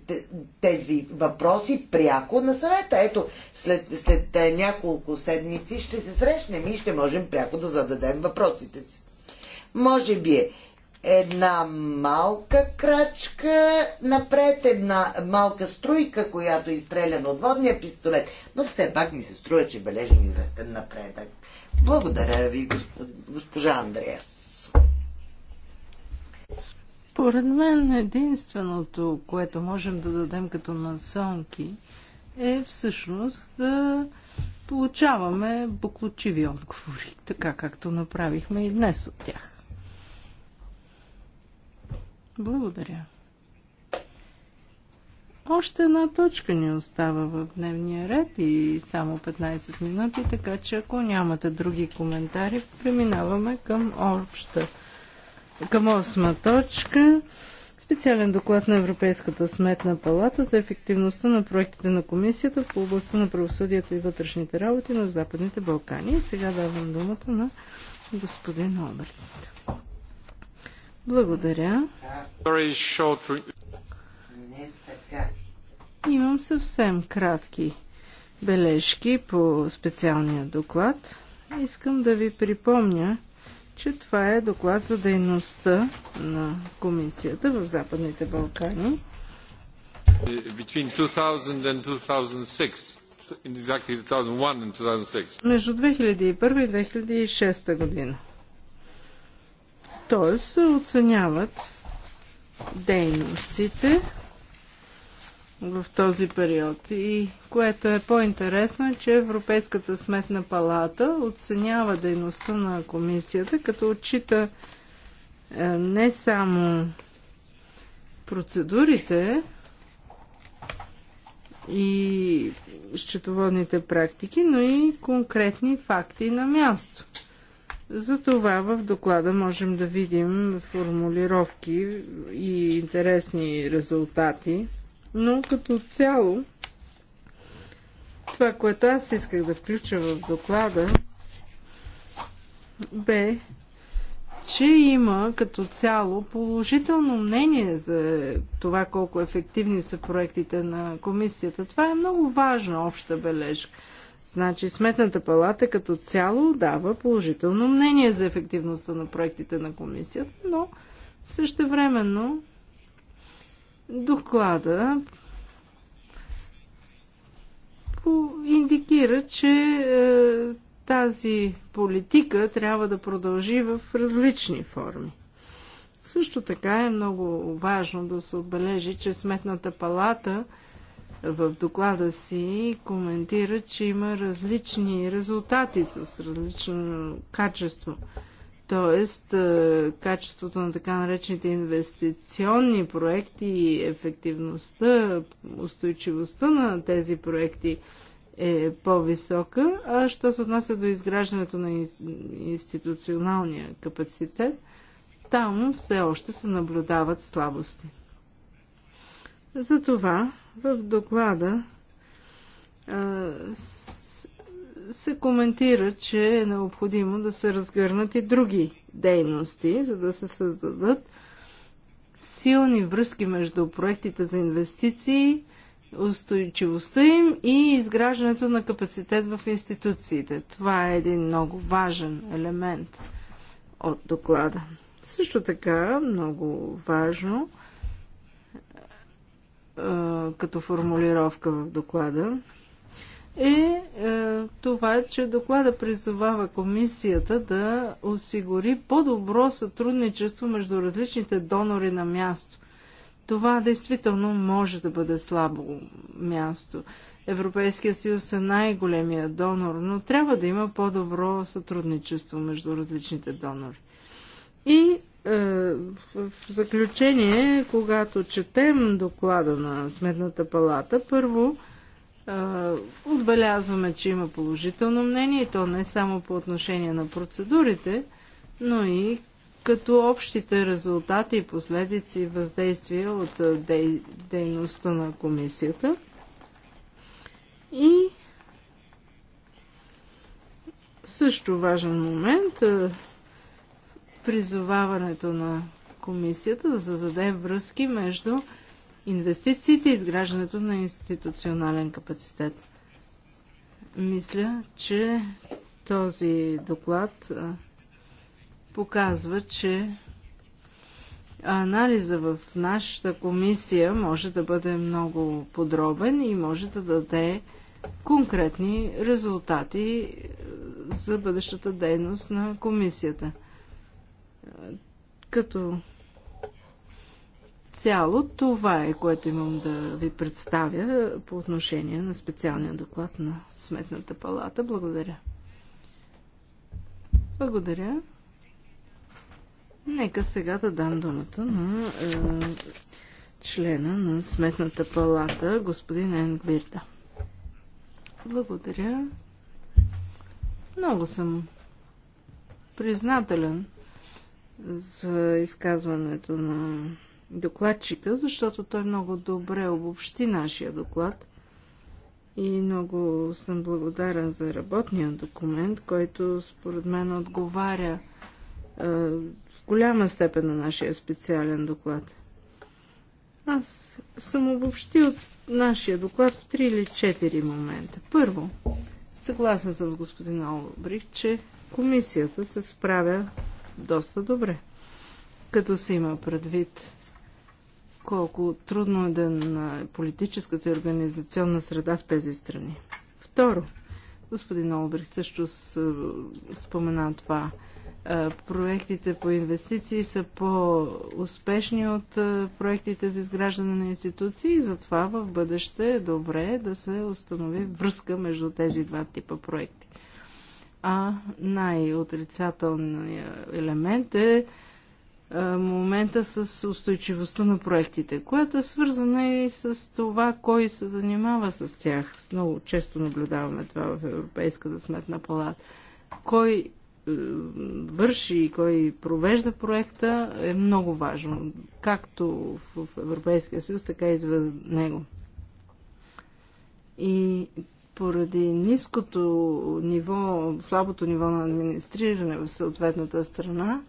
тези въпроси пряко на съвета. Ето, след, след е, няколко седмици ще се срещнем и ще можем пряко да зададем въпросите си. Може би е една малка крачка напред, една малка струйка, която е изстреляна от водния пистолет, но все пак ми се струва, че бележим известен напредък. Благодаря ви, госпожа Андреас. Според мен единственото, което можем да дадем като насонки, е всъщност да получаваме буклочиви отговори, така както направихме и днес от тях. Благодаря. Още една точка ни остава в дневния ред и само 15 минути, така че ако нямате други коментари, преминаваме към обща към осма точка. Специален доклад на Европейската сметна палата за ефективността на проектите на комисията в областта на правосъдието и вътрешните работи на Западните Балкани. Сега давам думата на господин Оберт. Благодаря. Имам съвсем кратки бележки по специалния доклад. Искам да ви припомня, че това е доклад за дейността на комисията в Западните Балкани. Между 2001 и 2006 година. Тоест се оценяват дейностите в този период. И което е по-интересно е, че Европейската сметна палата оценява дейността на комисията, като отчита е, не само процедурите и счетоводните практики, но и конкретни факти на място. Затова в доклада можем да видим формулировки и интересни резултати но като цяло това, което аз исках да включа в доклада, бе, че има като цяло положително мнение за това колко ефективни са проектите на комисията. Това е много важна обща бележка. Значи Сметната палата като цяло дава положително мнение за ефективността на проектите на комисията, но също времено доклада индикира, че е, тази политика трябва да продължи в различни форми. Също така е много важно да се отбележи, че Сметната палата в доклада си коментира, че има различни резултати с различно качество. Тоест, качеството на така наречените инвестиционни проекти и ефективността, устойчивостта на тези проекти е по-висока, а що се отнася до изграждането на институционалния капацитет, там все още се наблюдават слабости. Затова в доклада се коментира, че е необходимо да се разгърнат и други дейности, за да се създадат силни връзки между проектите за инвестиции, устойчивостта им и изграждането на капацитет в институциите. Това е един много важен елемент от доклада. Също така, много важно като формулировка в доклада, е, е това, че доклада призовава комисията да осигури по-добро сътрудничество между различните донори на място. Това действително може да бъде слабо място. Европейския съюз е най-големия донор, но трябва да има по-добро сътрудничество между различните донори. И е, в заключение, когато четем доклада на Сметната палата, първо, Отбелязваме, че има положително мнение и то не само по отношение на процедурите, но и като общите резултати и последици и въздействия от дей, дейността на комисията. И също важен момент призоваването на комисията да зададе връзки между инвестициите и изграждането на институционален капацитет. Мисля, че този доклад показва, че анализа в нашата комисия може да бъде много подробен и може да даде конкретни резултати за бъдещата дейност на комисията. Като цяло това е, което имам да ви представя по отношение на специалния доклад на Сметната палата. Благодаря. Благодаря. Нека сега да дам думата на е, члена на Сметната палата, господин Енгвирда. Благодаря. Много съм признателен за изказването на докладчика, защото той много добре обобщи нашия доклад и много съм благодарен за работния документ, който според мен отговаря е, в голяма степен на нашия специален доклад. Аз съм обобщил нашия доклад в три или четири момента. Първо, съгласен съм с господин Олбрих, че комисията се справя доста добре, като се има предвид колко трудно е да е на политическата и организационна среда в тези страни. Второ, господин Олбрих, също е, спомена това. Е, проектите по инвестиции са по-успешни от проектите за изграждане на институции и затова в бъдеще е добре да се установи връзка между тези два типа проекти. А най-отрицателният елемент е момента с устойчивостта на проектите, което е свързано и с това, кой се занимава с тях. Много често наблюдаваме това в Европейската сметна палата. Кой е, върши и кой провежда проекта е много важно, както в Европейския съюз, така и извън него. И поради ниското ниво, слабото ниво на администриране в съответната страна,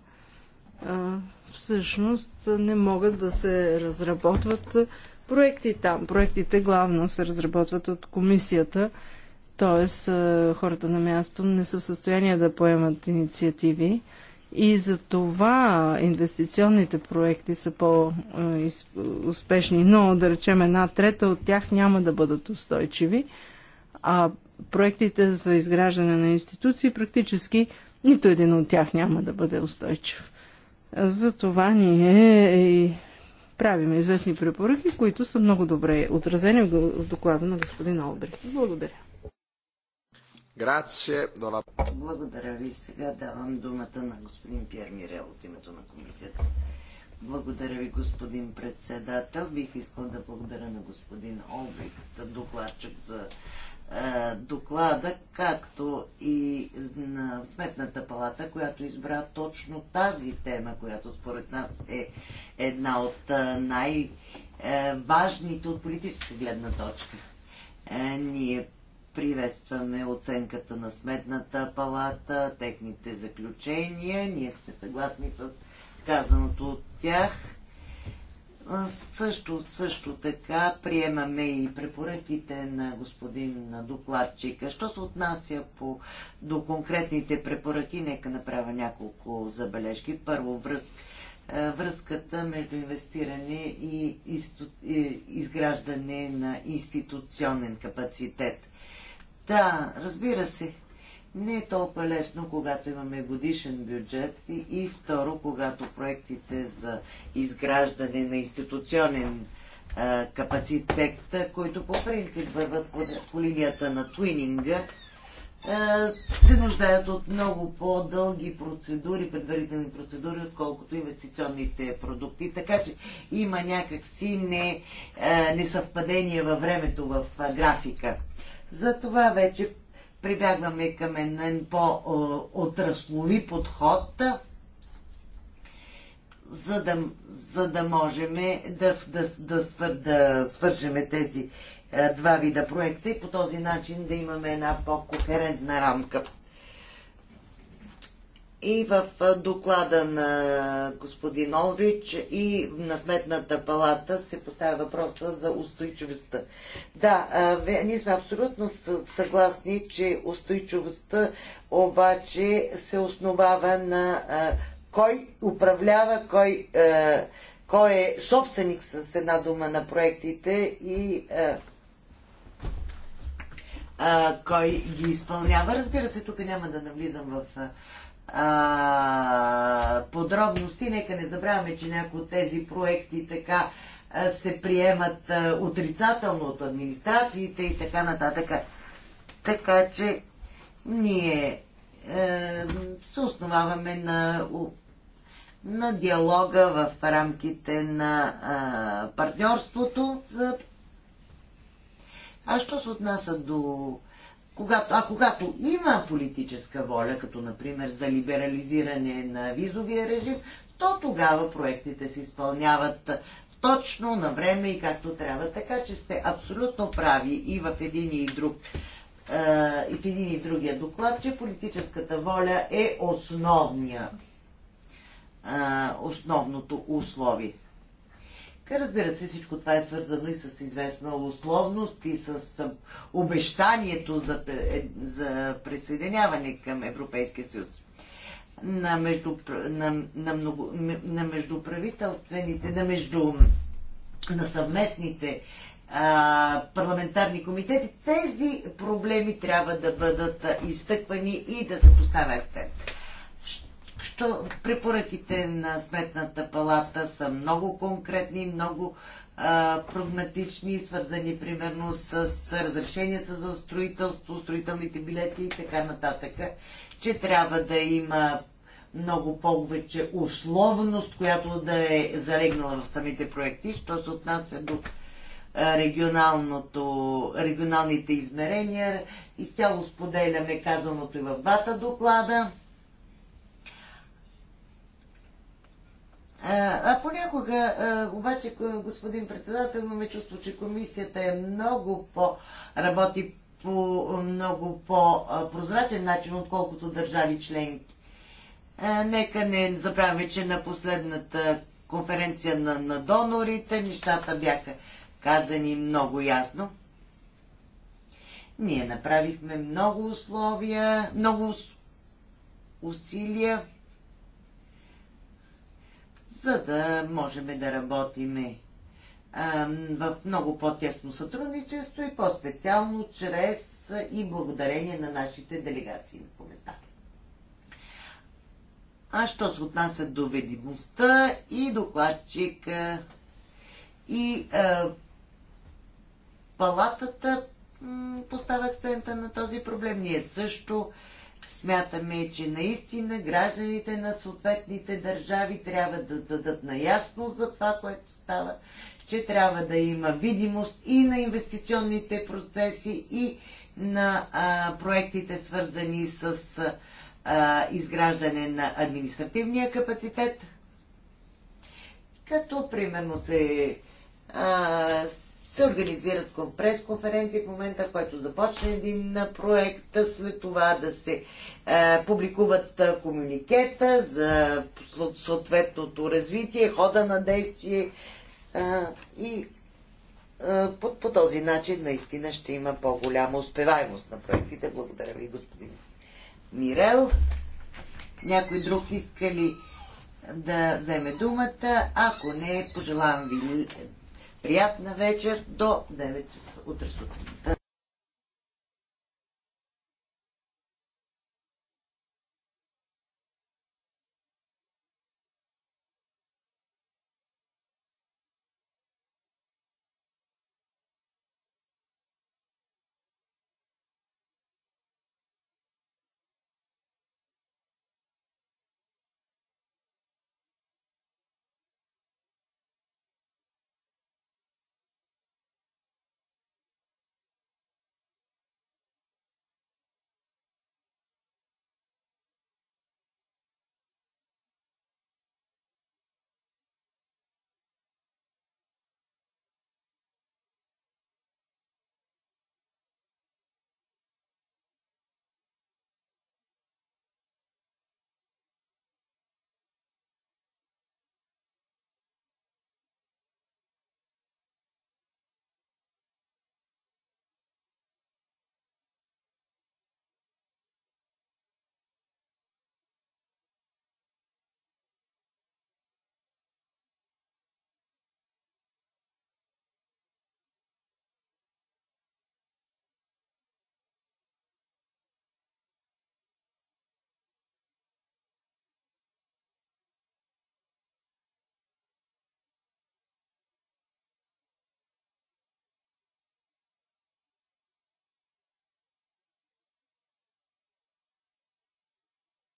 всъщност не могат да се разработват проекти там. Проектите главно се разработват от комисията, т.е. хората на място не са в състояние да поемат инициативи. И за това инвестиционните проекти са по-успешни, но да речем една трета от тях няма да бъдат устойчиви, а проектите за изграждане на институции практически нито един от тях няма да бъде устойчив. За това ние и правим известни препоръки, които са много добре отразени в доклада на господин Олбри. Благодаря. Благодаря ви. Сега давам думата на господин Пьер Мирел от името на комисията. Благодаря ви, господин председател. Бих искал да благодаря на господин Олбрих, докладчик за е, доклада, както и на Сметната палата, която избра точно тази тема, която според нас е една от е, най-важните от политическа гледна точка. Е, ние приветстваме оценката на Сметната палата, техните заключения, ние сме съгласни с казаното от тях също, също така приемаме и препоръките на господин докладчика. Що се отнася по, до конкретните препоръки, нека направя няколко забележки. Първо, връз, връзката между инвестиране и, и изграждане на институционен капацитет. Да, разбира се, не е толкова лесно, когато имаме годишен бюджет и, и второ, когато проектите за изграждане на институционен а, капацитет, които по принцип върват по, по линията на твининга, се нуждаят от много по-дълги процедури, предварителни процедури, отколкото инвестиционните продукти. Така че има някакси не, несъвпадение във времето в графика. За това вече прибягваме към един по-отраслови подход, за да, за да можем да, да, да, свър, да свържеме тези е, два вида проекта и по този начин да имаме една по-кохерентна рамка и в доклада на господин Олрич и на Сметната палата се поставя въпроса за устойчивостта. Да, ние сме абсолютно съгласни, че устойчивостта обаче се основава на кой управлява, кой, кой е собственик с една дума на проектите и кой ги изпълнява. Разбира се, тук няма да навлизам в а, подробности. Нека не забравяме, че някои от тези проекти така се приемат а, отрицателно от администрациите и така нататък. Така че ние е, се основаваме на, на диалога в рамките на а, партньорството. За... А що се отнася до когато, а когато има политическа воля, като например за либерализиране на визовия режим, то тогава проектите се изпълняват точно на време и както трябва. Така че сте абсолютно прави и в един и друг е, и в един и другия доклад, че политическата воля е основния, е, основното условие. Е, разбира се, всичко това е свързано и с известна условност и с обещанието за, е, за присъединяване към Европейския съюз. На, между, на, на, много, на междуправителствените, на, между, на съвместните а, парламентарни комитети, тези проблеми трябва да бъдат изтъквани и да се поставя акцент що препоръките на Сметната палата са много конкретни, много а, прагматични, свързани примерно с, с разрешенията за строителство, строителните билети и така нататък, че трябва да има много повече условност, която да е залегнала в самите проекти, що се отнася до регионалното, регионалните измерения. Изцяло споделяме казаното и в двата доклада. А понякога, обаче, господин председател, но ме чувство, че комисията е много по... работи по много по-прозрачен начин, отколкото държави членки. Нека не забравяме, че на последната конференция на, на донорите нещата бяха казани много ясно. Ние направихме много условия, много усилия за да можем да работим в много по-тесно сътрудничество и по-специално чрез и благодарение на нашите делегации по места. А що се отнася до ведимостта и докладчик и а, палатата поставя акцента на този проблем. Ние също Смятаме, че наистина гражданите на съответните държави трябва да дадат наясно за това, което става, че трябва да има видимост и на инвестиционните процеси, и на а, проектите, свързани с а, изграждане на административния капацитет, като примерно се а, се организират прес-конференции в момента, в който започне един проект, след това да се е, публикуват комуникета за съответното развитие, хода на действие е, и по, по този начин наистина ще има по-голяма успеваемост на проектите. Благодаря ви, господин Мирел. Някой друг иска ли да вземе думата? Ако не, пожелавам ви Приятна вечер до 9 утре сутринта.